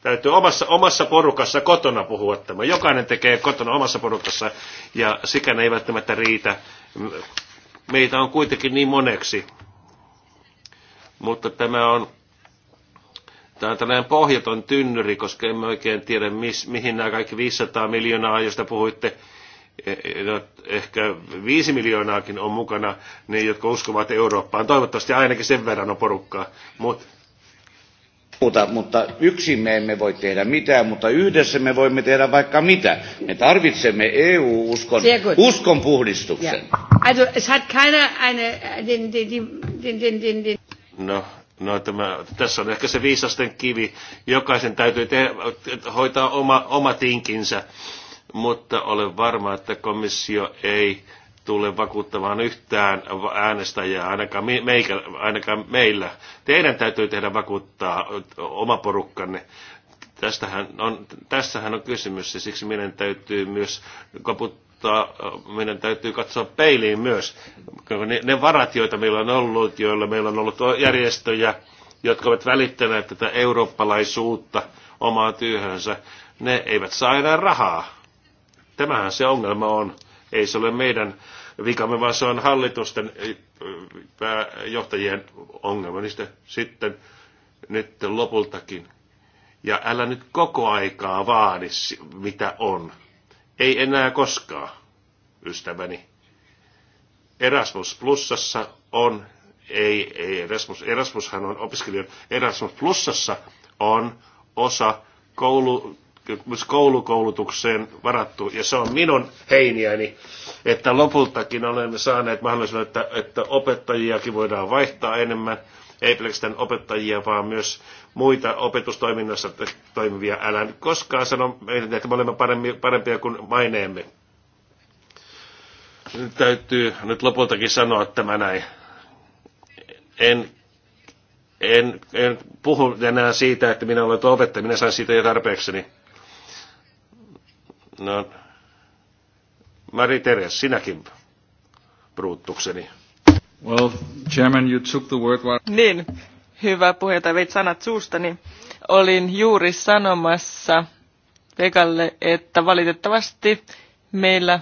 S2: Täytyy omassa, omassa porukassa kotona puhua tämä. Jokainen tekee kotona omassa porukassa ja sikään ei välttämättä riitä. Meitä on kuitenkin niin moneksi. Mutta tämä on, tämä on tällainen pohjaton tynnyri, koska emme oikein tiedä, mis, mihin nämä kaikki 500 miljoonaa, joista puhuitte, e, e, no, ehkä viisi miljoonaakin on mukana, ne jotka uskovat Eurooppaan. Toivottavasti ainakin sen verran on porukkaa. Mutta
S4: muuta, mutta yksin me emme voi tehdä mitään, mutta yhdessä me voimme tehdä vaikka mitä. Me tarvitsemme EU-uskon uskon puhdistuksen. Yeah.
S2: Also, es hat keiner eine, den, den, den, den, den.
S4: No, No,
S2: tämä, tässä on ehkä se viisasten kivi. Jokaisen täytyy te, hoitaa oma, oma tinkinsä, mutta olen varma, että komissio ei tule vakuuttamaan yhtään äänestäjää, ainakaan, meikä, ainakaan meillä. Teidän täytyy tehdä vakuuttaa oma porukkanne. Tästähän on, tässähän on kysymys ja siksi meidän täytyy myös koputtaa, meidän täytyy katsoa peiliin myös. Ne, ne varat, joita meillä on ollut, joilla meillä on ollut järjestöjä, jotka ovat välittäneet tätä eurooppalaisuutta omaa työhönsä, ne eivät saa enää rahaa. Tämähän se ongelma on. Ei se ole meidän vikamme, vaan se on hallitusten eh, pääjohtajien ongelma. Niin sitten nyt lopultakin. Ja älä nyt koko aikaa vaadi, mitä on. Ei enää koskaan, ystäväni. Erasmus Plussassa on, ei, ei Erasmus, Erasmushan on opiskelijan, Erasmus Plussassa on osa koulu, myös koulukoulutukseen varattu, ja se on minun heiniäni, että lopultakin olemme saaneet mahdollisuuden, että, että opettajiakin voidaan vaihtaa enemmän, ei pelkästään opettajia, vaan myös muita opetustoiminnassa toimivia. Älä koskaan sano meidän, että me olemme parempia kuin maineemme. Nyt täytyy nyt lopultakin sanoa tämä näin. En en, en puhu enää siitä, että minä olen opettaja, minä sain siitä jo tarpeekseni. No, Mari Teres, sinäkin bruuttukseni. Well, Chairman, you took the word while...
S1: Niin, hyvä puheenjohtaja, veit sanat suustani. Olin juuri sanomassa pekalle, että valitettavasti meillä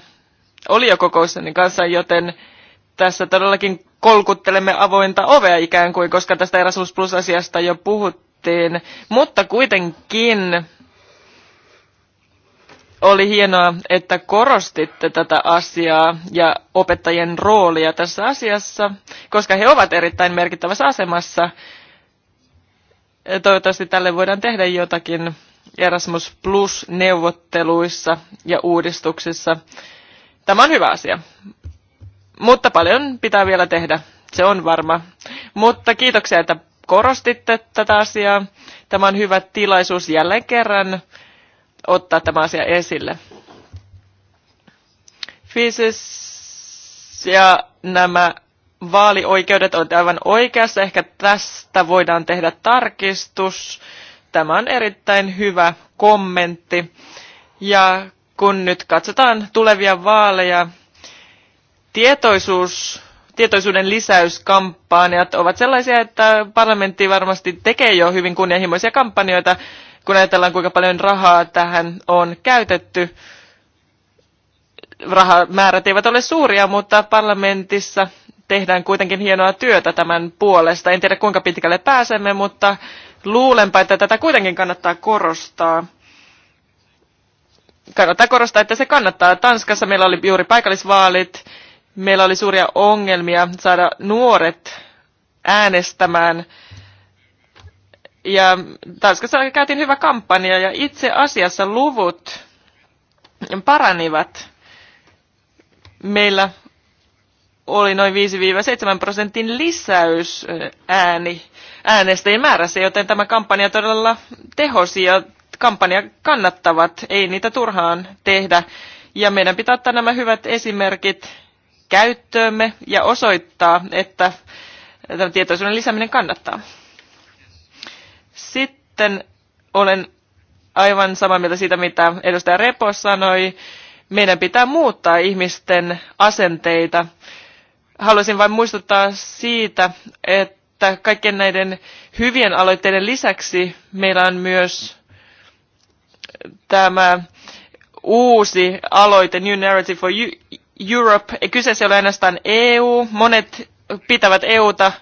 S1: oli jo kokoustani kanssa, joten tässä todellakin kolkuttelemme avointa ovea ikään kuin, koska tästä Erasmus Plus-asiasta jo puhuttiin. Mutta kuitenkin oli hienoa, että korostitte tätä asiaa ja opettajien roolia tässä asiassa, koska he ovat erittäin merkittävässä asemassa. Toivottavasti tälle voidaan tehdä jotakin Erasmus Plus-neuvotteluissa ja uudistuksissa. Tämä on hyvä asia, mutta paljon pitää vielä tehdä, se on varma. Mutta kiitoksia, että korostitte tätä asiaa. Tämä on hyvä tilaisuus jälleen kerran ottaa tämä asia esille. Fiisis ja nämä vaalioikeudet ovat aivan oikeassa. Ehkä tästä voidaan tehdä tarkistus. Tämä on erittäin hyvä kommentti. Ja kun nyt katsotaan tulevia vaaleja, tietoisuus, tietoisuuden lisäyskampanjat ovat sellaisia, että parlamentti varmasti tekee jo hyvin kunnianhimoisia kampanjoita kun ajatellaan kuinka paljon rahaa tähän on käytetty, rahamäärät eivät ole suuria, mutta parlamentissa tehdään kuitenkin hienoa työtä tämän puolesta. En tiedä kuinka pitkälle pääsemme, mutta luulenpa, että tätä kuitenkin kannattaa korostaa. Kannattaa korostaa, että se kannattaa. Tanskassa meillä oli juuri paikallisvaalit. Meillä oli suuria ongelmia saada nuoret äänestämään ja Tanskassa käytiin hyvä kampanja ja itse asiassa luvut paranivat. Meillä oli noin 5-7 prosentin lisäys ääni, äänestäjien määrässä, joten tämä kampanja todella tehosi ja kampanja kannattavat, ei niitä turhaan tehdä. Ja meidän pitää ottaa nämä hyvät esimerkit käyttöömme ja osoittaa, että tämä tietoisuuden lisääminen kannattaa. Sitten olen aivan samaa mieltä siitä, mitä edustaja Repo sanoi. Meidän pitää muuttaa ihmisten asenteita. Haluaisin vain muistuttaa siitä, että kaikkien näiden hyvien aloitteiden lisäksi meillä on myös tämä uusi aloite New Narrative for Europe. Kyseessä ei ole ainoastaan EU. Monet pitävät EUta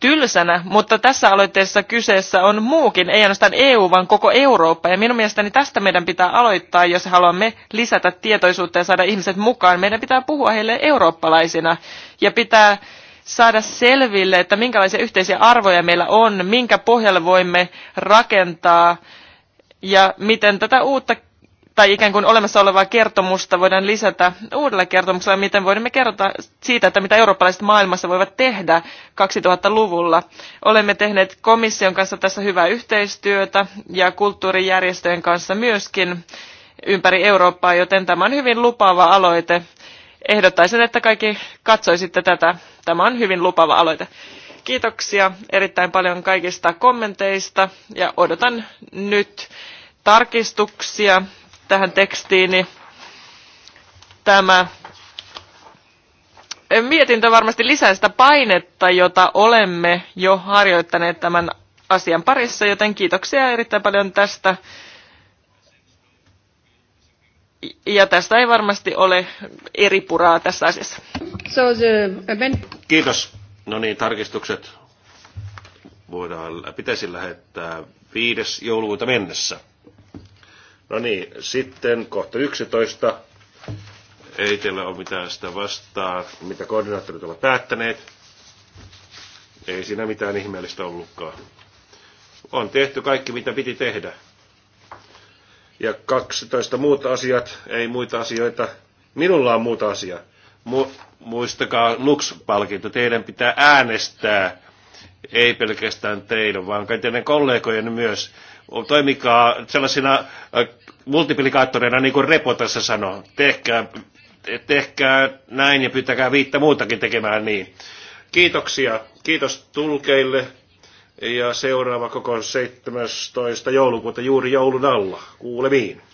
S1: tylsänä, mutta tässä aloitteessa kyseessä on muukin, ei ainoastaan EU, vaan koko Eurooppa. Ja minun mielestäni tästä meidän pitää aloittaa, jos haluamme lisätä tietoisuutta ja saada ihmiset mukaan. Meidän pitää puhua heille eurooppalaisina ja pitää saada selville, että minkälaisia yhteisiä arvoja meillä on, minkä pohjalle voimme rakentaa ja miten tätä uutta tai ikään kuin olemassa olevaa kertomusta voidaan lisätä uudella kertomuksella, miten voimme kertoa siitä, että mitä eurooppalaiset maailmassa voivat tehdä 2000-luvulla. Olemme tehneet komission kanssa tässä hyvää yhteistyötä ja kulttuurijärjestöjen kanssa myöskin ympäri Eurooppaa, joten tämä on hyvin lupaava aloite. Ehdottaisin, että kaikki katsoisitte tätä. Tämä on hyvin lupaava aloite. Kiitoksia erittäin paljon kaikista kommenteista ja odotan nyt tarkistuksia tähän tekstiin, niin tämä mietintö varmasti lisää sitä painetta, jota olemme jo harjoittaneet tämän asian parissa, joten kiitoksia erittäin paljon tästä. Ja tästä ei varmasti ole eri puraa tässä asiassa. So the
S2: Kiitos. No niin, tarkistukset voidaan, pitäisi lähettää 5. joulukuuta mennessä. No niin, sitten kohta 11. Ei teillä ole mitään sitä vastaa, mitä koordinaattorit ovat päättäneet. Ei siinä mitään ihmeellistä ollutkaan. On tehty kaikki, mitä piti tehdä. Ja 12 muuta asiat, ei muita asioita. Minulla on muuta asiaa. Mu- muistakaa Lux-palkinto, teidän pitää äänestää. Ei pelkästään teidän, vaan kaikkien kollegojen myös toimikaa sellaisina äh, multiplikaattoreina, niin kuin Repo tässä sanoi. Tehkää, tehkää näin ja pyytäkää viittä muutakin tekemään niin. Kiitoksia. Kiitos tulkeille. Ja seuraava koko 17. joulukuuta juuri joulun alla. Kuulemiin.